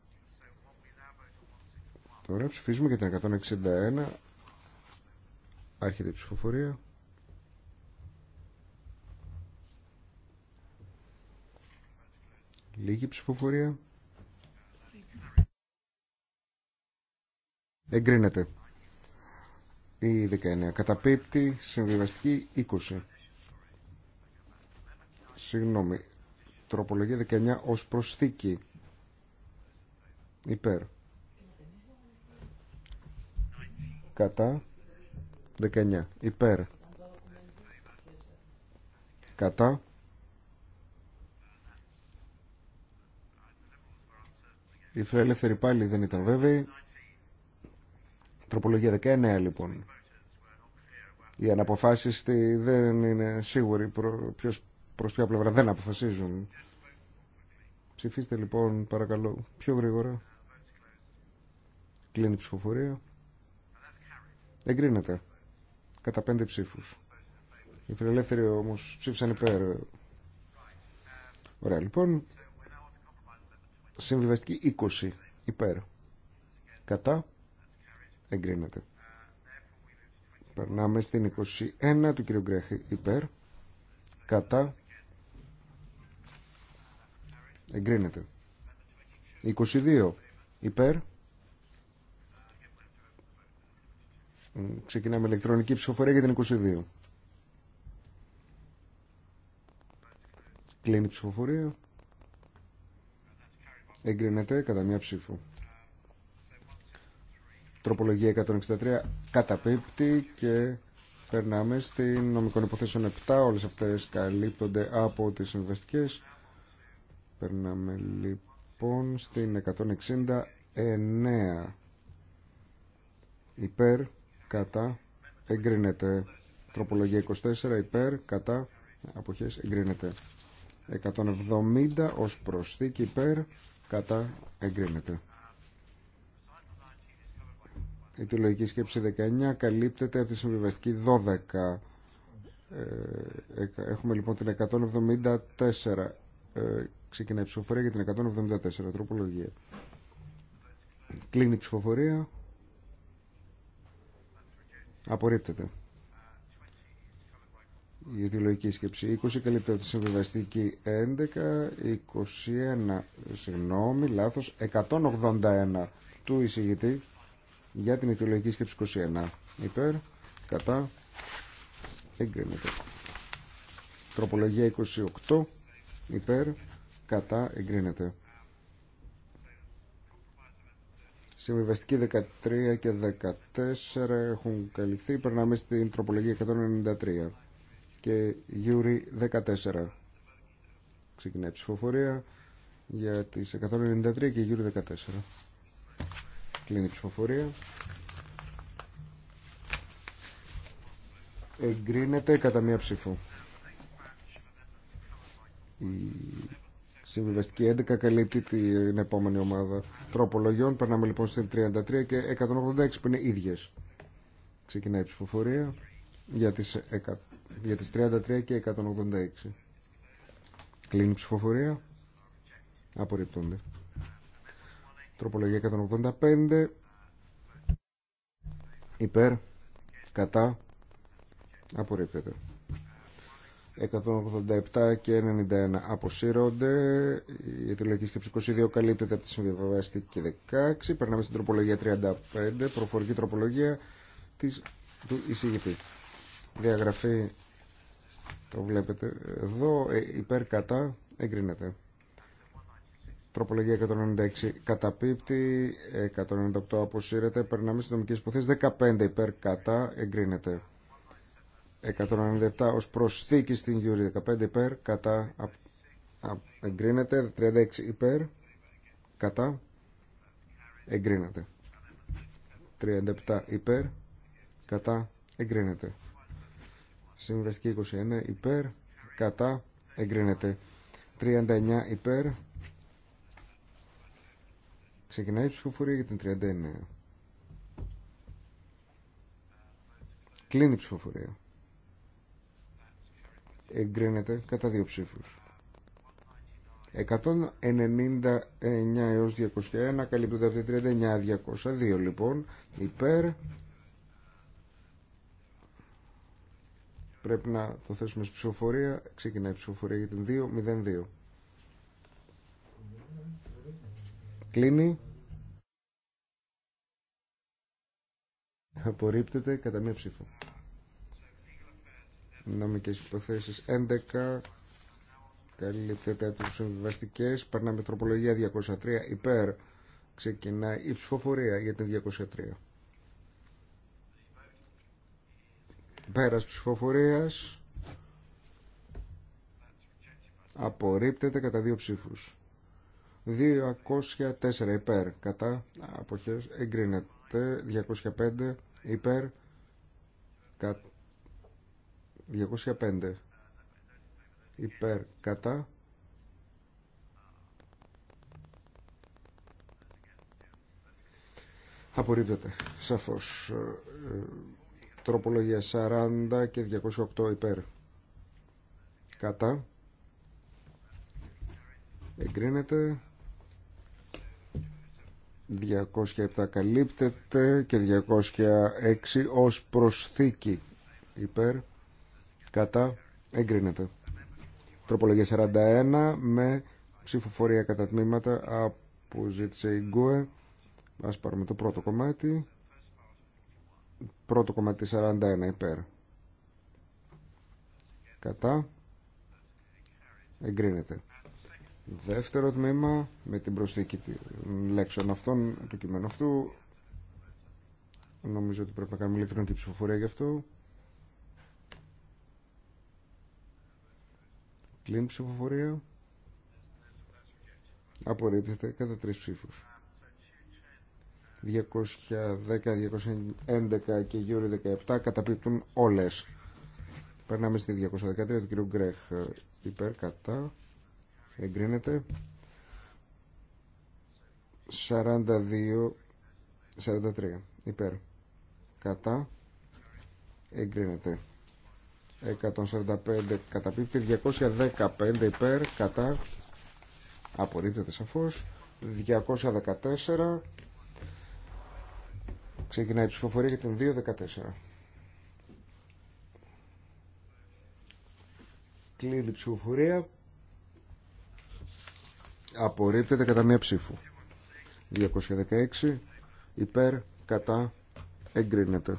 Speaker 2: Τώρα ψηφίζουμε για την 161. Άρχεται η ψηφοφορία. Λίγη ψηφοφορία. Εγκρίνεται. Η 19. Καταπίπτει συμβιβαστική 20. Συγγνώμη. Τροπολογία 19 ως προσθήκη. Υπέρ. κατά 19 υπέρ κατά η φρέλευθερη πάλι δεν ήταν βέβαιη τροπολογία 19 λοιπόν οι αναποφάσιστοι δεν είναι σίγουροι προ, ποιος, προς ποια πλευρά δεν αποφασίζουν ψηφίστε λοιπόν παρακαλώ πιο γρήγορα κλείνει η ψηφοφορία Εγκρίνεται. Κατά πέντε ψήφους. Οι φιλελεύθεροι όμως ψήφισαν υπέρ. Ωραία, λοιπόν. Συμβιβαστική 20 υπέρ. Κατά. Εγκρίνεται. Περνάμε στην 21 του κ. Γκρέχη υπέρ. Κατά. Εγκρίνεται. 22 υπέρ. Ξεκινάμε ηλεκτρονική ψηφοφορία για την 22. Κλείνει η ψηφοφορία. Εγκρίνεται κατά μία ψήφο. Τροπολογία 163 καταπίπτει και περνάμε στην νομικών υποθέσεων 7. Όλες αυτές καλύπτονται από τις συμβαστικές. Περνάμε λοιπόν στην 169 υπέρ κατά εγκρίνεται τροπολογία 24 υπέρ κατά αποχές εγκρίνεται 170 ως προσθήκη υπέρ κατά εγκρίνεται η τηλεογική σκέψη 19 καλύπτεται από τη συμβιβαστική 12 ε, έχουμε λοιπόν την 174 ε, ξεκινάει η ψηφοφορία για την 174 τροπολογία κλείνει η ψηφοφορία Απορρίπτεται. Η αιτιολογική σκέψη 20 καλύπτει από τη συμβιβαστική 11, 21, συγγνώμη, λάθος, 181 του εισηγητή για την αιτιολογική σκέψη 21. Υπέρ, κατά, εγκρίνεται. Τροπολογία 28, υπέρ, κατά, εγκρίνεται. Συμβιβαστική 13 και 14 έχουν καλυφθεί. Περνάμε στην τροπολογία 193 και Γιούρι 14. Ξεκινάει η ψηφοφορία για τις 193 και Γιούρι 14. Κλείνει η ψηφοφορία. Εγκρίνεται κατά μία ψήφο. Συμβιβαστική 11 καλύπτει την επόμενη ομάδα τροπολογιών. Περνάμε λοιπόν στην 33 και 186 που είναι ίδιες. Ξεκινάει η ψηφοφορία για τις, για τις 33 και 186. Κλείνει η ψηφοφορία. Απορριπτούνται. Τροπολογία 185. Υπέρ. Κατά. Απορρίπτεται. 187 και 91 αποσύρονται. Η αιτιολογική σκέψη 22 καλύπτεται από τη συμβιβαστική 16. Περνάμε στην τροπολογία 35, προφορική τροπολογία της, του εισηγητή. Διαγραφή, το βλέπετε εδώ, ε, υπέρ κατά εγκρίνεται. Τροπολογία 196 καταπίπτει, 198 αποσύρεται. Περνάμε στι νομικέ υποθέσει 15 υπέρ κατά εγκρίνεται. 197 ως προσθήκη στην γιούρη 15 υπέρ κατά εγκρίνεται 36 υπέρ κατά εγκρίνεται 37 υπέρ κατά εγκρίνεται Συμβαστική 21 υπέρ κατά εγκρίνεται 39 υπέρ Ξεκινάει η ψηφοφορία για την 39 Κλείνει η ψηφοφορία εγκρίνεται κατά δύο ψήφους. 199 έως 201 καλύπτονται αυτή 39 202 λοιπόν υπέρ πρέπει να το θέσουμε σε ψηφοφορία ξεκινάει η ψηφοφορία για την 202 κλείνει απορρίπτεται κατά μία ψήφο νομικές υποθέσεις 11 καλύπτεται από τους συμβιβαστικές περνάμε τροπολογία 203 υπέρ ξεκινάει η ψηφοφορία για την 203 πέρας ψηφοφορίας απορρίπτεται κατά δύο ψήφους 204 υπέρ κατά αποχές εγκρίνεται 205 υπέρ κατά 205 υπέρ κατά απορρίπτεται σαφώς ε, τροπολογία 40 και 208 υπέρ κατά εγκρίνεται 207 καλύπτεται και 206 ως προσθήκη υπέρ κατά εγκρίνεται. Τροπολογία 41 με ψηφοφορία κατά τμήματα που ζήτησε η Γκουε. Ας πάρουμε το πρώτο κομμάτι. Πρώτο κομμάτι 41 υπέρ. Κατά. Εγκρίνεται. Δεύτερο τμήμα με την προσθήκη των λέξεων αυτών του κειμένου αυτού. Νομίζω ότι πρέπει να κάνουμε ηλεκτρονική ψηφοφορία γι' αυτό. Κλείνει ψηφοφορία. Απορρίπτεται κατά τρεις ψήφους. 210, 211 και γύρω 17 καταπίπτουν όλες. Περνάμε στη 213 του κύριου Γκρέχ. Υπέρ, κατά. Εγκρίνεται. 42, 43. Υπέρ. Κατά. Εγκρίνεται. 145 καταπίπτει 215 υπέρ κατά απορρίπτεται σαφώς 214 ξεκινάει η ψηφοφορία για την 214 κλείνει η ψηφοφορία απορρίπτεται κατά μία ψήφου 216 υπέρ κατά εγκρίνεται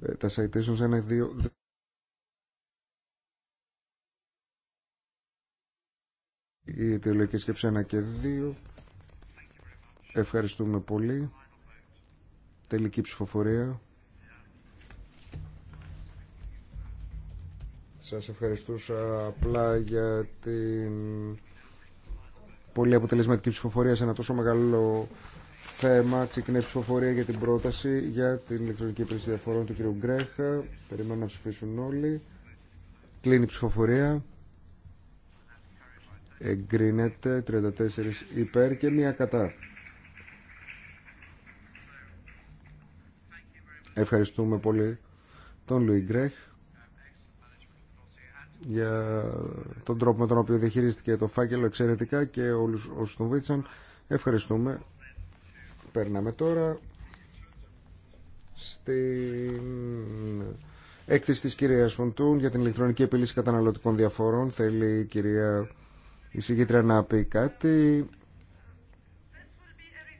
Speaker 2: Ε, τα citations 1, 2... Η αιτιολογική σκέψη 1 και 2. Ευχαριστούμε πολύ. Τελική ψηφοφορία. Σας ευχαριστούσα απλά για την πολύ αποτελεσματική ψηφοφορία σε ένα τόσο μεγάλο θέμα ξεκινάει η ψηφοφορία για την πρόταση για την ηλεκτρονική υπηρεσία διαφορών του κ. Γκρέχ. Περιμένω να ψηφίσουν όλοι. Κλείνει η ψηφοφορία. Εγκρίνεται 34 υπέρ και μία κατά. Ευχαριστούμε πολύ τον Λουί Γκρέχ για τον τρόπο με τον οποίο διαχειρίστηκε το φάκελο εξαιρετικά και όλους όσους τον βοήθησαν. Ευχαριστούμε. Περνάμε τώρα στην έκθεση της κυρίας Φουντούν για την ηλεκτρονική επίλυση καταναλωτικών διαφόρων. Θέλει η κυρία εισηγήτρια να πει κάτι.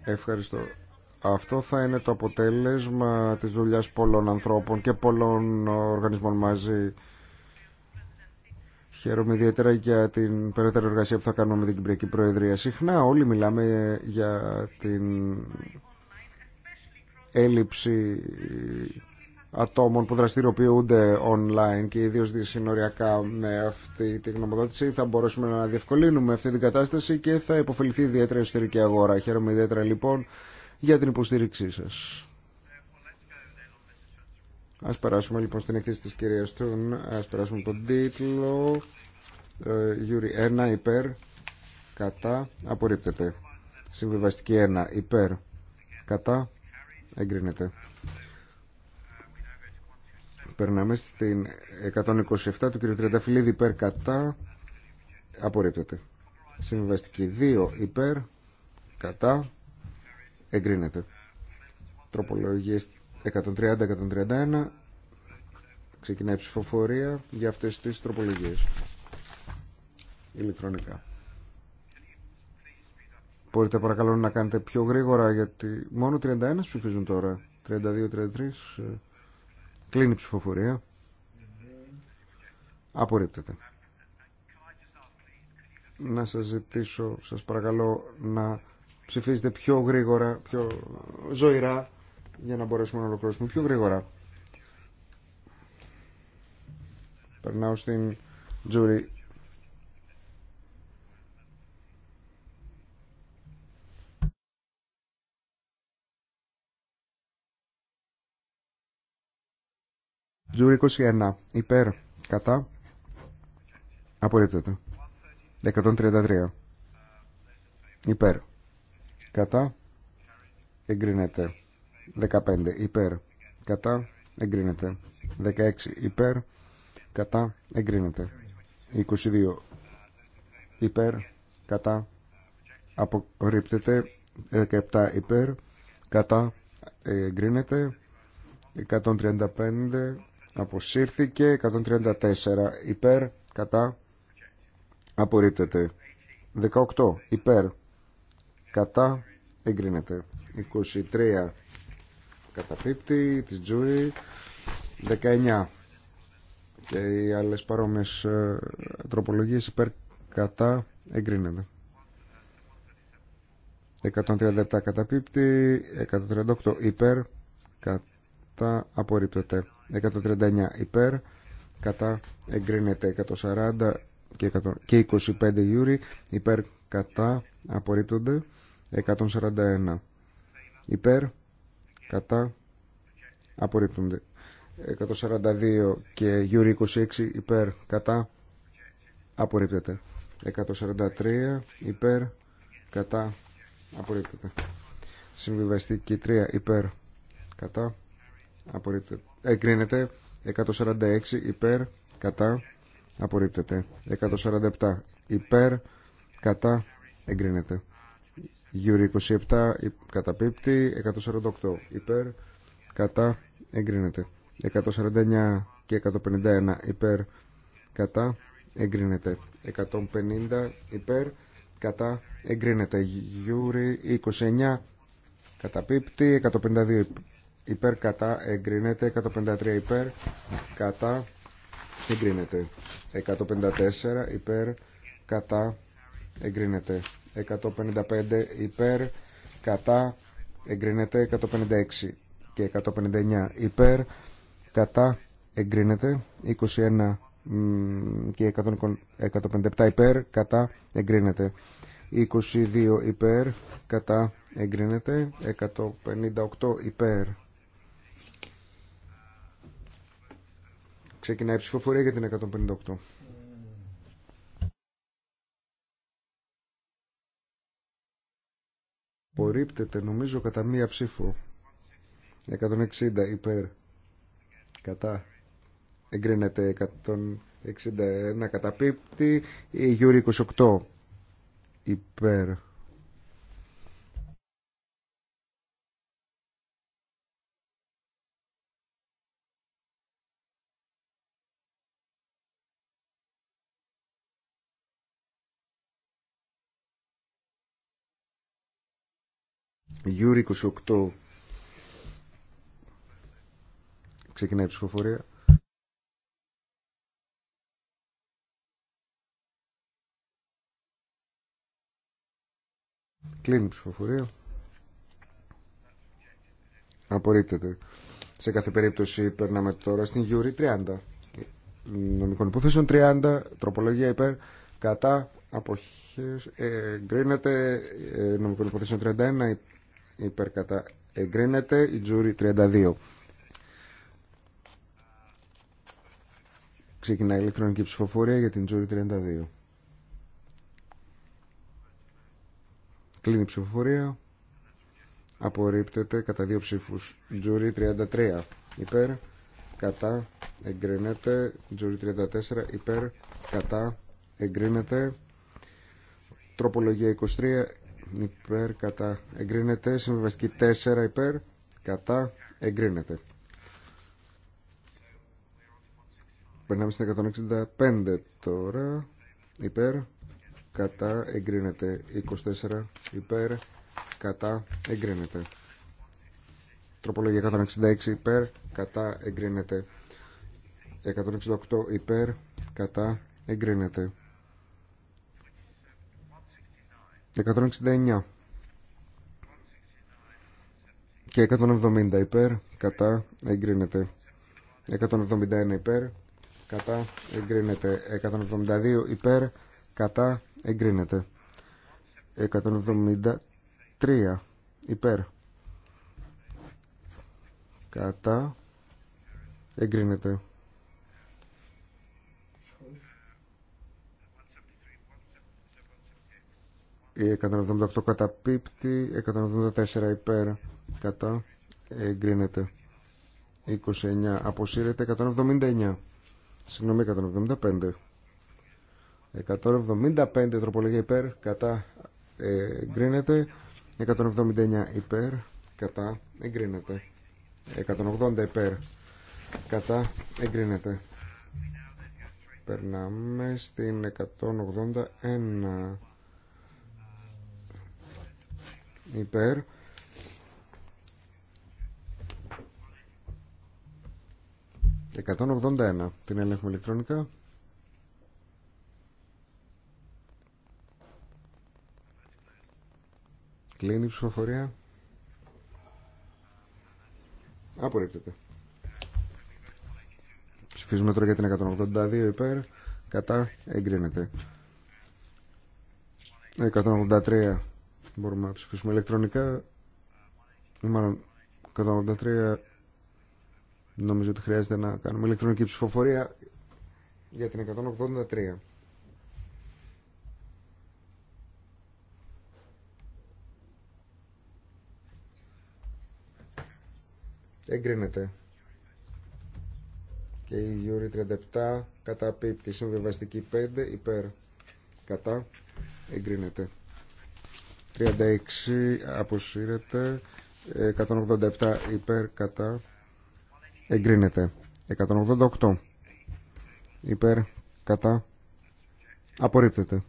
Speaker 2: Ευχαριστώ. Αυτό θα είναι το αποτέλεσμα της δουλειάς πολλών ανθρώπων και πολλών οργανισμών μαζί Χαίρομαι ιδιαίτερα για την περαιτέρω εργασία που θα κάνουμε με την Κυπριακή Προεδρία. Συχνά όλοι μιλάμε για την έλλειψη ατόμων που δραστηριοποιούνται online και ιδίως δυσυνοριακά με αυτή τη γνωμοδότηση θα μπορέσουμε να διευκολύνουμε αυτή την κατάσταση και θα υποφεληθεί ιδιαίτερα η εσωτερική αγορά. Χαίρομαι ιδιαίτερα λοιπόν για την υποστήριξή σας. Α περάσουμε λοιπόν στην εκθέση της κυρίας Τούν. Ας περάσουμε τον τίτλο. Ε, Γιούρι 1 υπέρ. Κατά. Απορρίπτεται. Συμβιβαστική 1 υπέρ. Κατά. Εγκρίνεται. Περνάμε στην 127 του κ. Τριανταφυλλίδη υπέρ κατά. Απορρίπτεται. Συμβιβαστική 2 υπέρ. Κατά. Εγκρίνεται. Τροπολογίες 130-131 ξεκινάει η ψηφοφορία για αυτές τις τροπολογίες ηλεκτρονικά. Μπορείτε παρακαλώ να κάνετε πιο γρήγορα γιατί μόνο 31 ψηφίζουν τώρα. 32-33 ε, κλείνει η ψηφοφορία. Απορρίπτεται. Να σας ζητήσω, σας παρακαλώ να ψηφίζετε πιο γρήγορα, πιο ζωηρά για να μπορέσουμε να ολοκληρώσουμε πιο γρήγορα. Περνάω στην Τζούρι. Τζούρι 21. Υπέρ. Κατά. Απορρίπτεται. 133. Υπέρ. Κατά. Εγκρίνεται. 15 υπέρ κατά εγκρίνεται 16 υπέρ κατά εγκρίνεται 22 υπέρ κατά απορρίπτεται 17 υπέρ κατά εγκρίνεται 135 αποσύρθηκε 134 υπέρ κατά απορρίπτεται 18 υπέρ κατά εγκρίνεται 23 καταπίπτει, της Τζούρι 19 και οι άλλες παρόμοιες ε, τροπολογίες υπέρ κατά εγκρίνεται. 137 καταπίπτει, 138 υπέρ κατά απορρίπτεται, 139 υπέρ κατά εγκρίνεται, 140 και 25 γιούρι υπέρ κατά απορρίπτονται, 141 υπέρ κατά απορρίπτονται 142 και γιούρι 26 υπέρ κατά απορρίπτεται 143 υπέρ κατά απορρίπτεται συμβιβαστική 3 υπέρ κατά απορρίπτεται εγκρίνεται 146 υπέρ κατά απορρίπτεται 147 υπέρ κατά εγκρίνεται Γιούρι 27 καταπίπτει, 148 υπέρ, κατά εγκρίνεται. 149 και 151 υπέρ, κατά εγκρίνεται. 150 υπέρ, κατά εγκρίνεται. Γιούρι 29 καταπίπτει, 152 υπέρ, κατά εγκρίνεται. 153 υπέρ, κατά εγκρίνεται. 154 υπέρ, κατά εγκρίνεται 155 υπέρ κατά εγκρίνεται 156 και 159 υπέρ κατά εγκρίνεται 21 και 157 υπέρ κατά εγκρίνεται 22 υπέρ κατά εγκρίνεται 158 υπέρ ξεκινάει η ψηφοφορία για την 158 απορρίπτεται νομίζω κατά μία ψήφο 160 υπέρ κατά εγκρίνεται 161 καταπίπτει η Γιούρι 28 υπέρ Γιούρι 28 ξεκινάει η ψηφοφορία. Κλείνει η ψηφοφορία. Απορρίπτεται. Σε κάθε περίπτωση περνάμε τώρα στην Γιούρι 30. Νομικών υποθέσεων 30. Τροπολογία υπέρ. Κατά. Αποχές. Ε, γκρίνεται. Ε, νομικών υποθέσεων 31 υπερκατά εγκρίνεται η τζούρι 32 Ξεκινά η ηλεκτρονική ψηφοφορία για την τζούρι 32 κλείνει η ψηφοφορία απορρίπτεται κατά δύο ψήφους τζούρι 33 υπέρ κατά εγκρίνεται τζούρι 34 υπέρ κατά εγκρίνεται τροπολογία 23 υπέρ κατά εγκρίνεται συμβιβαστική 4 υπέρ κατά εγκρίνεται περνάμε στην 165 τώρα υπέρ κατά εγκρίνεται 24 υπέρ κατά εγκρίνεται τροπολογία 166 υπέρ κατά εγκρίνεται 168 υπέρ κατά εγκρίνεται 169 και 170 υπέρ κατά εγκρίνεται 171 υπέρ κατά εγκρίνεται 172 υπέρ κατά εγκρίνεται 173 υπέρ κατά εγκρίνεται Η 178 καταπίπτει, 174 υπέρ κατά εγκρίνεται. 29 αποσύρεται, 179. Συγγνώμη, 175. 175 τροπολογία υπέρ κατά εγκρίνεται. 179 υπέρ κατά εγκρίνεται. 180 υπέρ κατά εγκρίνεται. Περνάμε στην 181 υπέρ ...181. Την ελέγχουμε ηλεκτρονικά. Κλείνει η ψηφοφορία. Απορρίπτεται. Ψηφίζουμε τώρα για την 182 υπέρ. Κατά εγκρίνεται. 183 Μπορούμε να ψηφίσουμε ηλεκτρονικά. Μάλλον, κατά νομίζω ότι χρειάζεται να κάνουμε ηλεκτρονική ψηφοφορία για την 183. Εγκρίνεται. Και η γιουρή 37 κατά πίπτη συμβιβαστική 5 υπέρ κατά εγκρίνεται. 36 αποσύρεται 187 υπέρ κατά εγκρίνεται 188 υπέρ κατά απορρίπτεται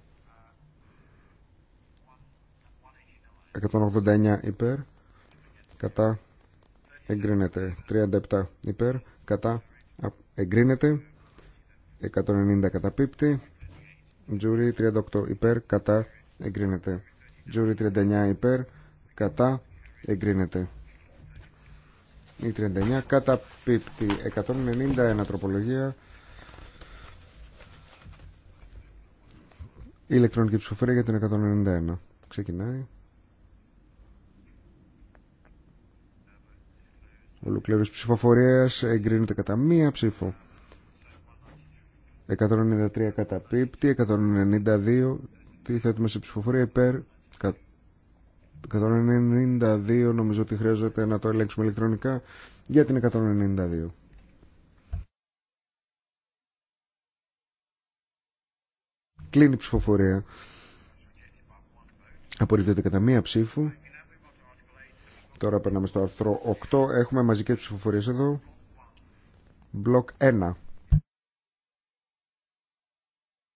Speaker 2: 189 υπέρ κατά εγκρίνεται 37 υπέρ κατά εγκρίνεται 190 καταπίπτει Τζούρι 38 υπέρ κατά εγκρίνεται Τζούρι 39 υπέρ. Κατά. Εγκρίνεται. Η 39 καταπίπτει. 191 τροπολογία. Η ηλεκτρονική ψηφοφορία για την 191. Ξεκινάει. Ολοκλήρωση ψηφοφορία εγκρίνεται κατά μία ψήφο. 193 καταπίπτει. 192 τι θέτουμε σε ψηφοφορία υπέρ 192 νομίζω ότι χρειάζεται να το ελέγξουμε ηλεκτρονικά για την 192. Κλείνει η ψηφοφορία. Απορρίπτεται κατά μία ψήφου. Τώρα περνάμε στο αρθρό 8. Έχουμε μαζικές ψηφοφορίες εδώ. Μπλοκ 1.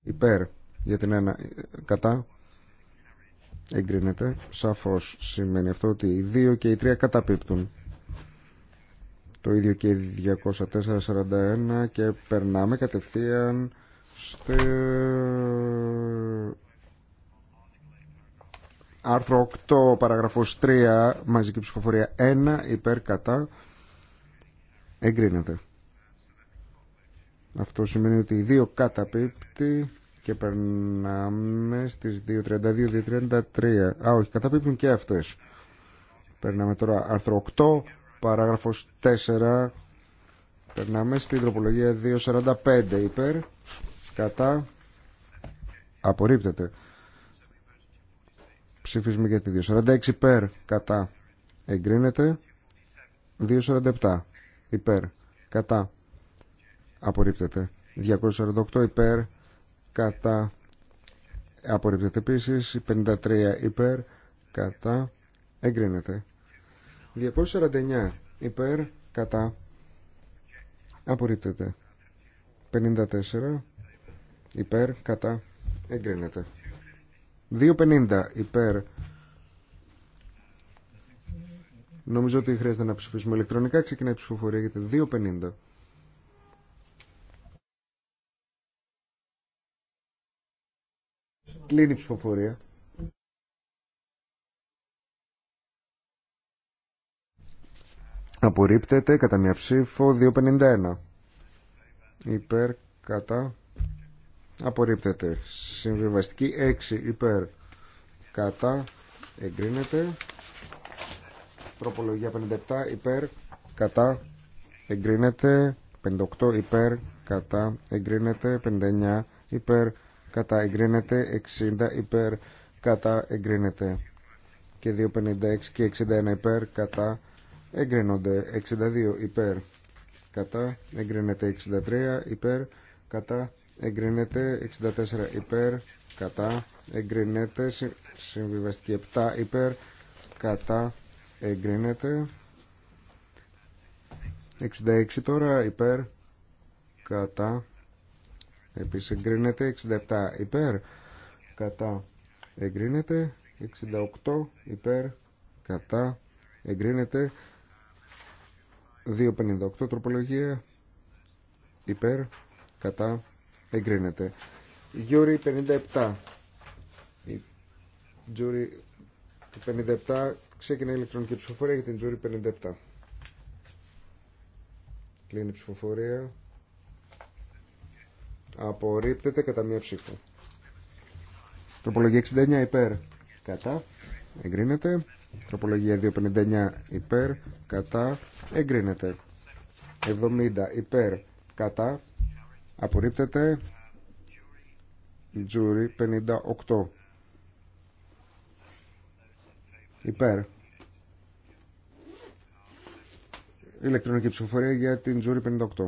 Speaker 2: Υπέρ για την 1. Ε, κατά εγκρίνεται. Σαφώς σημαίνει αυτό ότι οι 2 και οι 3 καταπίπτουν. Το ίδιο και οι 204-41 και περνάμε κατευθείαν στο άρθρο 8 παραγραφός 3 μαζική ψηφοφορία 1 υπέρ κατά εγκρίνεται. Αυτό σημαίνει ότι οι δύο καταπίπτει και περνάμε στις 2.32, 2.33. Α, όχι, καταπίπτουν και αυτέ. Περνάμε τώρα άρθρο 8, παράγραφος 4. Περνάμε στην τροπολογία 2.45 υπέρ. Κατά. Απορρίπτεται. Ψήφισμα για τη 2.46 υπέρ. Κατά. Εγκρίνεται. 2.47 υπέρ. Κατά. Απορρίπτεται. 248 υπέρ κατά απορρίπτεται Επίση 53 υπέρ κατά εγκρίνεται 249 υπέρ κατά απορρίπτεται 54 υπέρ κατά εγκρίνεται 250 υπέρ Νομίζω ότι χρειάζεται να ψηφίσουμε ηλεκτρονικά. Ξεκινάει η ψηφοφορία γιατί 2.50. Κλείνει η ψηφοφορία. Απορρίπτεται κατά μία ψήφο 2.51. Υπέρ κατά. Απορρίπτεται. Συμβιβαστική 6 υπέρ κατά. Εγκρίνεται. Τροπολογία 57 υπέρ κατά. Εγκρίνεται. 58 υπέρ κατά. Εγκρίνεται. 59 υπέρ κατά εγκρίνεται 60 υπέρ κατά εγκρίνεται και 256 και 61 υπέρ κατά εγκρίνονται 62 υπέρ κατά εγκρίνεται 63 υπέρ κατά εγκρίνεται 64 υπέρ κατά εγκρίνεται συμβιβαστική 7 υπέρ κατά εγκρίνεται 66 τώρα υπέρ κατά Επίση εγκρίνεται 67 υπέρ κατά εγκρίνεται 68 υπέρ κατά εγκρίνεται 258 τροπολογία υπέρ κατά εγκρίνεται Γιούρι 57 Τζούρι 57 ξεκινά η ηλεκτρονική ψηφοφορία για την Τζούρι 57 κλείνει η ψηφοφορία Απορρίπτεται κατά μία ψήφο. Τροπολογία 69 υπέρ. Κατά. Εγκρίνεται. Τροπολογία 259 υπέρ. Κατά. Εγκρίνεται. 70 υπέρ. Κατά. Απορρίπτεται. Τζούρι 58. Υπέρ. Ηλεκτρονική ψηφοφορία για την Τζούρι 58.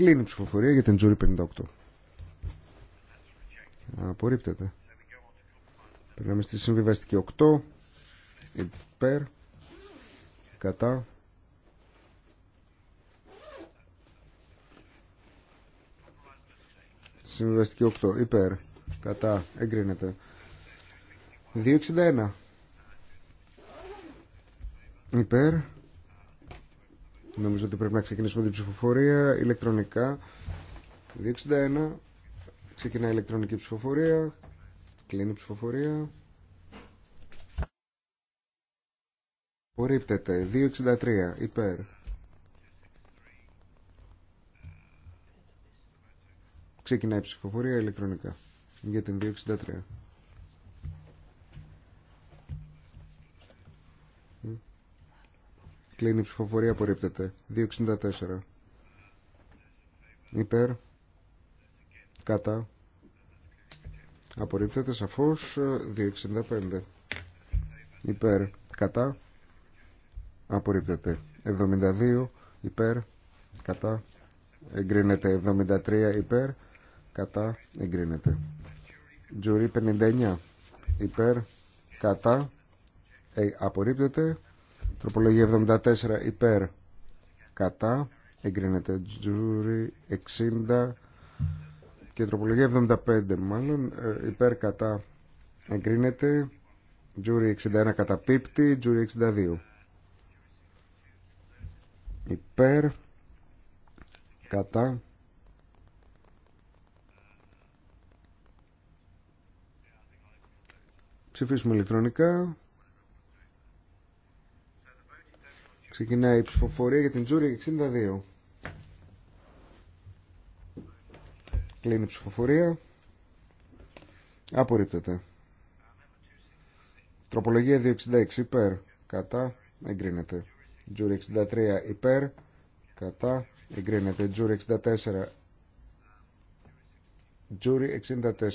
Speaker 2: Κλείνει η ψηφοφορία για την Τζούρι 58. Απορρίπτεται. Περνάμε στη συμβιβαστική 8. Υπέρ. Κατά. Συμβιβαστική 8. Υπέρ. Κατά. Εγκρίνεται. 261. Υπέρ. Νομίζω ότι πρέπει να ξεκινήσουμε την ψηφοφορία ηλεκτρονικά. 261. Ξεκινά η ηλεκτρονική ψηφοφορία. Κλείνει η ψηφοφορία. Απορρίπτεται. 263. Υπέρ. Ξεκινάει η ψηφοφορία ηλεκτρονικά για την 263. Κλείνει η ψηφοφορία. Απορρίπτεται. 264. Υπέρ. Κατά. Απορρίπτεται σαφώς 265. Υπέρ. Κατά. Απορρίπτεται. 72. Υπέρ. Κατά. Εγκρίνεται. 73. Υπέρ. Κατά. Εγκρίνεται. Τζουρί 59. Υπέρ. Κατά. Ε, απορρίπτεται. Τροπολογία 74 υπέρ κατά εγκρίνεται τζούρι 60 και τροπολογία 75 μάλλον ε, υπέρ κατά εγκρίνεται τζούρι 61 κατά πίπτη. τζούρι 62 υπέρ κατά ψηφίσουμε ηλεκτρονικά Ξεκινάει η ψηφοφορία για την Τζούρι 62. Κλείνει η ψηφοφορία. Απορρίπτεται. Τροπολογία 266 υπέρ. Κατά. Εγκρίνεται. Τζούρι 63 υπέρ. Κατά. Εγκρίνεται. Τζούρι 64. Τζούρι 64.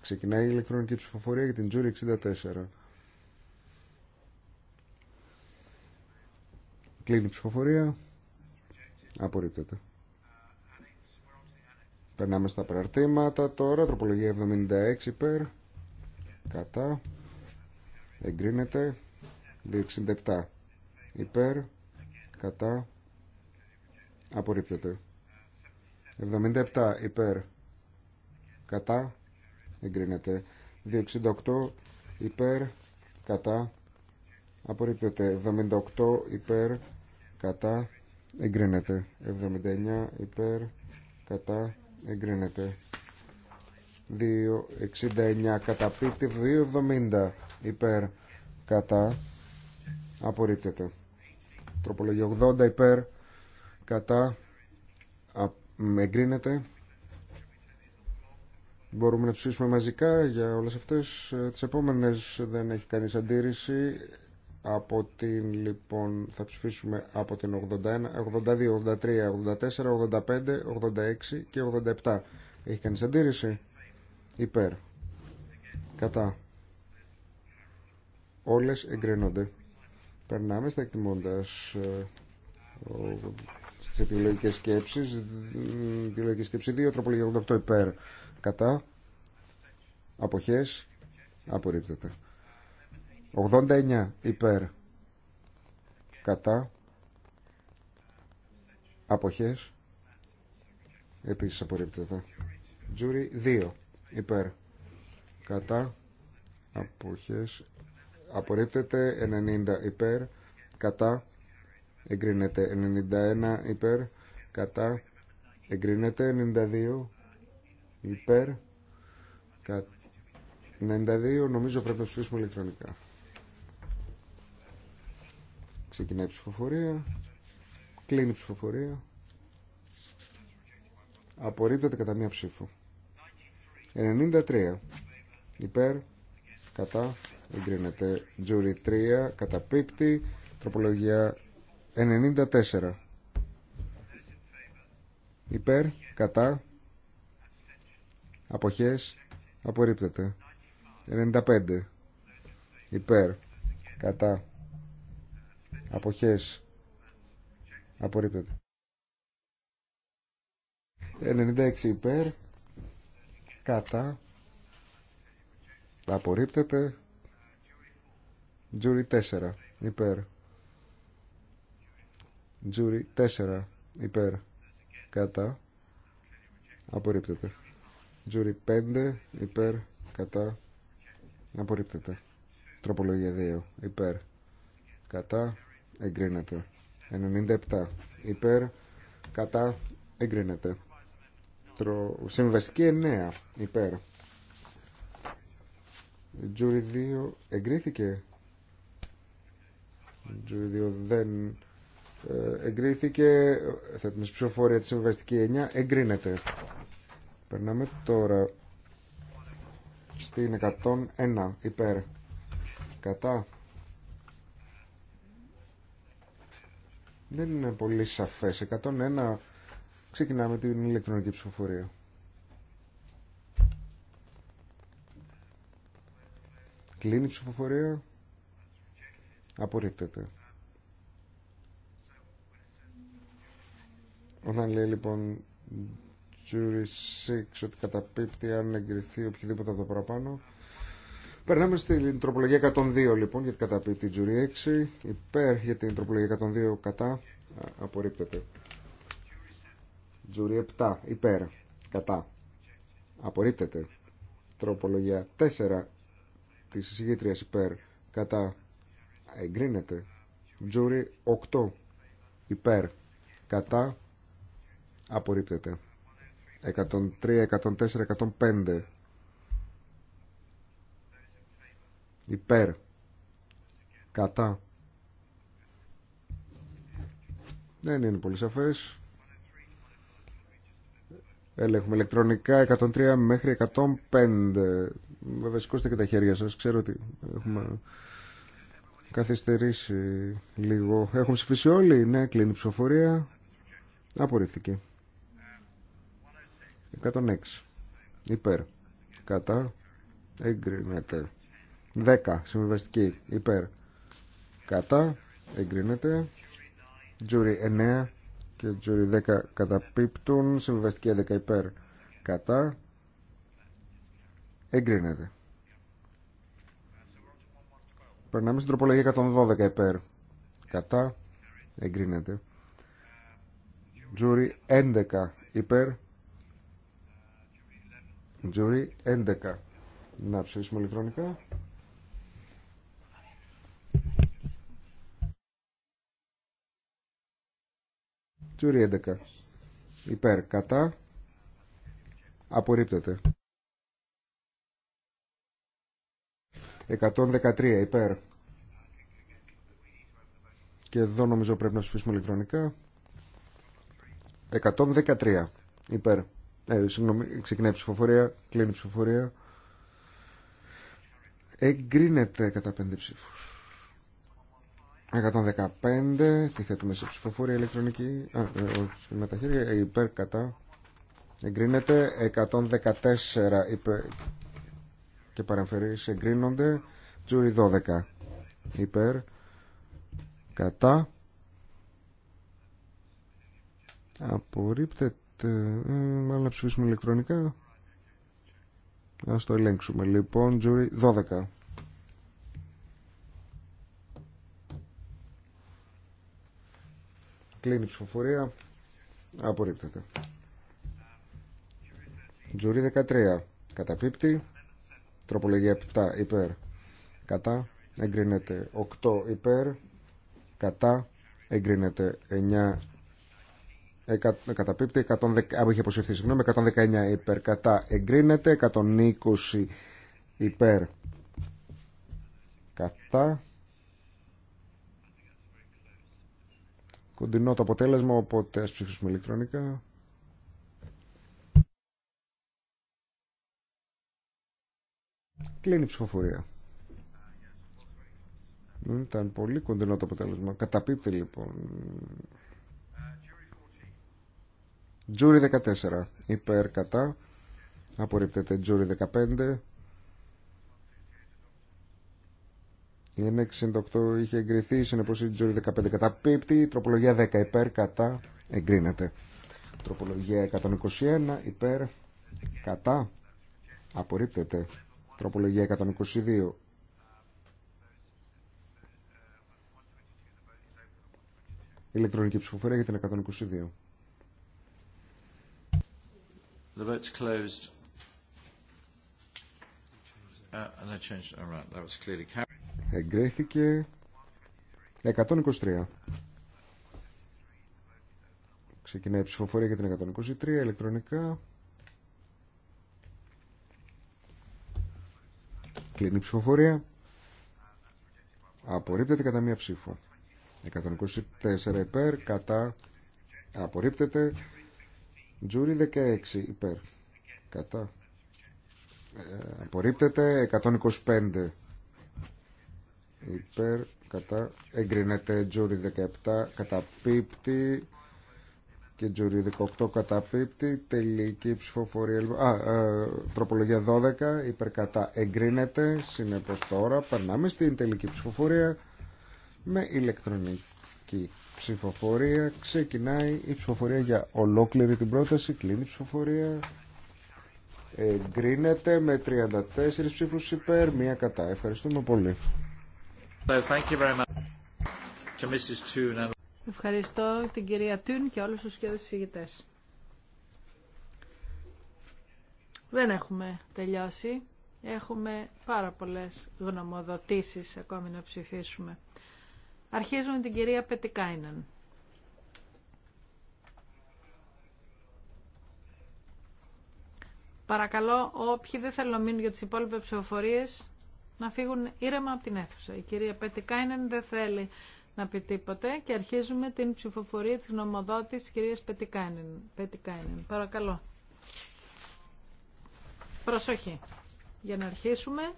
Speaker 2: Ξεκινάει η ηλεκτρονική ψηφοφορία για την Τζούρι 64. Κλείνει η ψηφοφορία. Απορρίπτεται. Περνάμε στα προαρτήματα τώρα. Τροπολογία 76 υπέρ. Κατά. Εγκρίνεται. 267 υπέρ. Κατά. Απορρίπτεται. 77 υπέρ. Κατά. Εγκρίνεται. 268 υπέρ. Κατά. Απορρίπτεται. 78 υπέρ κατά εγκρίνεται 79 υπέρ κατά εγκρίνεται 269 κατά πίτι 270 υπέρ κατά απορρίπτεται τροπολογία 80 υπέρ κατά εγκρίνεται μπορούμε να ψήσουμε μαζικά για όλες αυτές ε, τις επόμενες δεν έχει κανείς αντίρρηση από την λοιπόν θα ψηφίσουμε από την 81, 82, 83, 84, 85, 86 και 87. Έχει κανείς αντίρρηση? Υπέρ. Κατά. Όλες εγκρίνονται. Περνάμε στα εκτιμώντας ε, στις επιλογικές σκέψεις. Επιλογική σκέψη 2, τροπολογία 88 υπέρ. Κατά. Αποχές. Απορρίπτεται. 89 υπέρ κατά αποχές επίσης απορρίπτεται τζούρι 2 υπέρ κατά αποχές απορρίπτεται 90 υπέρ κατά εγκρίνεται 91 υπέρ κατά εγκρίνεται 92 υπέρ κατά 92 νομίζω πρέπει να ψηφίσουμε ηλεκτρονικά Ξεκινάει η ψηφοφορία. Κλείνει η ψηφοφορία. Απορρίπτεται κατά μία ψήφο. 93. Υπέρ. Κατά. Εγκρίνεται. Jury 3. Καταπίπτει. Τροπολογία 94. Υπέρ. Κατά. Αποχές. Απορρίπτεται. 95. Υπέρ. Κατά. Αποχές. Απορρίπτεται. 96 υπέρ. Κατά. Απορρίπτεται. Τζούρι 4 υπέρ. Τζούρι 4 υπέρ. Κατά. Απορρίπτεται. Τζούρι 5 υπέρ. Κατά. Απορρίπτεται. Τροπολογία 2 υπέρ. Κατά εγκρίνεται. 97 υπέρ κατά εγκρίνεται. Τρο... Συμβαστική 9 υπέρ. Τζούρι 2 εγκρίθηκε. Τζούρι 2 δεν ε, εγκρίθηκε. Θα την ψηφοφορία τη συμβαστική 9 εγκρίνεται. Περνάμε τώρα στην 101 υπέρ. Κατά Δεν είναι πολύ σαφές. 101 ξεκινάμε την ηλεκτρονική ψηφοφορία. Κλείνει η ψηφοφορία. Απορρίπτεται. Όταν λέει λοιπόν jury 6 ότι καταπίπτει αν εγκριθεί οποιοδήποτε από το παραπάνω Περνάμε στην τροπολογία 102 λοιπόν γιατί την η τζουρί 6. Υπέρ για την τροπολογία 102 κατά. Απορρίπτεται. Τζουρί 7. Υπέρ. Κατά. Απορρίπτεται. Τροπολογία 4 της εισηγήτριας υπέρ. Κατά. Εγκρίνεται. Τζουρί 8. Υπέρ. Κατά. Απορρίπτεται. 103, 104, 105 υπέρ κατά δεν είναι πολύ σαφές Ελέγχουμε ηλεκτρονικά 103 μέχρι 105. Βέβαια, και τα χέρια σας. Ξέρω ότι έχουμε καθυστερήσει λίγο. έχουμε ψηφίσει όλοι. Ναι, κλείνει η ψηφοφορία. Απορρίφθηκε. 106. Υπέρ. Κατά. Εγκρίνεται. 10 συμβιβαστική υπέρ κατά εγκρίνεται τζούρι 9 και τζούρι 10 καταπίπτουν συμβιβαστική 11 υπέρ κατά εγκρίνεται περνάμε στην τροπολογία 112 υπέρ κατά εγκρίνεται τζούρι 11 υπέρ τζούρι 11 να ψηφίσουμε ηλεκτρονικά Τζούρι 11. Υπέρ. Κατά. Απορρίπτεται. 113. Υπέρ. Και εδώ νομίζω πρέπει να ψηφίσουμε ηλεκτρονικά. 113. Υπέρ. Ε, συγγνώμη, ξεκινάει η ψηφοφορία, κλείνει η ψηφοφορία. Εγκρίνεται κατά πέντε ψήφους. 115, Τι θέτουμε σε ψηφοφορία ηλεκτρονική, α, ε, με τα χέρια, ε, υπέρ κατά, εγκρίνεται, 114 υπέρ και παρεμφερείς εγκρίνονται, τζούρι 12 υπέρ, κατά, απορρίπτεται, ε, μάλλον να ψηφίσουμε ηλεκτρονικά, ας το ελέγξουμε, λοιπόν, τζούρι 12. Κλείνει η ψηφοφορία. Απορρίπτεται. Τζουρί 13. Καταπίπτει. Τροπολογία 7 υπέρ. Κατά. Εγκρίνεται 8 υπέρ. Κατά. Εγκρίνεται 9 καταπίπτει, 110, είχε αποσυρθεί, συγγνώμη, 119 υπέρ κατά εγκρίνεται, 120 υπέρ κατά κοντινό το αποτέλεσμα, οπότε ας ψηφίσουμε ηλεκτρονικά. Κλείνει η ψηφοφορία. Ήταν πολύ κοντινό το αποτέλεσμα. Καταπίπτει λοιπόν. Τζούρι 14. Υπέρ κατά. Απορρίπτεται τζούρι 15. Η 68 είχε εγκριθεί, συνεπώ η Τζόρι 15 καταπίπτει. Τροπολογία 10 υπέρ κατά εγκρίνεται. Τροπολογία 121 υπέρ κατά απορρίπτεται. Τροπολογία 122 ηλεκτρονική ψηφοφορία για την 122.
Speaker 1: The closed. Uh, and I changed. All oh, right, that was clearly
Speaker 2: εγκρέθηκε... 123. Ξεκινάει η ψηφοφορία για την 123 ηλεκτρονικά. Κλείνει η ψηφοφορία. Απορρίπτεται κατά μία ψήφο. 124 υπέρ, κατά. Απορρίπτεται. Τζούρι 16 υπέρ. Κατά. Ε, απορρίπτεται 125 υπέρ κατά εγκρίνεται τζούρι 17 καταπίπτει και τζούρι 18 καταπίπτει τελική ψηφοφορία λοιπόν. α, ε, τροπολογία 12 υπέρ κατά εγκρίνεται συνεπώς τώρα περνάμε στην τελική ψηφοφορία με ηλεκτρονική ψηφοφορία ξεκινάει η ψηφοφορία για ολόκληρη την πρόταση κλείνει η ψηφοφορία εγκρίνεται με 34 ψήφους υπέρ μία κατά ευχαριστούμε πολύ
Speaker 4: Ευχαριστώ την κυρία Τούν και όλους τους κύριους συζητητές. Δεν έχουμε τελειώσει. Έχουμε πάρα πολλές γνωμοδοτήσεις ακόμη να ψηφίσουμε. Αρχίζουμε την κυρία Πετικάιναν. Παρακαλώ, όποιοι δεν θέλουν να μείνουν για τις υπόλοιπες ψηφοφορίες, να φύγουν ήρεμα από την αίθουσα. Η κυρία Πετικάινεν δεν θέλει να πει τίποτε και αρχίζουμε την ψηφοφορία της νομοδότης κυρίας Πετικάινεν. Πετικάινεν. Παρακαλώ. Προσοχή. Για να αρχίσουμε.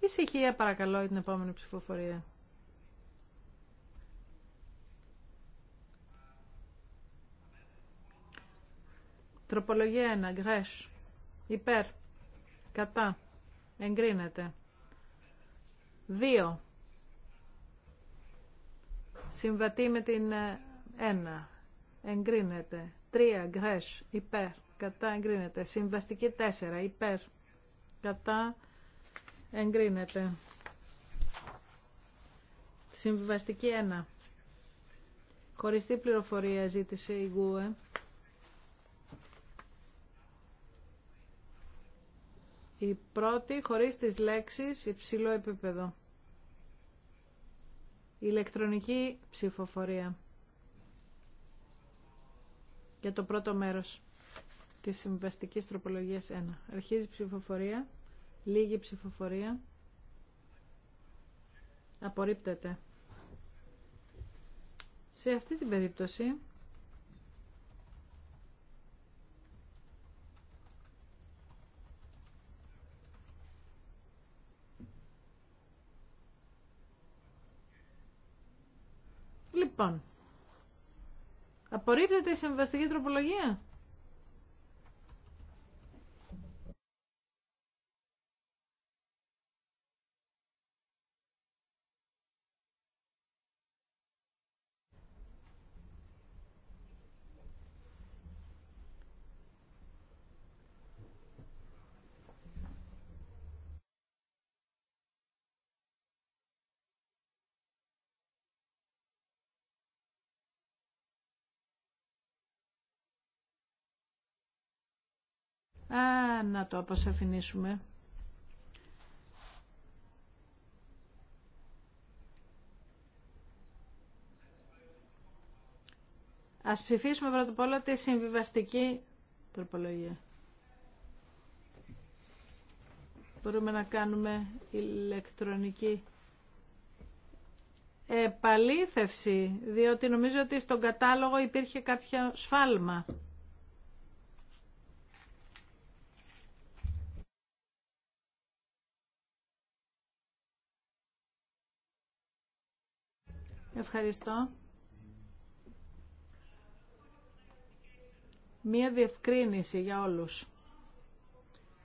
Speaker 4: Ησυχία παρακαλώ για την επόμενη ψηφοφορία. Τροπολογία 1. Γκρέσ. Υπέρ. Κατά. Εγκρίνεται. 2. Συμβατεί με την 1. Ε, Εγκρίνεται. Τρία. Γκρέσ. Υπέρ. Κατά. Εγκρίνεται. Συμβαστική τέσσερα. Υπέρ. Κατά. Εγκρίνεται. Συμβαστική 1. Χωριστή πληροφορία ζήτησε η ΓΟΕ. Η πρώτη χωρίς τις λέξεις υψηλό επίπεδο. Ηλεκτρονική ψηφοφορία. Για το πρώτο μέρος της συμβαστικής τροπολογίας 1. Αρχίζει ψηφοφορία. Λίγη ψηφοφορία. Απορρίπτεται. Σε αυτή την περίπτωση Λοιπόν, απορρίπτεται η συμβαστική τροπολογία. Α, να το αποσαφηνίσουμε. Ας ψηφίσουμε πρώτα απ' όλα τη συμβιβαστική τροπολογία. Μπορούμε να κάνουμε ηλεκτρονική επαλήθευση, διότι νομίζω ότι στον κατάλογο υπήρχε κάποιο σφάλμα. Ευχαριστώ. Μία διευκρίνηση για όλους.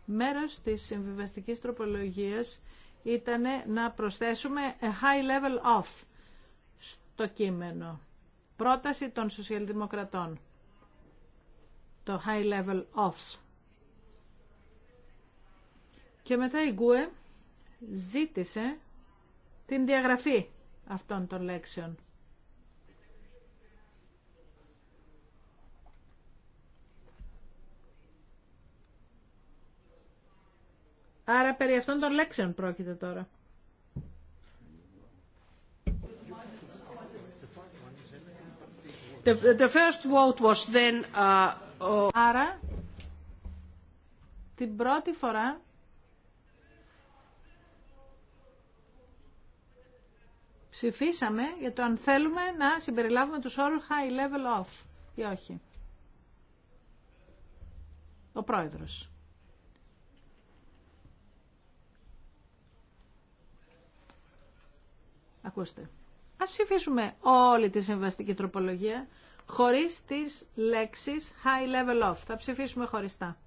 Speaker 4: Μέρος της συμβιβαστικής τροπολογίας ήταν να προσθέσουμε a high level of στο κείμενο. Πρόταση των σοσιαλδημοκρατών. Το high level of. Και μετά η Γκουε ζήτησε την διαγραφή αυτών των λέξεων. Άρα περί αυτών των λέξεων πρόκειται τώρα. The, first vote was then, uh, Άρα την πρώτη φορά ψηφίσαμε για το αν θέλουμε να συμπεριλάβουμε τους όρους high level off ή όχι. Ο πρόεδρος. Ακούστε. Ας ψηφίσουμε όλη τη συμβαστική τροπολογία χωρίς τις λέξεις high level off. Θα ψηφίσουμε χωριστά.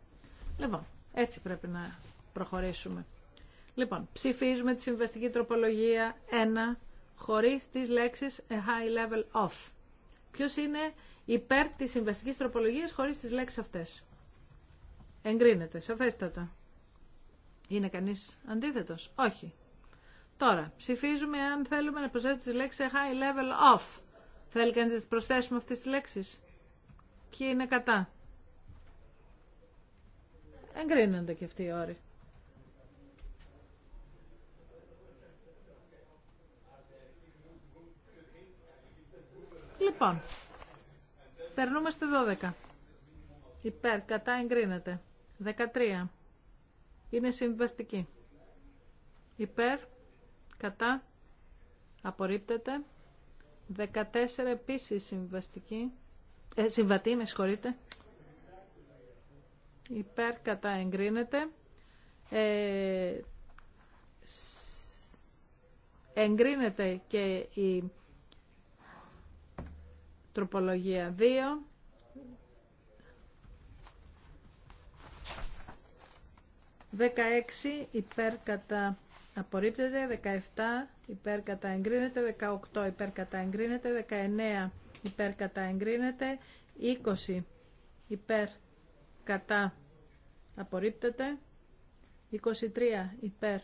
Speaker 4: Λοιπόν, έτσι πρέπει να προχωρήσουμε. Λοιπόν, ψηφίζουμε τη συμβαστική τροπολογία 1 χωρίς τις λέξεις a high level of. Ποιος είναι υπέρ της συμβαστικής τροπολογίας χωρίς τις λέξεις αυτές. Εγκρίνεται, σαφέστατα. Είναι κανείς αντίθετος. Όχι. Τώρα, ψηφίζουμε αν θέλουμε να προσθέσουμε τις λέξεις a high level of. Θέλει κανείς να τις προσθέσουμε αυτές τις λέξεις. και είναι κατά. Εγκρίνονται και αυτοί οι όροι. Λοιπόν, περνούμε στη 12. Υπέρ, κατά εγκρίνεται. 13. Είναι συμβαστική. Υπέρ, κατά, απορρίπτεται. 14 επίση συμβαστική. Ε, συμβατή, με συγχωρείτε. Υπέρ, κατά εγκρίνεται. Ε, εγκρίνεται και η Τροπολογία 2. 16 υπέρ κατά απορρίπτεται, 17 υπέρ κατά εγκρίνεται, 18 υπέρ κατά εγκρίνεται, 19 υπέρ κατά εγκρίνεται, 20 υπέρ κατά απορρίπτεται, 23 υπέρ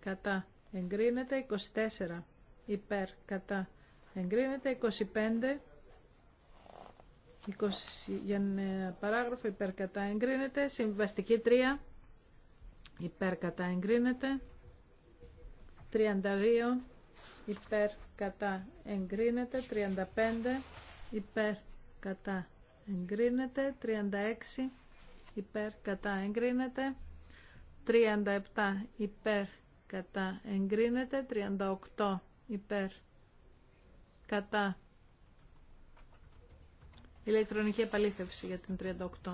Speaker 4: κατά εγκρίνεται, 24 υπέρ κατά εγκρίνεται, 25 20 για παράγραφο υπέρ κατά εγκρίνεται. Συμβαστική 3 υπέρ κατά εγκρίνεται. 32 υπέρ κατά εγκρίνεται. 35 υπέρ κατά εγκρίνεται. 36 υπέρ κατά εγκρίνεται. 37 υπέρ κατά εγκρίνεται. 38 υπέρ κατά Ηλεκτρονική επαλήθευση για την 38.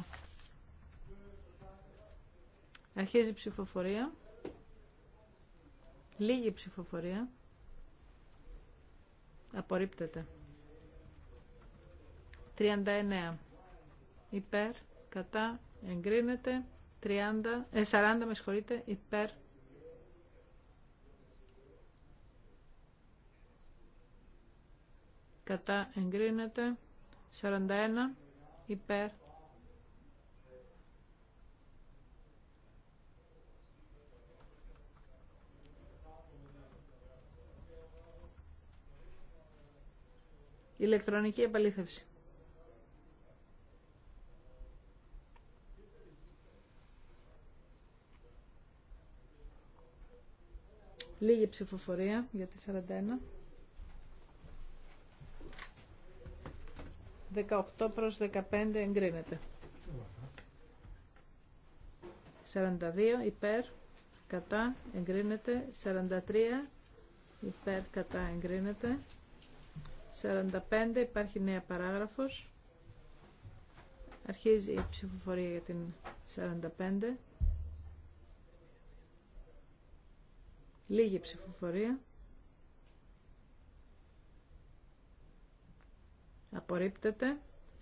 Speaker 4: Αρχίζει η ψηφοφορία. Λίγη ψηφοφορία. Απορρίπτεται. 39. Υπέρ, κατά, εγκρίνεται. 30, 40 ε, με συγχωρείτε, υπέρ. Κατά εγκρίνεται. 41 υπέρ ηλεκτρονική επαλήθευση. Λίγη ψηφοφορία για τη 41. 18 προς 15 εγκρίνεται. 42 υπέρ κατά εγκρίνεται. 43 υπέρ κατά εγκρίνεται. 45 υπάρχει νέα παράγραφος. Αρχίζει η ψηφοφορία για την 45. Λίγη ψηφοφορία. Απορρίπτεται.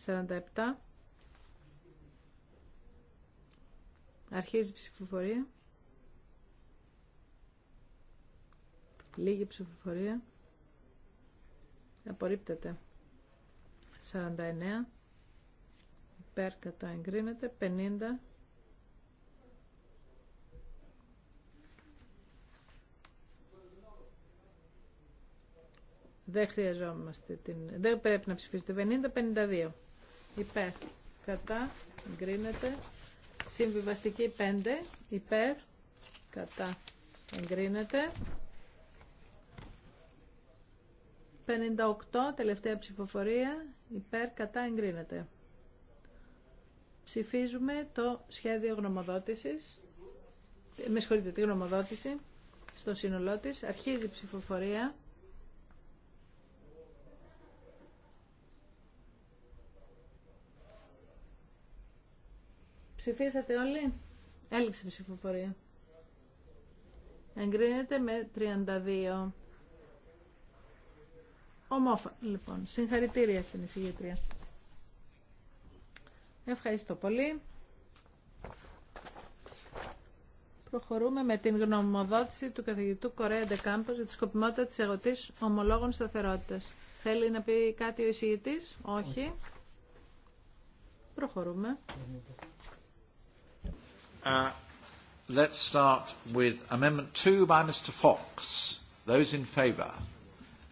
Speaker 4: 47. Αρχίζει η ψηφοφορία. Λίγη ψηφοφορία. Απορρίπτεται. 49. Υπέρ κατά εγκρίνεται. 50. Δεν χρειαζόμαστε την... Δεν πρέπει να ψηφίσετε. 50-52. Υπέρ. Κατά. Εγκρίνεται. Συμβιβαστική 5. Υπέρ. Κατά. Εγκρίνεται. 58. Τελευταία ψηφοφορία. Υπέρ. Κατά. Εγκρίνεται. Ψηφίζουμε το σχέδιο γνωμοδότησης. Ε, με συγχωρείτε, τη γνωμοδότηση στο σύνολό της. Αρχίζει η ψηφοφορία. Ψηφίσατε όλοι. Έληξε ψηφοφορία. Εγκρίνεται με 32. Ομόφα, λοιπόν. Συγχαρητήρια στην εισηγήτρια. Ευχαριστώ πολύ. Προχωρούμε με την γνωμοδότηση του καθηγητού Κορέα Ντεκάμπος για τη σκοπιμότητα της εγωτή ομολόγων σταθερότητα. Θέλει να πει κάτι ο εισηγητής? Όχι. Προχωρούμε.
Speaker 1: Let's start with Amendment 2 by Mr. Fox. Those in favour.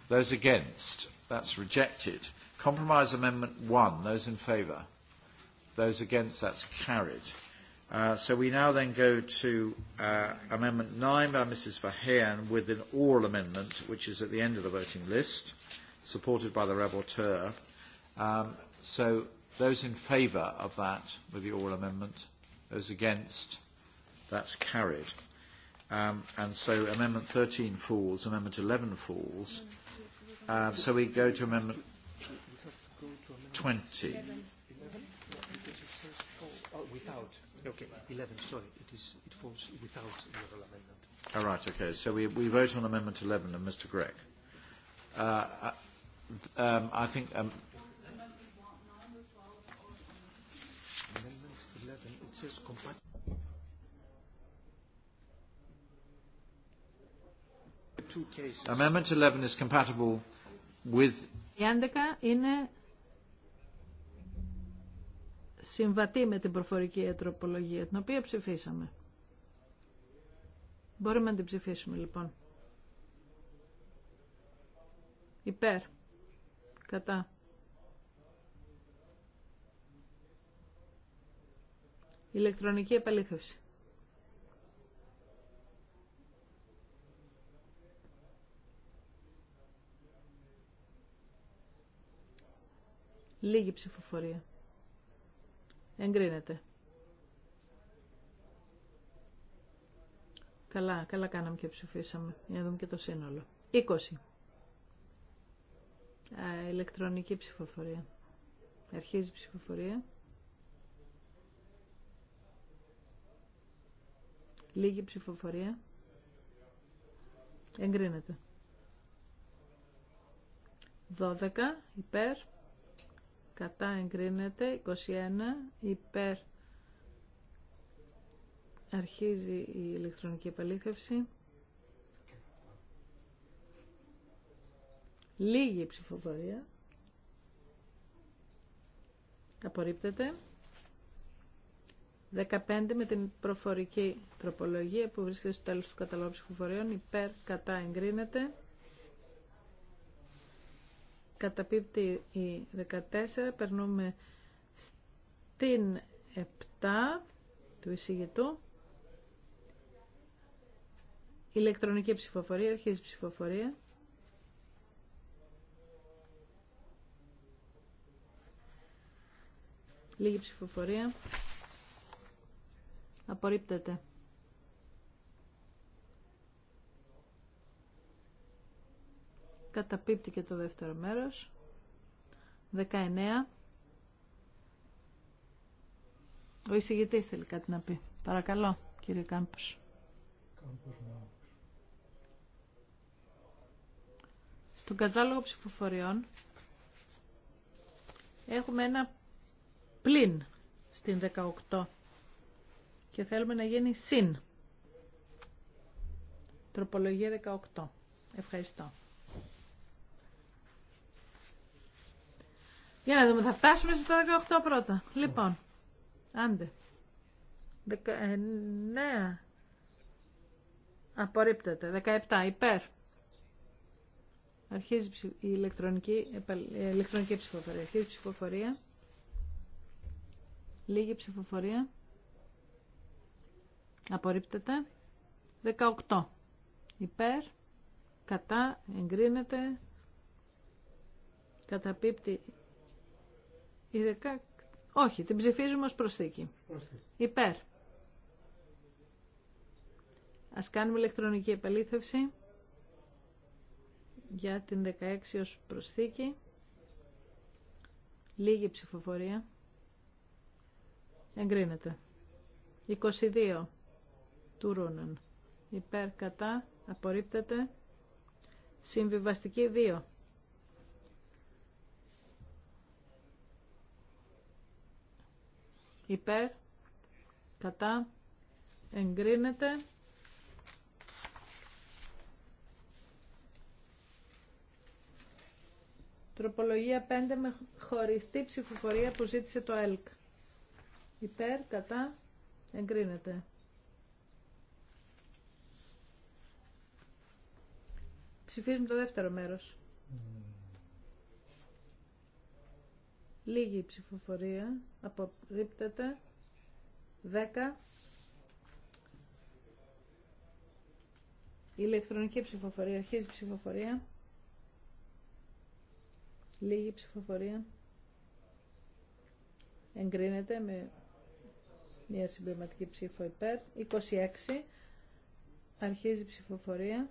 Speaker 1: Those against. That's rejected. Compromise Amendment 1. Those in favour. Those against. That's carried. So we now then go to Amendment 9 by Mrs. Verheyen with an oral amendment, which is at the end of the voting list, supported by the rapporteur. So those in favour of that with the oral amendment. Those against? That's carried. And so Amendment 13 falls. Amendment 11 falls. So we go to Amendment 20. Without. Okay. 11, sorry. It is. It falls without the amendment. All right. Okay. So we we vote on Amendment 11 And Mr. um, I think Η Amendment 11 is compatible with
Speaker 4: είναι συμβατή με την προφορική ετροπολογία. την οποία ψηφίσαμε. Μπορούμε να την ψηφίσουμε λοιπόν. Υπέρ. Κατά. Ηλεκτρονική επαλήθευση. Λίγη ψηφοφορία. Εγκρίνεται. Καλά, καλά κάναμε και ψηφίσαμε. Για να δούμε και το σύνολο. 20. Α, ηλεκτρονική ψηφοφορία. Αρχίζει η ψηφοφορία. Λίγη ψηφοφορία. Εγκρίνεται. 12 υπέρ. Κατά εγκρίνεται. 21 υπέρ. Αρχίζει η ηλεκτρονική επαλήθευση. Λίγη ψηφοφορία. Απορρίπτεται. 15 με την προφορική τροπολογία που βρίσκεται στο τέλος του καταλόγου ψηφοφοριών υπέρ κατά εγκρίνεται καταπίπτει η 14 περνούμε στην 7 του εισηγητού ηλεκτρονική ψηφοφορία αρχίζει ψηφοφορία λίγη ψηφοφορία Απορρίπτεται. Καταπίπτει και το δεύτερο μέρος. 19. Ο εισηγητής θέλει κάτι να πει. Παρακαλώ, κύριε Κάμπος. Ναι, Στον κατάλογο ψηφοφοριών έχουμε ένα πλήν στην 18 και θέλουμε να γίνει συν. Τροπολογία 18. Ευχαριστώ. Για να δούμε, θα φτάσουμε στο 18 πρώτα. Λοιπόν, άντε. 19. Ε, ναι. Απορρίπτεται. 17. Υπέρ. Αρχίζει η ηλεκτρονική, ε, ηλεκτρονική ψηφοφορία. Αρχίζει η ψηφοφορία. Λίγη ψηφοφορία. Απορρίπτεται. 18. Υπέρ. Κατά. Εγκρίνεται. Καταπίπτει. Η δεκα. Όχι, την ψηφίζουμε ως προσθήκη. Υπέρ. Ας κάνουμε ηλεκτρονική επαλήθευση για την 16 ως προσθήκη. Λίγη ψηφοφορία. Εγκρίνεται. 22 Υπέρ κατά απορρίπτεται. Συμβιβαστική 2. Υπέρ κατά εγκρίνεται. Τροπολογία 5 με χωριστή ψηφοφορία που ζήτησε το ΕΛΚ. Υπέρ, κατά, εγκρίνεται. Ψηφίζουμε το δεύτερο μέρος. Λίγη ψηφοφορία. Απορρίπτεται. 10. Ηλεκτρονική ψηφοφορία. Αρχίζει ψηφοφορία. Λίγη ψηφοφορία. Εγκρίνεται με μια συμπληρωματική ψήφο υπέρ. 26. Αρχίζει ψηφοφορία.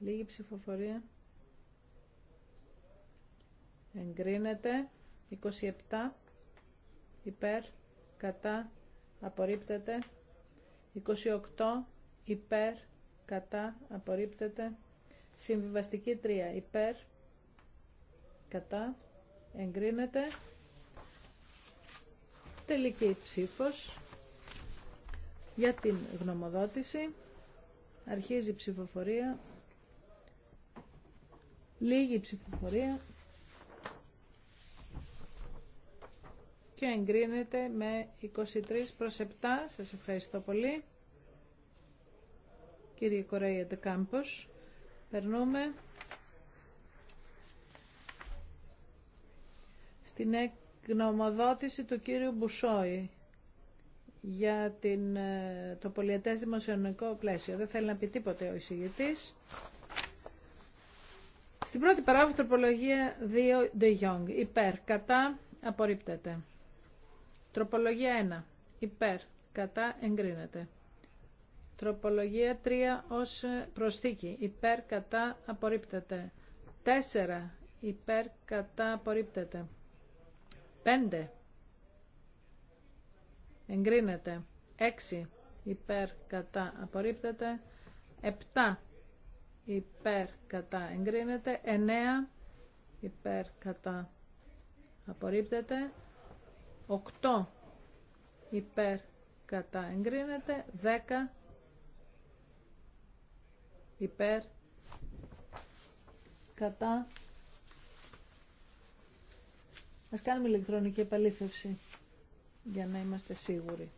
Speaker 4: Λίγη ψηφοφορία. Εγκρίνεται. 27 υπέρ, κατά, απορρίπτεται. 28 υπέρ, κατά, απορρίπτεται. Συμβιβαστική 3 υπέρ, κατά, εγκρίνεται. Τελική ψήφος για την γνωμοδότηση. Αρχίζει η ψηφοφορία. Λίγη ψηφοφορία και εγκρίνεται με 23 προς 7. Σας ευχαριστώ πολύ. Κύριε Κορέια Τεκάμπος. περνούμε στην εκνομοδότηση του κύριου Μπουσόη για την, ε, το πολιετές δημοσιονομικό πλαίσιο. Δεν θέλει να πει τίποτε ο εισηγητής. Στην πρώτη παράγραφο τροπολογία 2 De Jong. Υπέρ. Κατά. Απορρίπτεται. Τροπολογία 1. Υπέρ. Κατά. Εγκρίνεται. Τροπολογία 3 ως προσθήκη. Υπέρ. Κατά. Απορρίπτεται. 4. Υπέρ. Κατά. Απορρίπτεται. 5. Εγκρίνεται. 6. Υπέρ. Κατά. Απορρίπτεται. 7 υπέρ κατά εγκρίνεται 9 υπέρ κατά απορρίπτεται 8 υπέρ κατά εγκρίνεται 10 υπέρ κατά Ας κάνουμε ηλεκτρονική επαλήθευση για να είμαστε σίγουροι.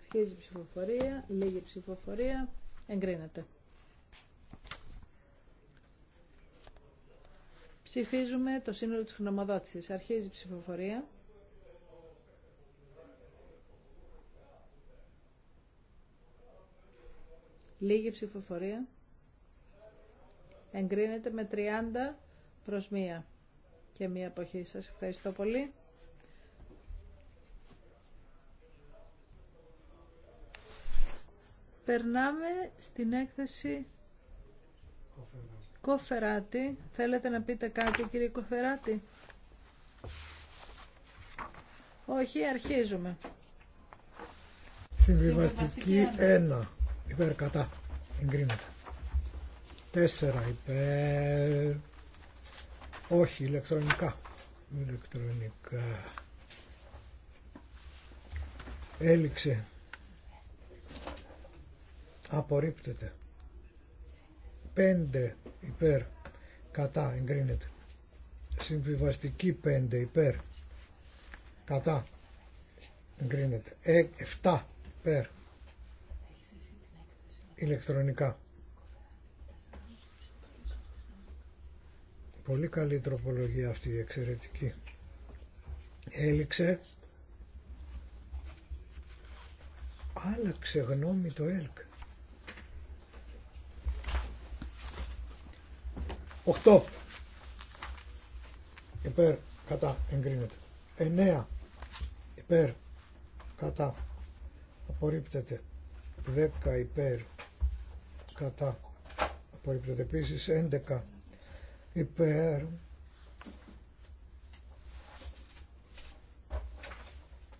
Speaker 4: Αρχίζει η ψηφοφορία, λίγη ψηφοφορία, εγκρίνεται. Ψηφίζουμε το σύνολο της χρονομοδότησης. Αρχίζει η ψηφοφορία. Λίγη ψηφοφορία. Εγκρίνεται με 30 προς 1 και μία εποχή Σας ευχαριστώ πολύ. Περνάμε στην έκθεση Κοφεράτη, θέλετε να πείτε κάτι κύριε Κοφεράτη. Όχι, αρχίζουμε.
Speaker 3: Συμβιβαστική 1. Υπέρ κατά. Εγκρίνεται. 4. Υπέρ. Όχι, ηλεκτρονικά. Ηλεκτρονικά. Έληξε. Απορρίπτεται. Πέντε υπέρ κατά εγκρίνεται συμβιβαστική 5 υπέρ κατά εγκρίνεται 7 ε, υπέρ ηλεκτρονικά πολύ καλή τροπολογία αυτή η εξαιρετική έληξε άλλαξε γνώμη το ΕΛΚ 8 υπέρ κατά εγκρίνεται 9 υπέρ κατά απορρίπτεται 10 υπέρ κατά απορρίπτεται επίση 11 υπέρ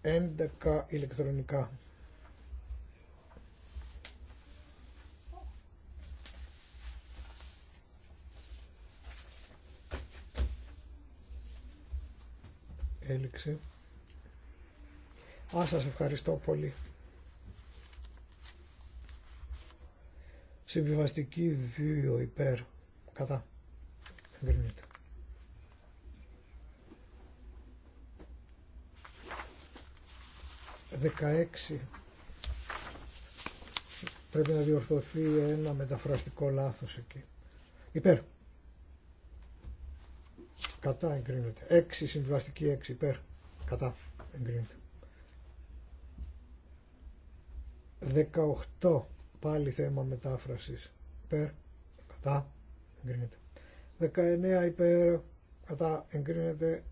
Speaker 3: έντεκα ηλεκτρονικά. κατέληξε. Α, σας ευχαριστώ πολύ. Συμβιβαστική 2 υπέρ. Κατά. Εγκρινείται. Δεκαέξι. Πρέπει να διορθωθεί ένα μεταφραστικό λάθος εκεί. Υπέρ κατά εγκρίνεται. 6 συμβιβαστική 6 υπέρ κατά εγκρίνεται. 18 πάλι θέμα μετάφρασης υπέρ κατά εγκρίνεται. 19 υπέρ κατά εγκρίνεται.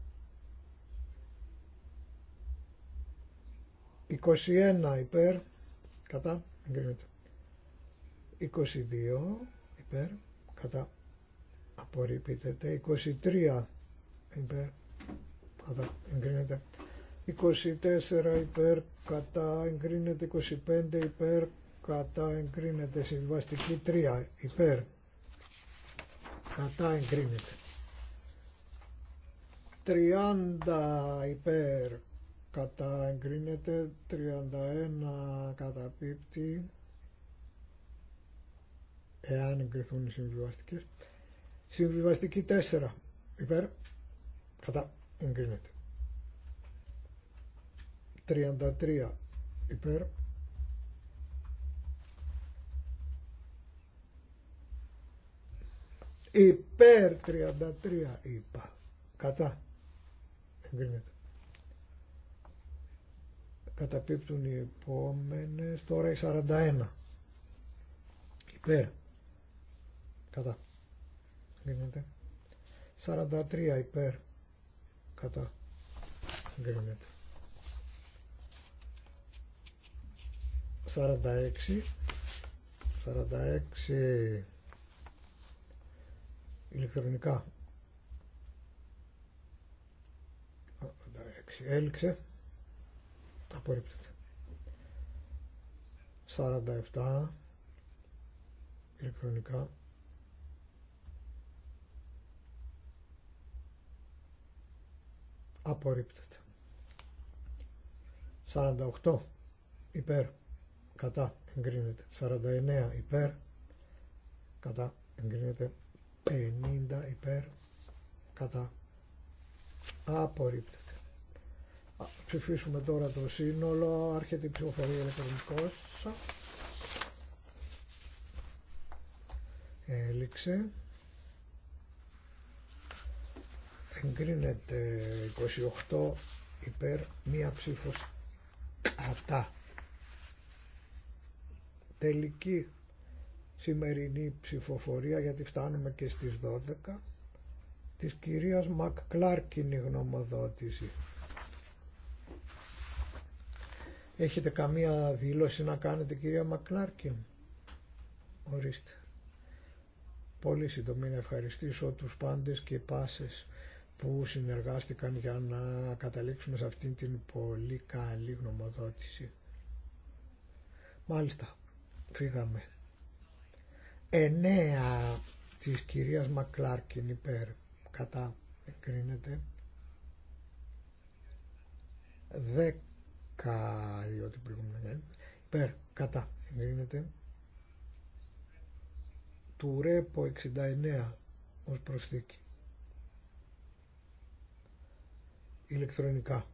Speaker 3: 21 υπέρ κατά εγκρίνεται. 22 υπέρ κατά απορρίπτεται. 23 υπέρ, κατά, εγκρίνεται. 24 υπέρ, κατά, εγκρίνεται. 25 υπέρ, κατά, εγκρίνεται. Συμβαστική 3 υπέρ, κατά, εγκρίνεται. 30 υπέρ, κατά, εγκρίνεται. 31 κατά πίπτη εάν εγκριθούν οι συμβιβαστικέ. Συμβιβαστική 4 υπέρ Κατά. Εγκρίνεται. 33 υπέρ. Υπέρ 33 είπα. Κατά. Εγκρίνεται. Καταπίπτουν οι επόμενες. Τώρα η 41. Υπέρ. Κατά. Εγκρίνεται. 43 υπέρ κατά εγκρίνεται 46 46 ηλεκτρονικά 46 έλξε απορρίπτεται 47 ηλεκτρονικά απορρίπτεται. 48 υπέρ κατά εγκρίνεται. 49 υπέρ κατά εγκρίνεται. 50 υπέρ κατά απορρίπτεται. Ψηφίσουμε τώρα το σύνολο. Άρχεται η ψηφοφορία ηλεκτρονικός. Έληξε. συγκρίνεται 28 υπέρ μία ψήφος κατά τελική σημερινή ψηφοφορία γιατί φτάνουμε και στις 12 της κυρίας Μακκλάρκιν η γνωμοδότηση έχετε καμία δήλωση να κάνετε κυρία Μακκλάρκιν ορίστε πολύ σύντομη να ευχαριστήσω τους πάντες και πάσες που συνεργάστηκαν για να καταλήξουμε σε αυτήν την πολύ καλή γνωμοδότηση. Μάλιστα, φύγαμε. Εννέα της κυρίας Μακλάρκιν υπέρ, κατά, εγκρίνεται. Δέκα, διότι προηγούμενη, ναι, υπέρ, κατά, εγκρίνεται. Του ρέπο 69 ως προσθήκη ηλεκτρονικά.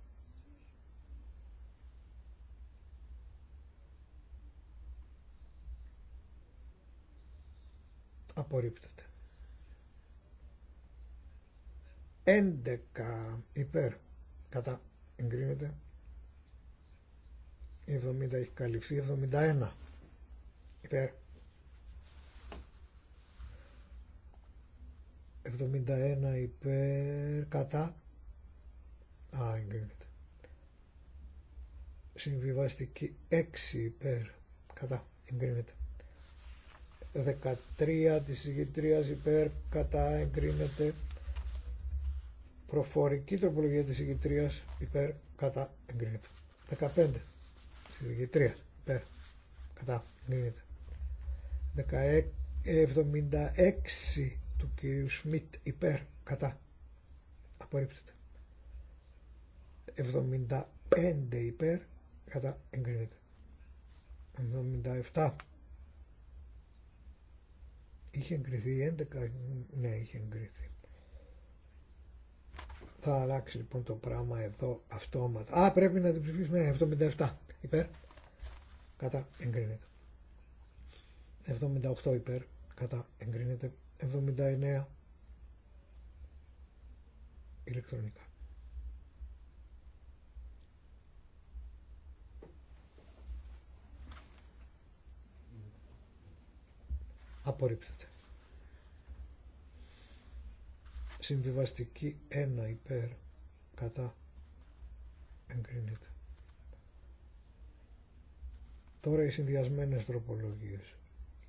Speaker 3: Απορρίπτεται. 11 υπέρ κατά εγκρίνεται. 70 έχει καλυφθεί. 71 υπέρ. 71 υπέρ κατά Α, Συμβιβαστική 6 υπέρ. Κατά. Εγκρίνεται. 13 της ηγητρίας υπέρ. Κατά. Εγκρίνεται. Προφορική τροπολογία της ηγητρίας υπέρ. Κατά. Εγκρίνεται. 15 της ηγητρίας υπέρ. Κατά. Εγκρίνεται. 76 ε, του κυρίου Σμιτ υπέρ. Κατά. Απορρίπτεται. 75 υπέρ κατά εγκρίνεται. 77 είχε εγκριθεί 11 ναι είχε εγκριθεί θα αλλάξει λοιπόν το πράγμα εδώ αυτόματα α πρέπει να την ψηφίσουμε 77 ναι, υπέρ κατά εγκρίνεται 78 υπέρ κατά εγκρίνεται 79 ηλεκτρονικά απορρίπτεται. Συμβιβαστική 1 υπέρ κατά εγκρίνεται. Τώρα οι συνδυασμένες τροπολογίες.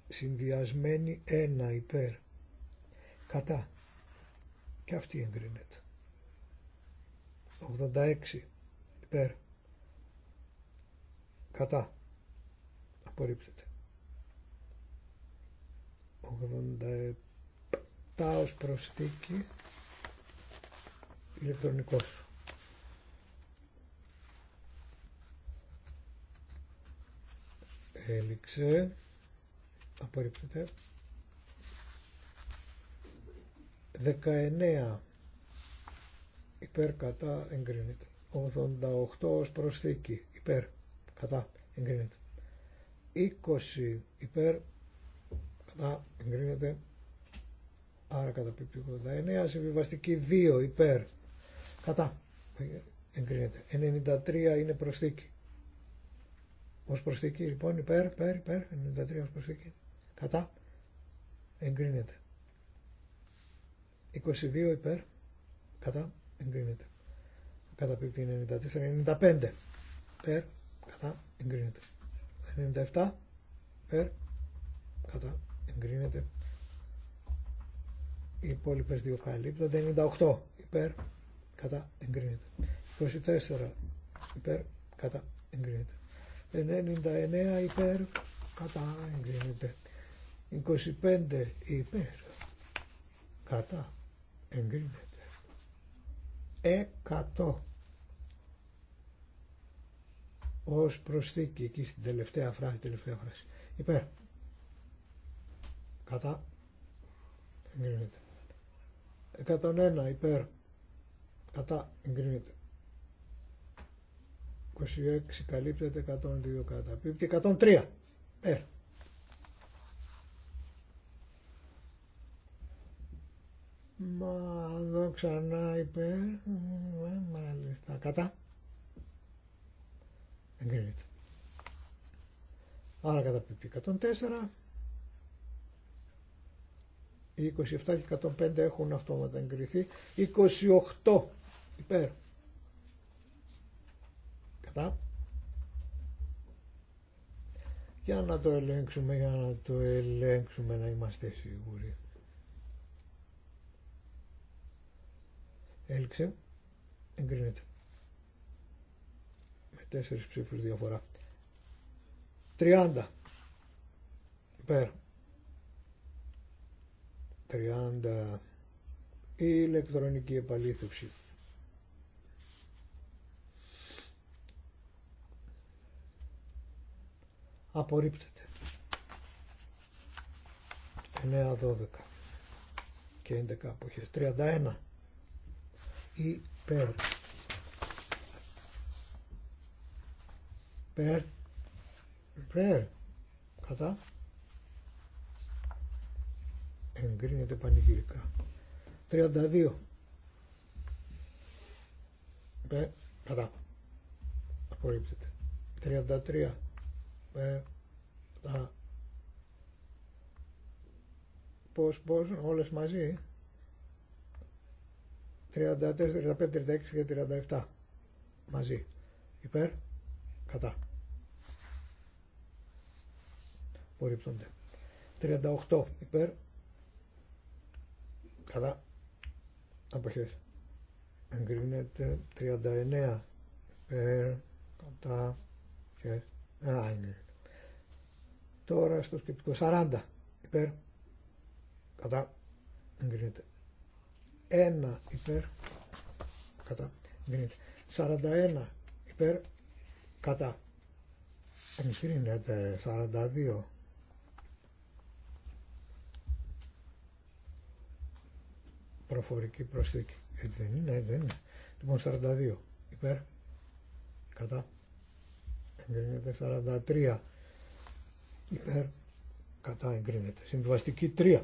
Speaker 3: Συνδυασμένη 1 υπέρ κατά και αυτή εγκρίνεται. 86 υπέρ κατά απορρίπτεται. 87 ως προσθήκη ηλεκτρονικός. Έληξε. Απορρίπτεται. 19 υπέρ κατά εγκρίνεται. 88 ως προσθήκη υπέρ κατά εγκρίνεται. 20 υπέρ Κατά εγκρίνεται. Άρα κατά πίπτη 89. Συμβιβαστική 2 υπέρ. Κατά εγκρίνεται. 93 είναι προσθήκη. Ω προσθήκη λοιπόν υπέρ, υπέρ, υπέρ. 93 ως προσθήκη. Κατά εγκρίνεται. 22 υπέρ. Κατά εγκρίνεται. πίπτη 94. 95 υπέρ. Κατά εγκρίνεται. 97 υπέρ. Κατά εγκρίνεται. Οι υπόλοιπε δύο καλύπτονται. 98 υπέρ, κατά, εγκρίνεται. 24 υπέρ, κατά, εγκρίνεται. 99 υπέρ, κατά, εγκρίνεται. 25 υπέρ, κατά, εγκρίνεται. 100 ως προσθήκη εκεί στην τελευταία φράση, τελευταία φράση. Υπέρ, Κατά. Εγκρίνεται. 101 υπέρ. Κατά. Εγκρίνεται. 26 καλύπτεται. 102 καταπίπτει. 103. υπέρ. Μα εδώ ξανά υπέρ. Ε, μάλιστα. Κατά. Εγκρίνεται. Άρα καταπίπτει 104. Οι 27 και 105 έχουν αυτόματα εγκριθεί. 28 υπέρ. Κατά. Για να το ελέγξουμε, για να το ελέγξουμε να είμαστε σίγουροι. Έλξε. Εγκρίνεται. Με τέσσερις ψήφους διαφορά. 30. Υπέρ. 30 η ηλεκτρονική επαλήθευση. Απορρίπτεται. 9, 12 και 11 αποχές. 31 πέρ. ΠΕΡ, ΠΕΡ, Κατά εγκρίνεται πανηγυρικά. 32. Ε, κατά. Απορρίπτεται. 33. Ε, τα. Πώς, πώς, όλες μαζί. 34, 35, 36 και 37 μαζί. Υπέρ, κατά. Απορρίπτονται. 38 υπέρ, Κατά. Αποχές. Εγκρίνεται 39 υπέρ. Κατά. και Α, εγκρίνεται. Τώρα στο σκεπτικό 40 υπέρ. Κατά. Εγκρίνεται. 1 υπέρ. Κατά. Εγκρίνεται. 41 υπέρ. Κατά. Εγκρίνεται. 42 προφορική προσθήκη. Έτσι ε, δεν είναι, ε, δεν είναι. Λοιπόν, 42 υπέρ, κατά, εγκρίνεται. 43 υπέρ, κατά, εγκρίνεται. Συμβιβαστική 3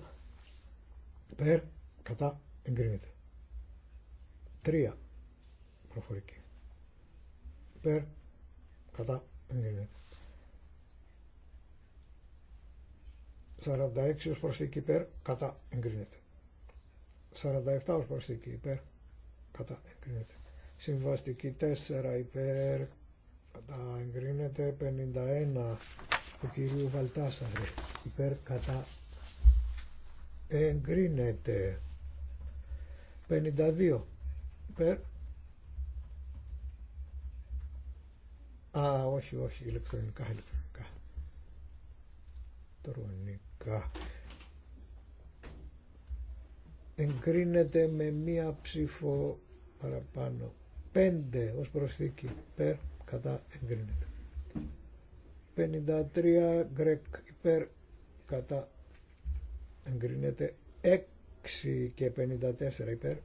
Speaker 3: υπέρ, κατά, εγκρίνεται. 3 προφορική. Υπέρ, κατά, εγκρίνεται. 46 ως προσθήκη υπέρ, κατά εγκρίνεται. 47 ως προσθήκη υπέρ κατά εγκρίνεται συμβαστική 4 υπέρ κατά εγκρίνεται 51 του κυρίου Βαλτάσαρη υπέρ κατά εγκρίνεται 52 υπέρ Α, όχι, όχι, ηλεκτρονικά, ηλεκτρονικά. Ηλεκτρονικά εγκρίνεται με μία ψήφο παραπάνω. 5 ως προσθήκη υπέρ κατά εγκρίνεται. 53 γκρεκ υπέρ κατά εγκρίνεται. 6 και 54 υπέρ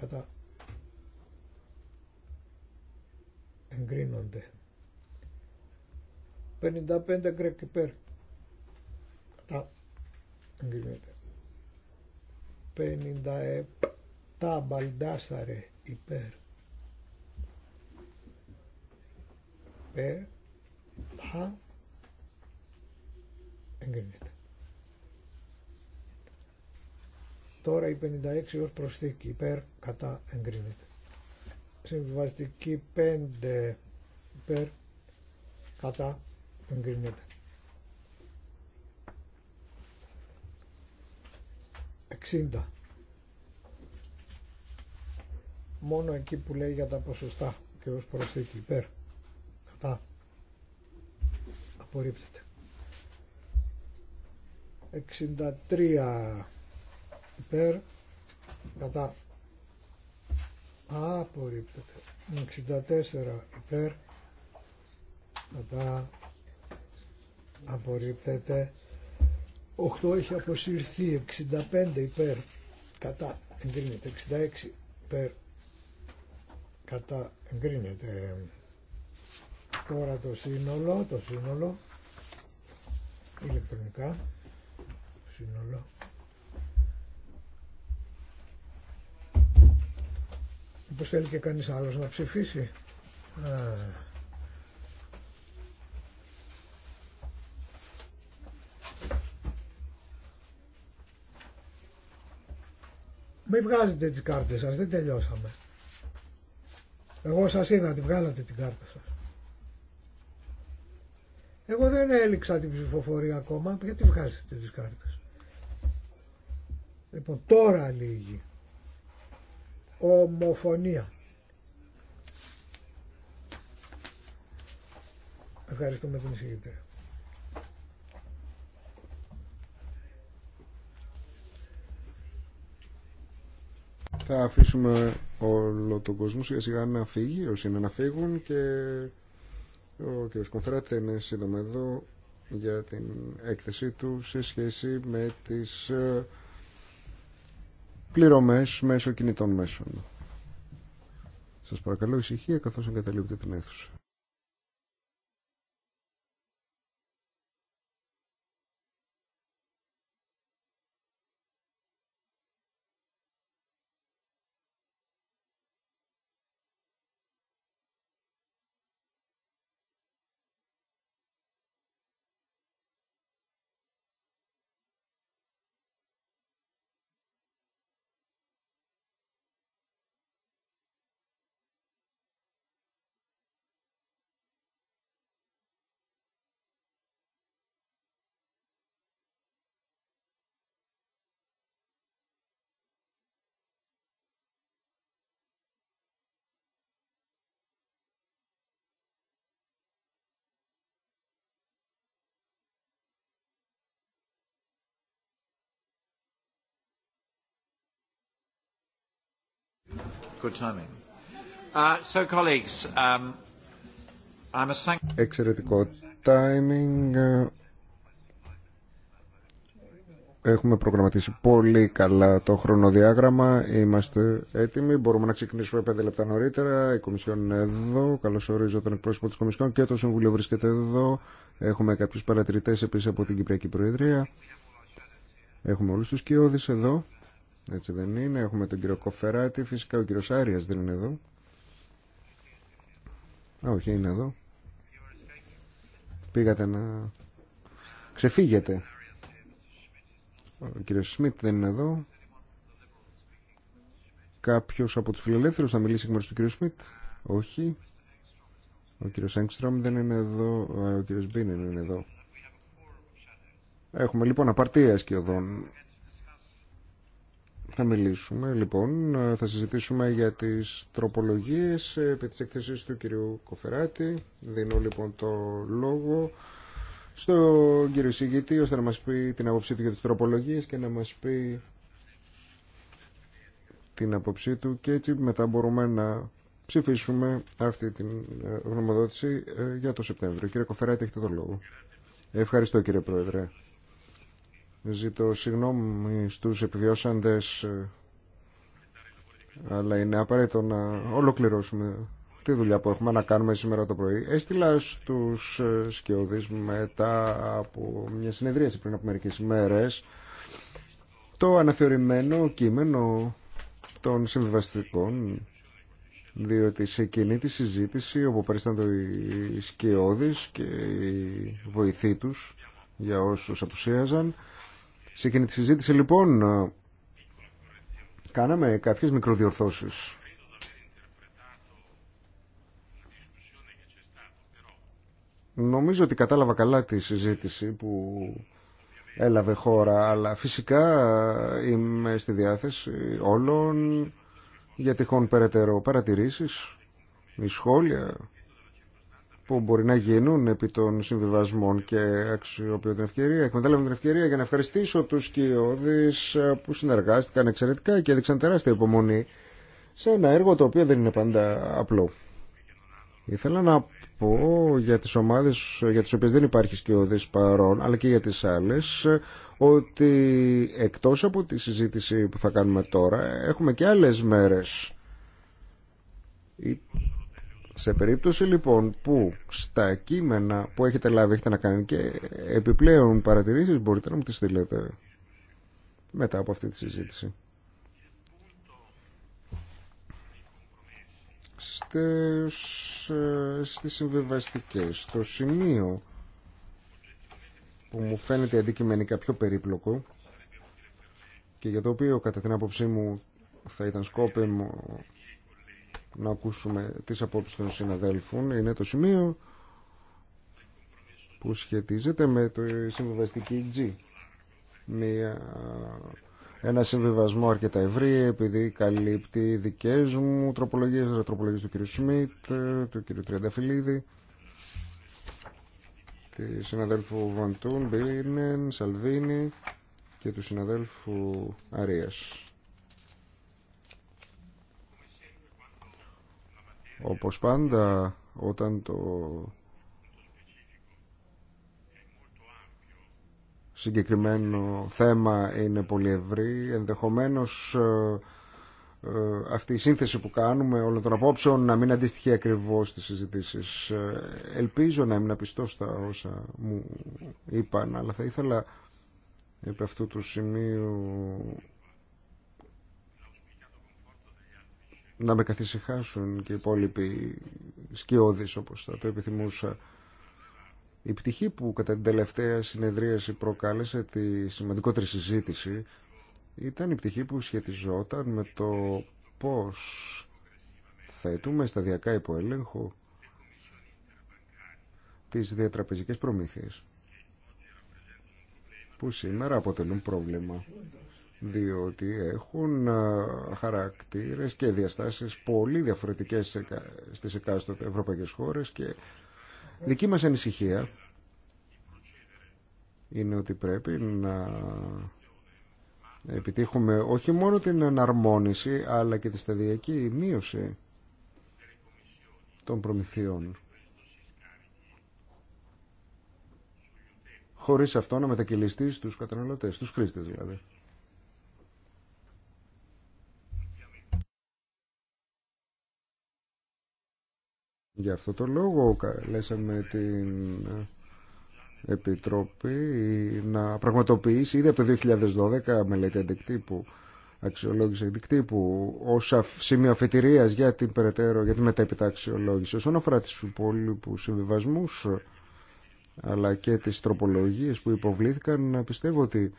Speaker 3: κατά εγκρίνονται. 55 γκρεκ υπέρ κατά εγκρίνεται. 57 μπαλντάσαρε υπέρ. Περ. Τα. Εγκρίνεται. Τώρα η 56 ως προσθήκη υπέρ κατά εγκρίνεται. Συμβιβαστική 5 υπέρ κατά εγκρίνεται. 60. Μόνο εκεί που λέει για τα ποσοστά και ως προσθήκη υπέρ. Κατά. Απορρίπτεται. 63 υπέρ. Κατά. Απορρίπτεται. 64 υπέρ. Κατά. Απορρίπτεται. 8 έχει αποσυρθεί, 65 υπέρ, κατά, εγκρίνεται, 66 υπέρ, κατά, εγκρίνεται. Τώρα το σύνολο, το σύνολο, ηλεκτρονικά, σύνολο. Μήπως θέλει και κανείς άλλος να ψηφίσει. Μην βγάζετε τις κάρτες σας, δεν τελειώσαμε. Εγώ σας είδα, τη βγάλατε την κάρτα σας. Εγώ δεν έληξα την ψηφοφορία ακόμα, γιατί βγάζετε τις κάρτες. Λοιπόν, τώρα λίγη. Ομοφωνία. Ευχαριστούμε την εισηγητρία.
Speaker 2: θα αφήσουμε όλο τον κόσμο σιγά σιγά να φύγει όσοι είναι να φύγουν και ο κ. Κονφεράτη είναι σύντομα εδώ για την έκθεσή του σε σχέση με τις ε, πληρωμές μέσω κινητών μέσων. Σας παρακαλώ ησυχία καθώς εγκαταλείπτε την αίθουσα.
Speaker 1: timing. Uh,
Speaker 2: um, Εξαιρετικό timing. Έχουμε προγραμματίσει πολύ καλά το χρονοδιάγραμμα. Είμαστε έτοιμοι. Μπορούμε να ξεκινήσουμε πέντε λεπτά νωρίτερα. Η Κομισιόν είναι εδώ. Καλώς ορίζω τον εκπρόσωπο της Κομισιόν και το Συμβούλιο βρίσκεται εδώ. Έχουμε κάποιους παρατηρητές επίσης από την Κυπριακή Προεδρία. Έχουμε όλους τους κοιόδης εδώ. Έτσι δεν είναι. Έχουμε τον κύριο Κοφεράτη. Φυσικά ο κύριο Άρια δεν είναι εδώ. Α, όχι, είναι εδώ. Πήγατε να ξεφύγετε. Ο κύριος Σμιτ δεν είναι εδώ. Κάποιο από τους φιλελεύθερου θα μιλήσει εκ μέρου του κύριου Σμιτ. Όχι. Ο κύριος Έγκστρομ δεν είναι εδώ. Ο κύριος Μπίνεν είναι εδώ. Έχουμε λοιπόν απαρτία σκιωδών. Θα μιλήσουμε λοιπόν, θα συζητήσουμε για τις τροπολογίες επί της εκθεσής του κυρίου Κοφεράτη. Δίνω λοιπόν το λόγο στον κύριο Σιγητή ώστε να μας πει την άποψή του για τις τροπολογίες και να μας πει την άποψή του και έτσι μετά μπορούμε να ψηφίσουμε αυτή την ε, γνωμοδότηση ε, για το Σεπτέμβριο. Κύριε Κοφεράτη, έχετε το λόγο. Ευχαριστώ κύριε Πρόεδρε. Ζητώ συγγνώμη στους επιβιώσαντες αλλά είναι απαραίτητο να ολοκληρώσουμε τη δουλειά που έχουμε να κάνουμε σήμερα το πρωί. Έστειλα στους σκιώδεις μετά από μια συνεδρίαση πριν από μερικές μέρες το αναθεωρημένο κείμενο των συμβιβαστικών διότι σε εκείνη τη συζήτηση όπου παρήσταν οι σκιώδεις και οι βοηθοί τους για όσους απουσίαζαν σε εκείνη τη συζήτηση λοιπόν ε, κάναμε κάποιες μικροδιορθώσεις. Νομίζω ότι κατάλαβα καλά τη συζήτηση που έλαβε χώρα, αλλά φυσικά ε, είμαι στη διάθεση όλων για τυχόν περαιτέρω παρατηρήσεις ή σχόλια που μπορεί να γίνουν επί των συμβιβασμών και αξιοποιώ την ευκαιρία, εκμετάλλευα την ευκαιρία για να ευχαριστήσω τους κοιόδης ε, που συνεργάστηκαν εξαιρετικά και έδειξαν τεράστια υπομονή σε ένα έργο το οποίο δεν είναι πάντα απλό. Ήθελα να πω για τις ομάδες για τις οποίες δεν υπάρχει σκιώδης παρόν αλλά και για τις άλλες ότι εκτός από τη συζήτηση που θα κάνουμε τώρα έχουμε και άλλες μέρες σε περίπτωση λοιπόν που στα κείμενα που έχετε λάβει έχετε να κάνετε και επιπλέον παρατηρήσεις μπορείτε να μου τις στείλετε μετά από αυτή τη συζήτηση. Στις, ε, στις στο σημείο που μου φαίνεται αντικειμενικά πιο περίπλοκο και για το οποίο κατά την άποψή μου θα ήταν σκόπιμο να ακούσουμε τις απόψεις των συναδέλφων. Είναι το σημείο που σχετίζεται με το συμβιβαστική G. Μια, ένα συμβιβασμό αρκετά ευρύ επειδή καλύπτει δικές μου τροπολογίες, δηλαδή τροπολογίες του κ. Σμιτ, του κ. Τριανταφυλλίδη, τη συναδέλφου Βαντούν, Μπίνεν, Σαλβίνη και του συναδέλφου Αρίας. Όπως πάντα, όταν το συγκεκριμένο θέμα είναι πολύ ευρύ, ενδεχομένως ε, ε, αυτή η σύνθεση που κάνουμε όλων των απόψεων να μην αντιστοιχεί ακριβώς στις συζητήσεις. Ε, ελπίζω να είμαι πιστό στα όσα μου είπαν, αλλά θα ήθελα επί αυτού του σημείου να με καθησυχάσουν και οι υπόλοιποι σκιώδεις όπως θα το επιθυμούσα. Η πτυχή που κατά την τελευταία συνεδρίαση προκάλεσε τη σημαντικότερη συζήτηση ήταν η πτυχή που σχετιζόταν με το πώς θέτουμε σταδιακά υποέλεγχο τις διατραπεζικές προμήθειες που σήμερα αποτελούν πρόβλημα διότι έχουν χαρακτήρες και διαστάσεις πολύ διαφορετικές στις εκάστοτε ευρωπαϊκές χώρες και δική μας ανησυχία είναι ότι πρέπει να επιτύχουμε όχι μόνο την εναρμόνιση αλλά και τη σταδιακή μείωση των προμηθειών χωρίς αυτό να μετακυλιστεί στους καταναλωτές, στους χρήστες δηλαδή. Γι' αυτό τον λόγο καλέσαμε την Επιτροπή να πραγματοποιήσει ήδη από το 2012 μελέτη αντικτύπου, αξιολόγηση αντικτύπου, ως σημείο αφετηρίας για την περαιτέρω, για την μετέπειτα αξιολόγηση. Όσον αφορά τις υπόλοιπου συμβιβασμού αλλά και τις τροπολογίες που υποβλήθηκαν, πιστεύω ότι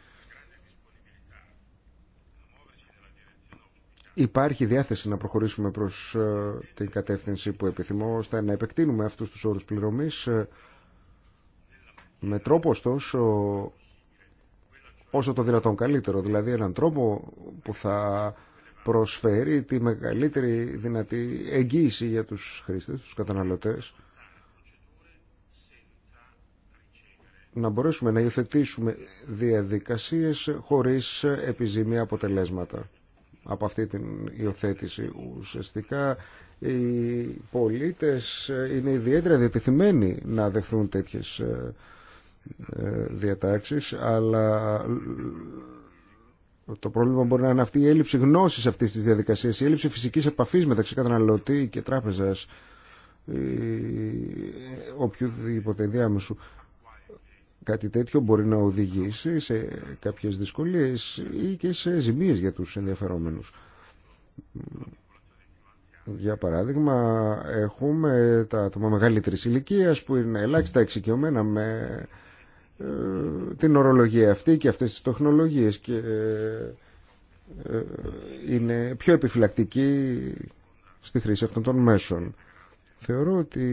Speaker 2: υπάρχει διάθεση να προχωρήσουμε προς ε, την κατεύθυνση που επιθυμώ ώστε να επεκτείνουμε αυτούς τους όρους πληρωμής ε, με τρόπο ωστόσο όσο το δυνατόν καλύτερο, δηλαδή έναν τρόπο που θα προσφέρει τη μεγαλύτερη δυνατή εγγύηση για τους χρήστες, τους καταναλωτές να μπορέσουμε να υιοθετήσουμε διαδικασίες χωρίς επιζήμια αποτελέσματα από αυτή την υιοθέτηση. Ουσιαστικά οι πολίτες είναι ιδιαίτερα διατεθειμένοι να δεχθούν τέτοιες ε, ε, διατάξεις, αλλά το πρόβλημα μπορεί να είναι αυτή η έλλειψη γνώσης αυτής της διαδικασίας, η έλλειψη φυσικής επαφής μεταξύ καταναλωτή και τράπεζας ή οποιοδήποτε διάμεσου κάτι τέτοιο μπορεί να οδηγήσει σε κάποιες δυσκολίες ή και σε ζημίες για τους ενδιαφερόμενους. Για παράδειγμα, έχουμε τα άτομα μεγαλύτερη ηλικία που είναι ελάχιστα εξοικειωμένα με ε, την ορολογία αυτή και αυτές τις τεχνολογίες και ε, ε, είναι πιο επιφυλακτικοί στη χρήση αυτών των μέσων. Θεωρώ ότι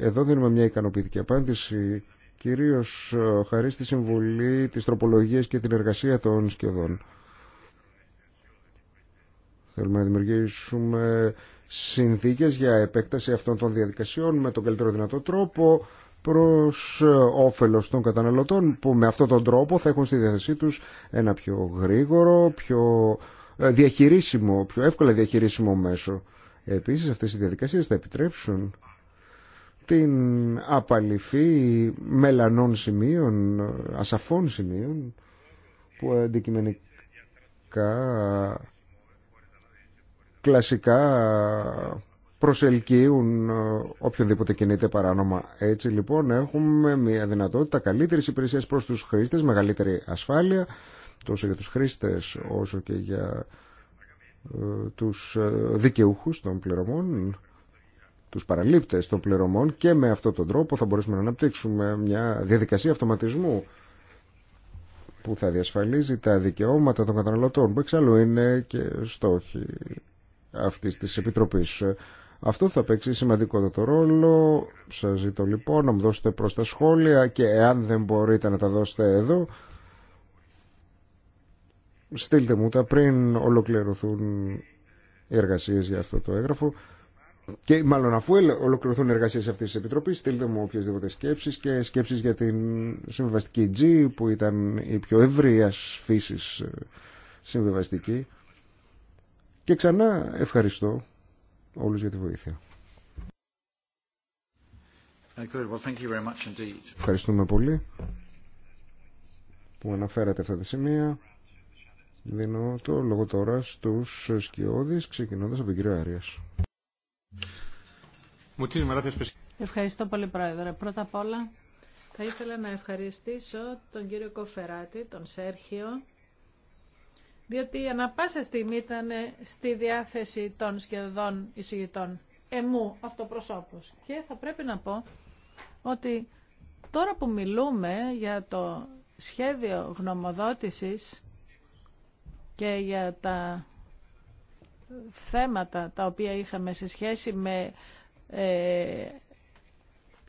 Speaker 2: εδώ δίνουμε μια ικανοποιητική απάντηση κυρίως ε, χαρίς τη συμβουλή της τροπολογίας και την εργασία των σκιωδών. Θέλουμε να δημιουργήσουμε συνθήκες για επέκταση αυτών των διαδικασιών με τον καλύτερο δυνατό τρόπο προς ε, όφελος των καταναλωτών που με αυτόν τον τρόπο θα έχουν στη διάθεσή τους ένα πιο γρήγορο, πιο ε, διαχειρίσιμο, πιο εύκολα διαχειρίσιμο μέσο. Επίσης αυτές οι διαδικασίες θα επιτρέψουν την απαλυφή μελανών σημείων, ασαφών σημείων που αντικειμενικά κλασικά προσελκύουν ε, οποιονδήποτε κινείται παράνομα. Έτσι λοιπόν έχουμε μια δυνατότητα καλύτερης υπηρεσίας προς τους χρήστες, μεγαλύτερη ασφάλεια τόσο για τους χρήστες όσο και για ε, τους ε, δικαιούχους των πληρωμών τους παραλήπτες των πληρωμών και με αυτόν τον τρόπο θα μπορέσουμε να αναπτύξουμε μια διαδικασία αυτοματισμού που θα διασφαλίζει τα δικαιώματα των καταναλωτών που εξάλλου είναι και στόχοι αυτής της Επιτροπής. Αυτό θα παίξει το ρόλο. Σας ζητώ λοιπόν να μου δώσετε προς τα σχόλια και εάν δεν μπορείτε να τα δώσετε εδώ στείλτε μου τα πριν ολοκληρωθούν οι εργασίες για αυτό το έγγραφο και μάλλον αφού ολοκληρωθούν οι εργασίε αυτή τη επιτροπή, στείλτε μου οποιασδήποτε σκέψει και σκέψει για την συμβιβαστική G που ήταν η πιο ευρεία φύση ε, συμβιβαστική. Και ξανά ευχαριστώ όλους για τη βοήθεια. Ευχαριστούμε πολύ που αναφέρατε αυτά τα σημεία. Δίνω το λόγο τώρα στους σκιώδεις ξεκινώντας από τον κύριο Άριας.
Speaker 4: Ευχαριστώ πολύ, Πρόεδρε. Πρώτα απ' όλα, θα ήθελα να ευχαριστήσω τον κύριο Κοφεράτη, τον Σέρχιο, διότι ανα πάσα στιγμή ήταν στη διάθεση των σχεδόν εισηγητών εμού αυτοπροσώπους. Και θα πρέπει να πω ότι τώρα που μιλούμε για το σχέδιο γνωμοδότησης και για τα θέματα τα οποία είχαμε σε σχέση με ε,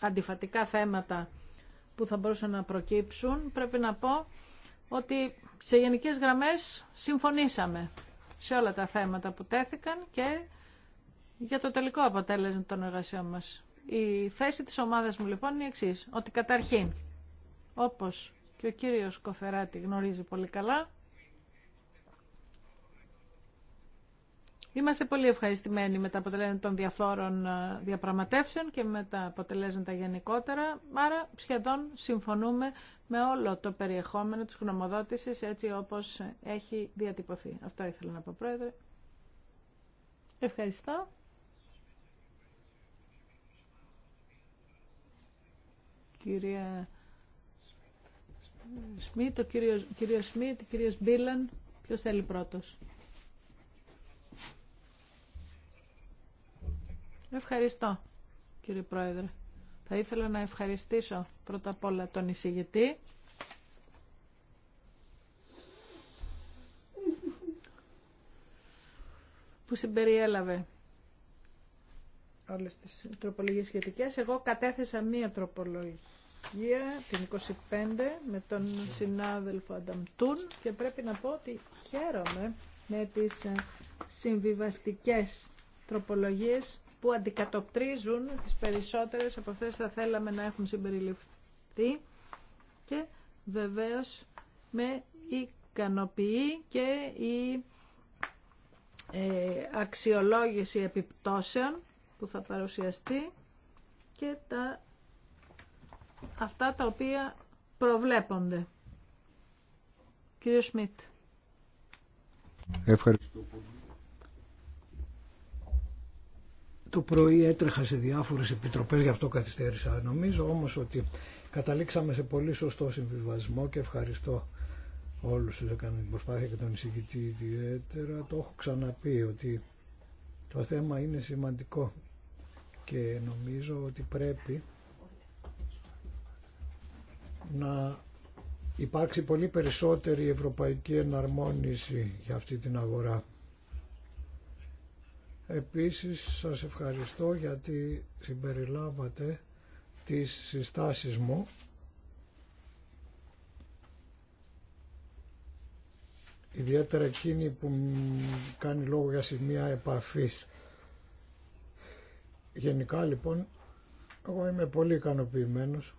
Speaker 4: αντιφατικά θέματα που θα μπορούσαν να προκύψουν, πρέπει να πω ότι σε γενικές γραμμές συμφωνήσαμε σε όλα τα θέματα που τέθηκαν και για το τελικό αποτέλεσμα των εργασιών μας. Η θέση της ομάδας μου λοιπόν είναι η εξής, ότι καταρχήν, όπως και ο κύριος Κοφεράτη γνωρίζει πολύ καλά, Είμαστε πολύ ευχαριστημένοι με τα αποτελέσματα των διαφόρων ε, διαπραγματεύσεων και με τα αποτελέσματα γενικότερα, άρα σχεδόν συμφωνούμε με όλο το περιεχόμενο της γνωμοδότησης έτσι όπως έχει διατυπωθεί. Αυτό ήθελα να πω, Πρόεδρε. Ευχαριστώ. Κυρία Σμίτ, ο κύριος, κύριος Σμίτ, κύριος Μπίλαν, ποιος θέλει πρώτος. Ευχαριστώ, κύριε Πρόεδρε. Θα ήθελα να ευχαριστήσω πρώτα απ' όλα τον εισηγητή. που συμπεριέλαβε όλες τις τροπολογίες σχετικές. Εγώ κατέθεσα μία τροπολογία, την 25, με τον συνάδελφο Ανταμτούν και πρέπει να πω ότι χαίρομαι με τις συμβιβαστικές τροπολογίες που αντικατοπτρίζουν τις περισσότερες από αυτές θα θέλαμε να έχουν συμπεριληφθεί και βεβαίως με ικανοποιεί και η ε, αξιολόγηση επιπτώσεων που θα παρουσιαστεί και τα, αυτά τα οποία προβλέπονται. Κύριο Σμιτ.
Speaker 2: Ευχαριστώ πολύ.
Speaker 3: το πρωί έτρεχα σε διάφορες επιτροπές, γι' αυτό καθυστέρησα. Νομίζω όμως ότι καταλήξαμε σε πολύ σωστό συμβιβασμό και ευχαριστώ όλους που έκαναν την προσπάθεια και τον εισηγητή ιδιαίτερα. Το έχω ξαναπεί ότι το θέμα είναι σημαντικό και νομίζω ότι πρέπει να υπάρξει πολύ περισσότερη ευρωπαϊκή εναρμόνιση για αυτή την αγορά. Επίσης σας ευχαριστώ γιατί συμπεριλάβατε τις συστάσεις μου ιδιαίτερα εκείνη που κάνει λόγο για σημεία επαφής. Γενικά λοιπόν, εγώ είμαι πολύ ικανοποιημένος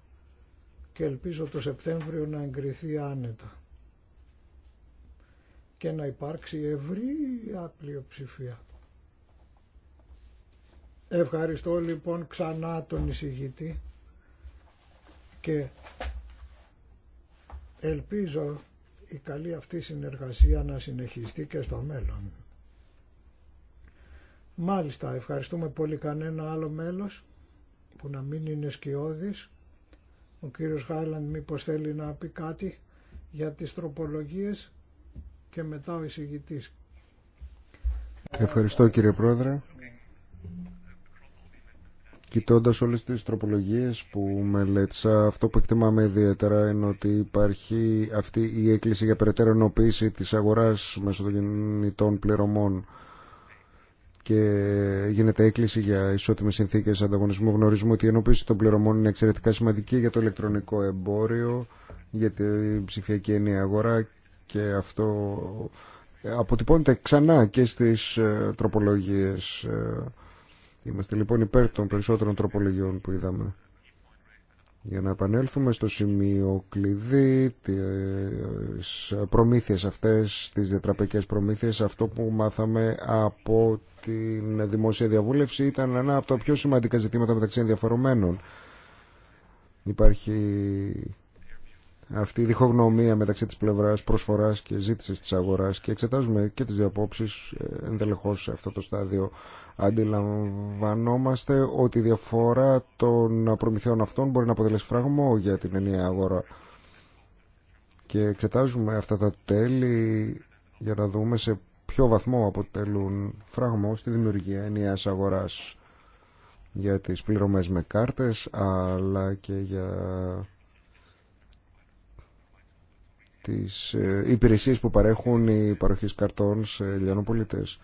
Speaker 3: και ελπίζω το Σεπτέμβριο να εγκριθεί άνετα και να υπάρξει ευρία ψηφία. Ευχαριστώ λοιπόν ξανά τον εισηγητή και ελπίζω η καλή αυτή συνεργασία να συνεχιστεί και στο μέλλον. Μάλιστα, ευχαριστούμε πολύ κανένα άλλο μέλος που να μην είναι σκιώδης. Ο κύριος Χάιλαντ μήπως θέλει να πει κάτι για τις τροπολογίες και μετά ο εισηγητής.
Speaker 2: Ευχαριστώ κύριε Πρόεδρε. Κοιτώντας όλες τις τροπολογίες που μελέτησα, αυτό που εκτιμάμε ιδιαίτερα είναι ότι υπάρχει αυτή η έκκληση για περαιτέρω ενοποίηση της αγοράς μέσω των γεννητών πληρωμών και γίνεται έκκληση για ισότιμες συνθήκες ανταγωνισμού. Γνωρίζουμε ότι η ενοποίηση των πληρωμών είναι εξαιρετικά σημαντική για το ηλεκτρονικό εμπόριο, για την ψηφιακή ενιαία αγορά και αυτό αποτυπώνεται ξανά και στις ε, τροπολογίες ε, Είμαστε λοιπόν υπέρ των περισσότερων τροπολογιών που είδαμε. Για να επανέλθουμε στο σημείο κλειδί, τις προμήθειες αυτές, τις διατραπεκές προμήθειες, αυτό που μάθαμε από την δημόσια διαβούλευση ήταν ένα από τα πιο σημαντικά ζητήματα μεταξύ ενδιαφορομένων. Υπάρχει αυτή η διχογνωμία μεταξύ της πλευράς προσφοράς και ζήτησης της αγοράς και εξετάζουμε και τις δύο απόψει ε, σε αυτό το στάδιο αντιλαμβανόμαστε ότι η διαφορά των προμηθειών αυτών μπορεί να αποτελέσει φραγμό για την ενιαία αγορά και εξετάζουμε αυτά τα τέλη για να δούμε σε ποιο βαθμό αποτελούν φραγμό στη δημιουργία ενιαίας αγοράς για τις πληρωμές με κάρτες αλλά και για τις ε, υπηρεσίες που παρέχουν οι παροχές καρτών σε λιανοπολιτές.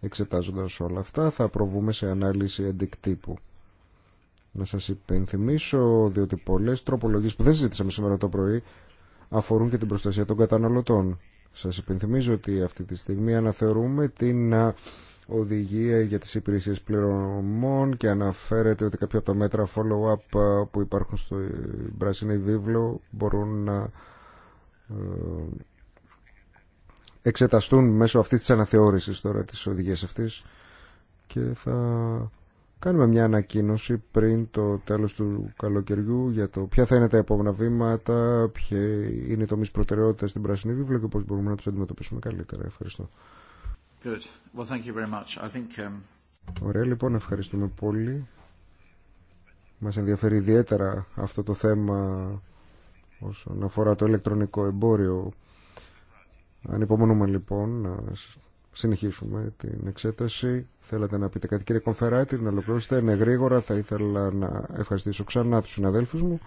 Speaker 2: Εξετάζοντας όλα αυτά θα προβούμε σε ανάλυση αντικτύπου. Να σας υπενθυμίσω διότι πολλές τροπολογίες που δεν συζήτησαμε σήμερα το πρωί αφορούν και την προστασία των καταναλωτών. Σας υπενθυμίζω ότι αυτή τη στιγμή αναθεωρούμε την ε, οδηγία για τις υπηρεσίες πληρωμών και αναφέρεται ότι κάποια από τα μέτρα follow-up ε, που υπάρχουν στο πράσινο βίβλο μπορούν να ε, εξεταστούν μέσω αυτής της αναθεώρησης τώρα της οδηγίας αυτής και θα κάνουμε μια ανακοίνωση πριν το τέλος του καλοκαιριού για το ποια θα είναι τα επόμενα βήματα, ποια είναι οι τομείς προτεραιότητα στην Πράσινη Βίβλο και πώς μπορούμε να τους αντιμετωπίσουμε καλύτερα. Ευχαριστώ.
Speaker 1: Good. Well, thank you very much. I think, um,
Speaker 2: Ωραία, λοιπόν, ευχαριστούμε πολύ. Μας ενδιαφέρει ιδιαίτερα αυτό το θέμα όσον αφορά το ηλεκτρονικό εμπόριο. Ανυπομονούμε λοιπόν να συνεχίσουμε την εξέταση. Θέλατε να πείτε κάτι κύριε Κομφεράτη, να ολοκληρώσετε. Ναι, γρήγορα θα ήθελα να ευχαριστήσω ξανά τους συναδέλφους μου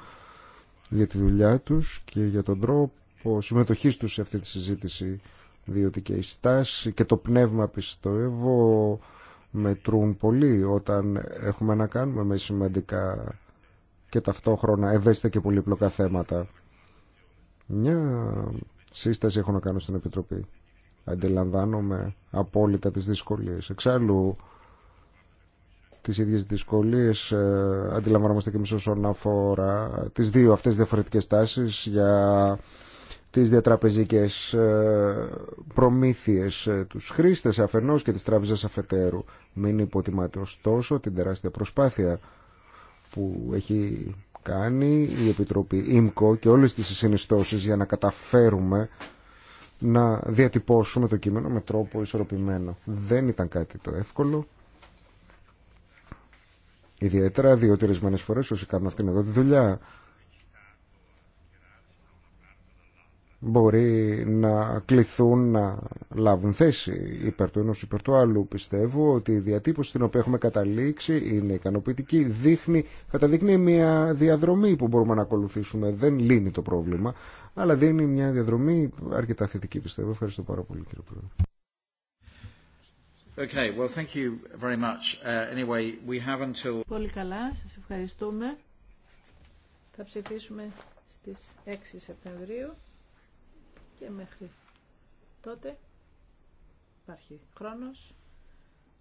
Speaker 2: για τη δουλειά τους και για τον τρόπο συμμετοχής τους σε αυτή τη συζήτηση διότι και η στάση και το πνεύμα πιστεύω μετρούν πολύ όταν έχουμε να κάνουμε με σημαντικά και ταυτόχρονα ευαίσθητα και πολύπλοκα θέματα. Μια σύσταση έχω να κάνω στην Επιτροπή. Αντιλαμβάνομαι απόλυτα τις δυσκολίες. Εξάλλου, τις ίδιες δυσκολίες ε, αντιλαμβανόμαστε και εμείς όσον αφορά τις δύο αυτές διαφορετικές τάσεις για τις διατραπεζικές ε, προμήθειες ε, τους χρήστες αφενός και της τράπεζες αφετέρου. Μην υποτιμάτε ωστόσο την τεράστια προσπάθεια που έχει κάνει η Επιτροπή ΙΜΚΟ και όλες τις συνιστώσεις για να καταφέρουμε να διατυπώσουμε το κείμενο με τρόπο ισορροπημένο. Δεν ήταν κάτι το εύκολο. Ιδιαίτερα διότι ορισμένε φορέ όσοι κάνουν αυτήν εδώ τη δουλειά μπορεί να κληθούν να λάβουν θέση υπέρ του ενός υπέρ του άλλου. Πιστεύω ότι η διατύπωση στην οποία έχουμε καταλήξει είναι ικανοποιητική, δείχνει, Καταδείχνει μια διαδρομή που μπορούμε να ακολουθήσουμε. Δεν λύνει το πρόβλημα, αλλά δίνει μια διαδρομή αρκετά θετική πιστεύω. Ευχαριστώ πάρα πολύ κύριε Πρόεδρε.
Speaker 1: Okay, well, thank you very much. Uh, anyway, we have until...
Speaker 4: Πολύ καλά, σας ευχαριστούμε. Θα ψηφίσουμε στις 6 Σεπτεμβρίου και μέχρι τότε υπάρχει χρόνος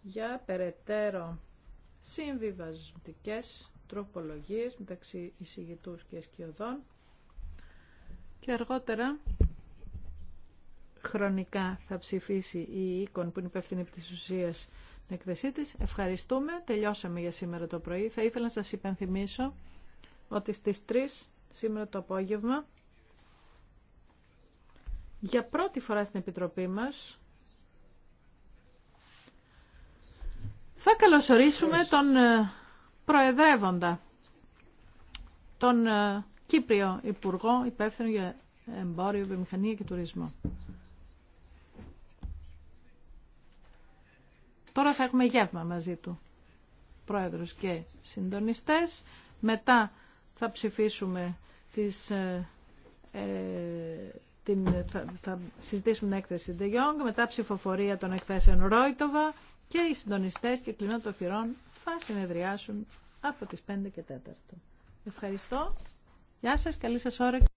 Speaker 4: για περαιτέρω συμβιβαστικές τροπολογίες μεταξύ εισηγητού και σκιωδών και αργότερα χρονικά θα ψηφίσει η οίκον που είναι υπεύθυνη της ουσίας την εκθεσή της. Ευχαριστούμε. Τελειώσαμε για σήμερα το πρωί. Θα ήθελα να σας υπενθυμίσω ότι στις 3 σήμερα το απόγευμα για πρώτη φορά στην Επιτροπή μας θα καλωσορίσουμε τον ε, Προεδρεύοντα, τον ε, Κύπριο Υπουργό Υπεύθυνο για Εμπόριο, Βιομηχανία και Τουρισμό. Τώρα θα έχουμε γεύμα μαζί του, Πρόεδρος και συντονιστές. Μετά θα ψηφίσουμε τις ε, την, θα, θα συζητήσουμε έκθεση De Jong, μετά ψηφοφορία των εκθέσεων Ρόιτοβα και οι συντονιστές και κλεινό των θυρών θα συνεδριάσουν από τις 5 και 4. Ευχαριστώ. Γεια σας, καλή σας όρεξη.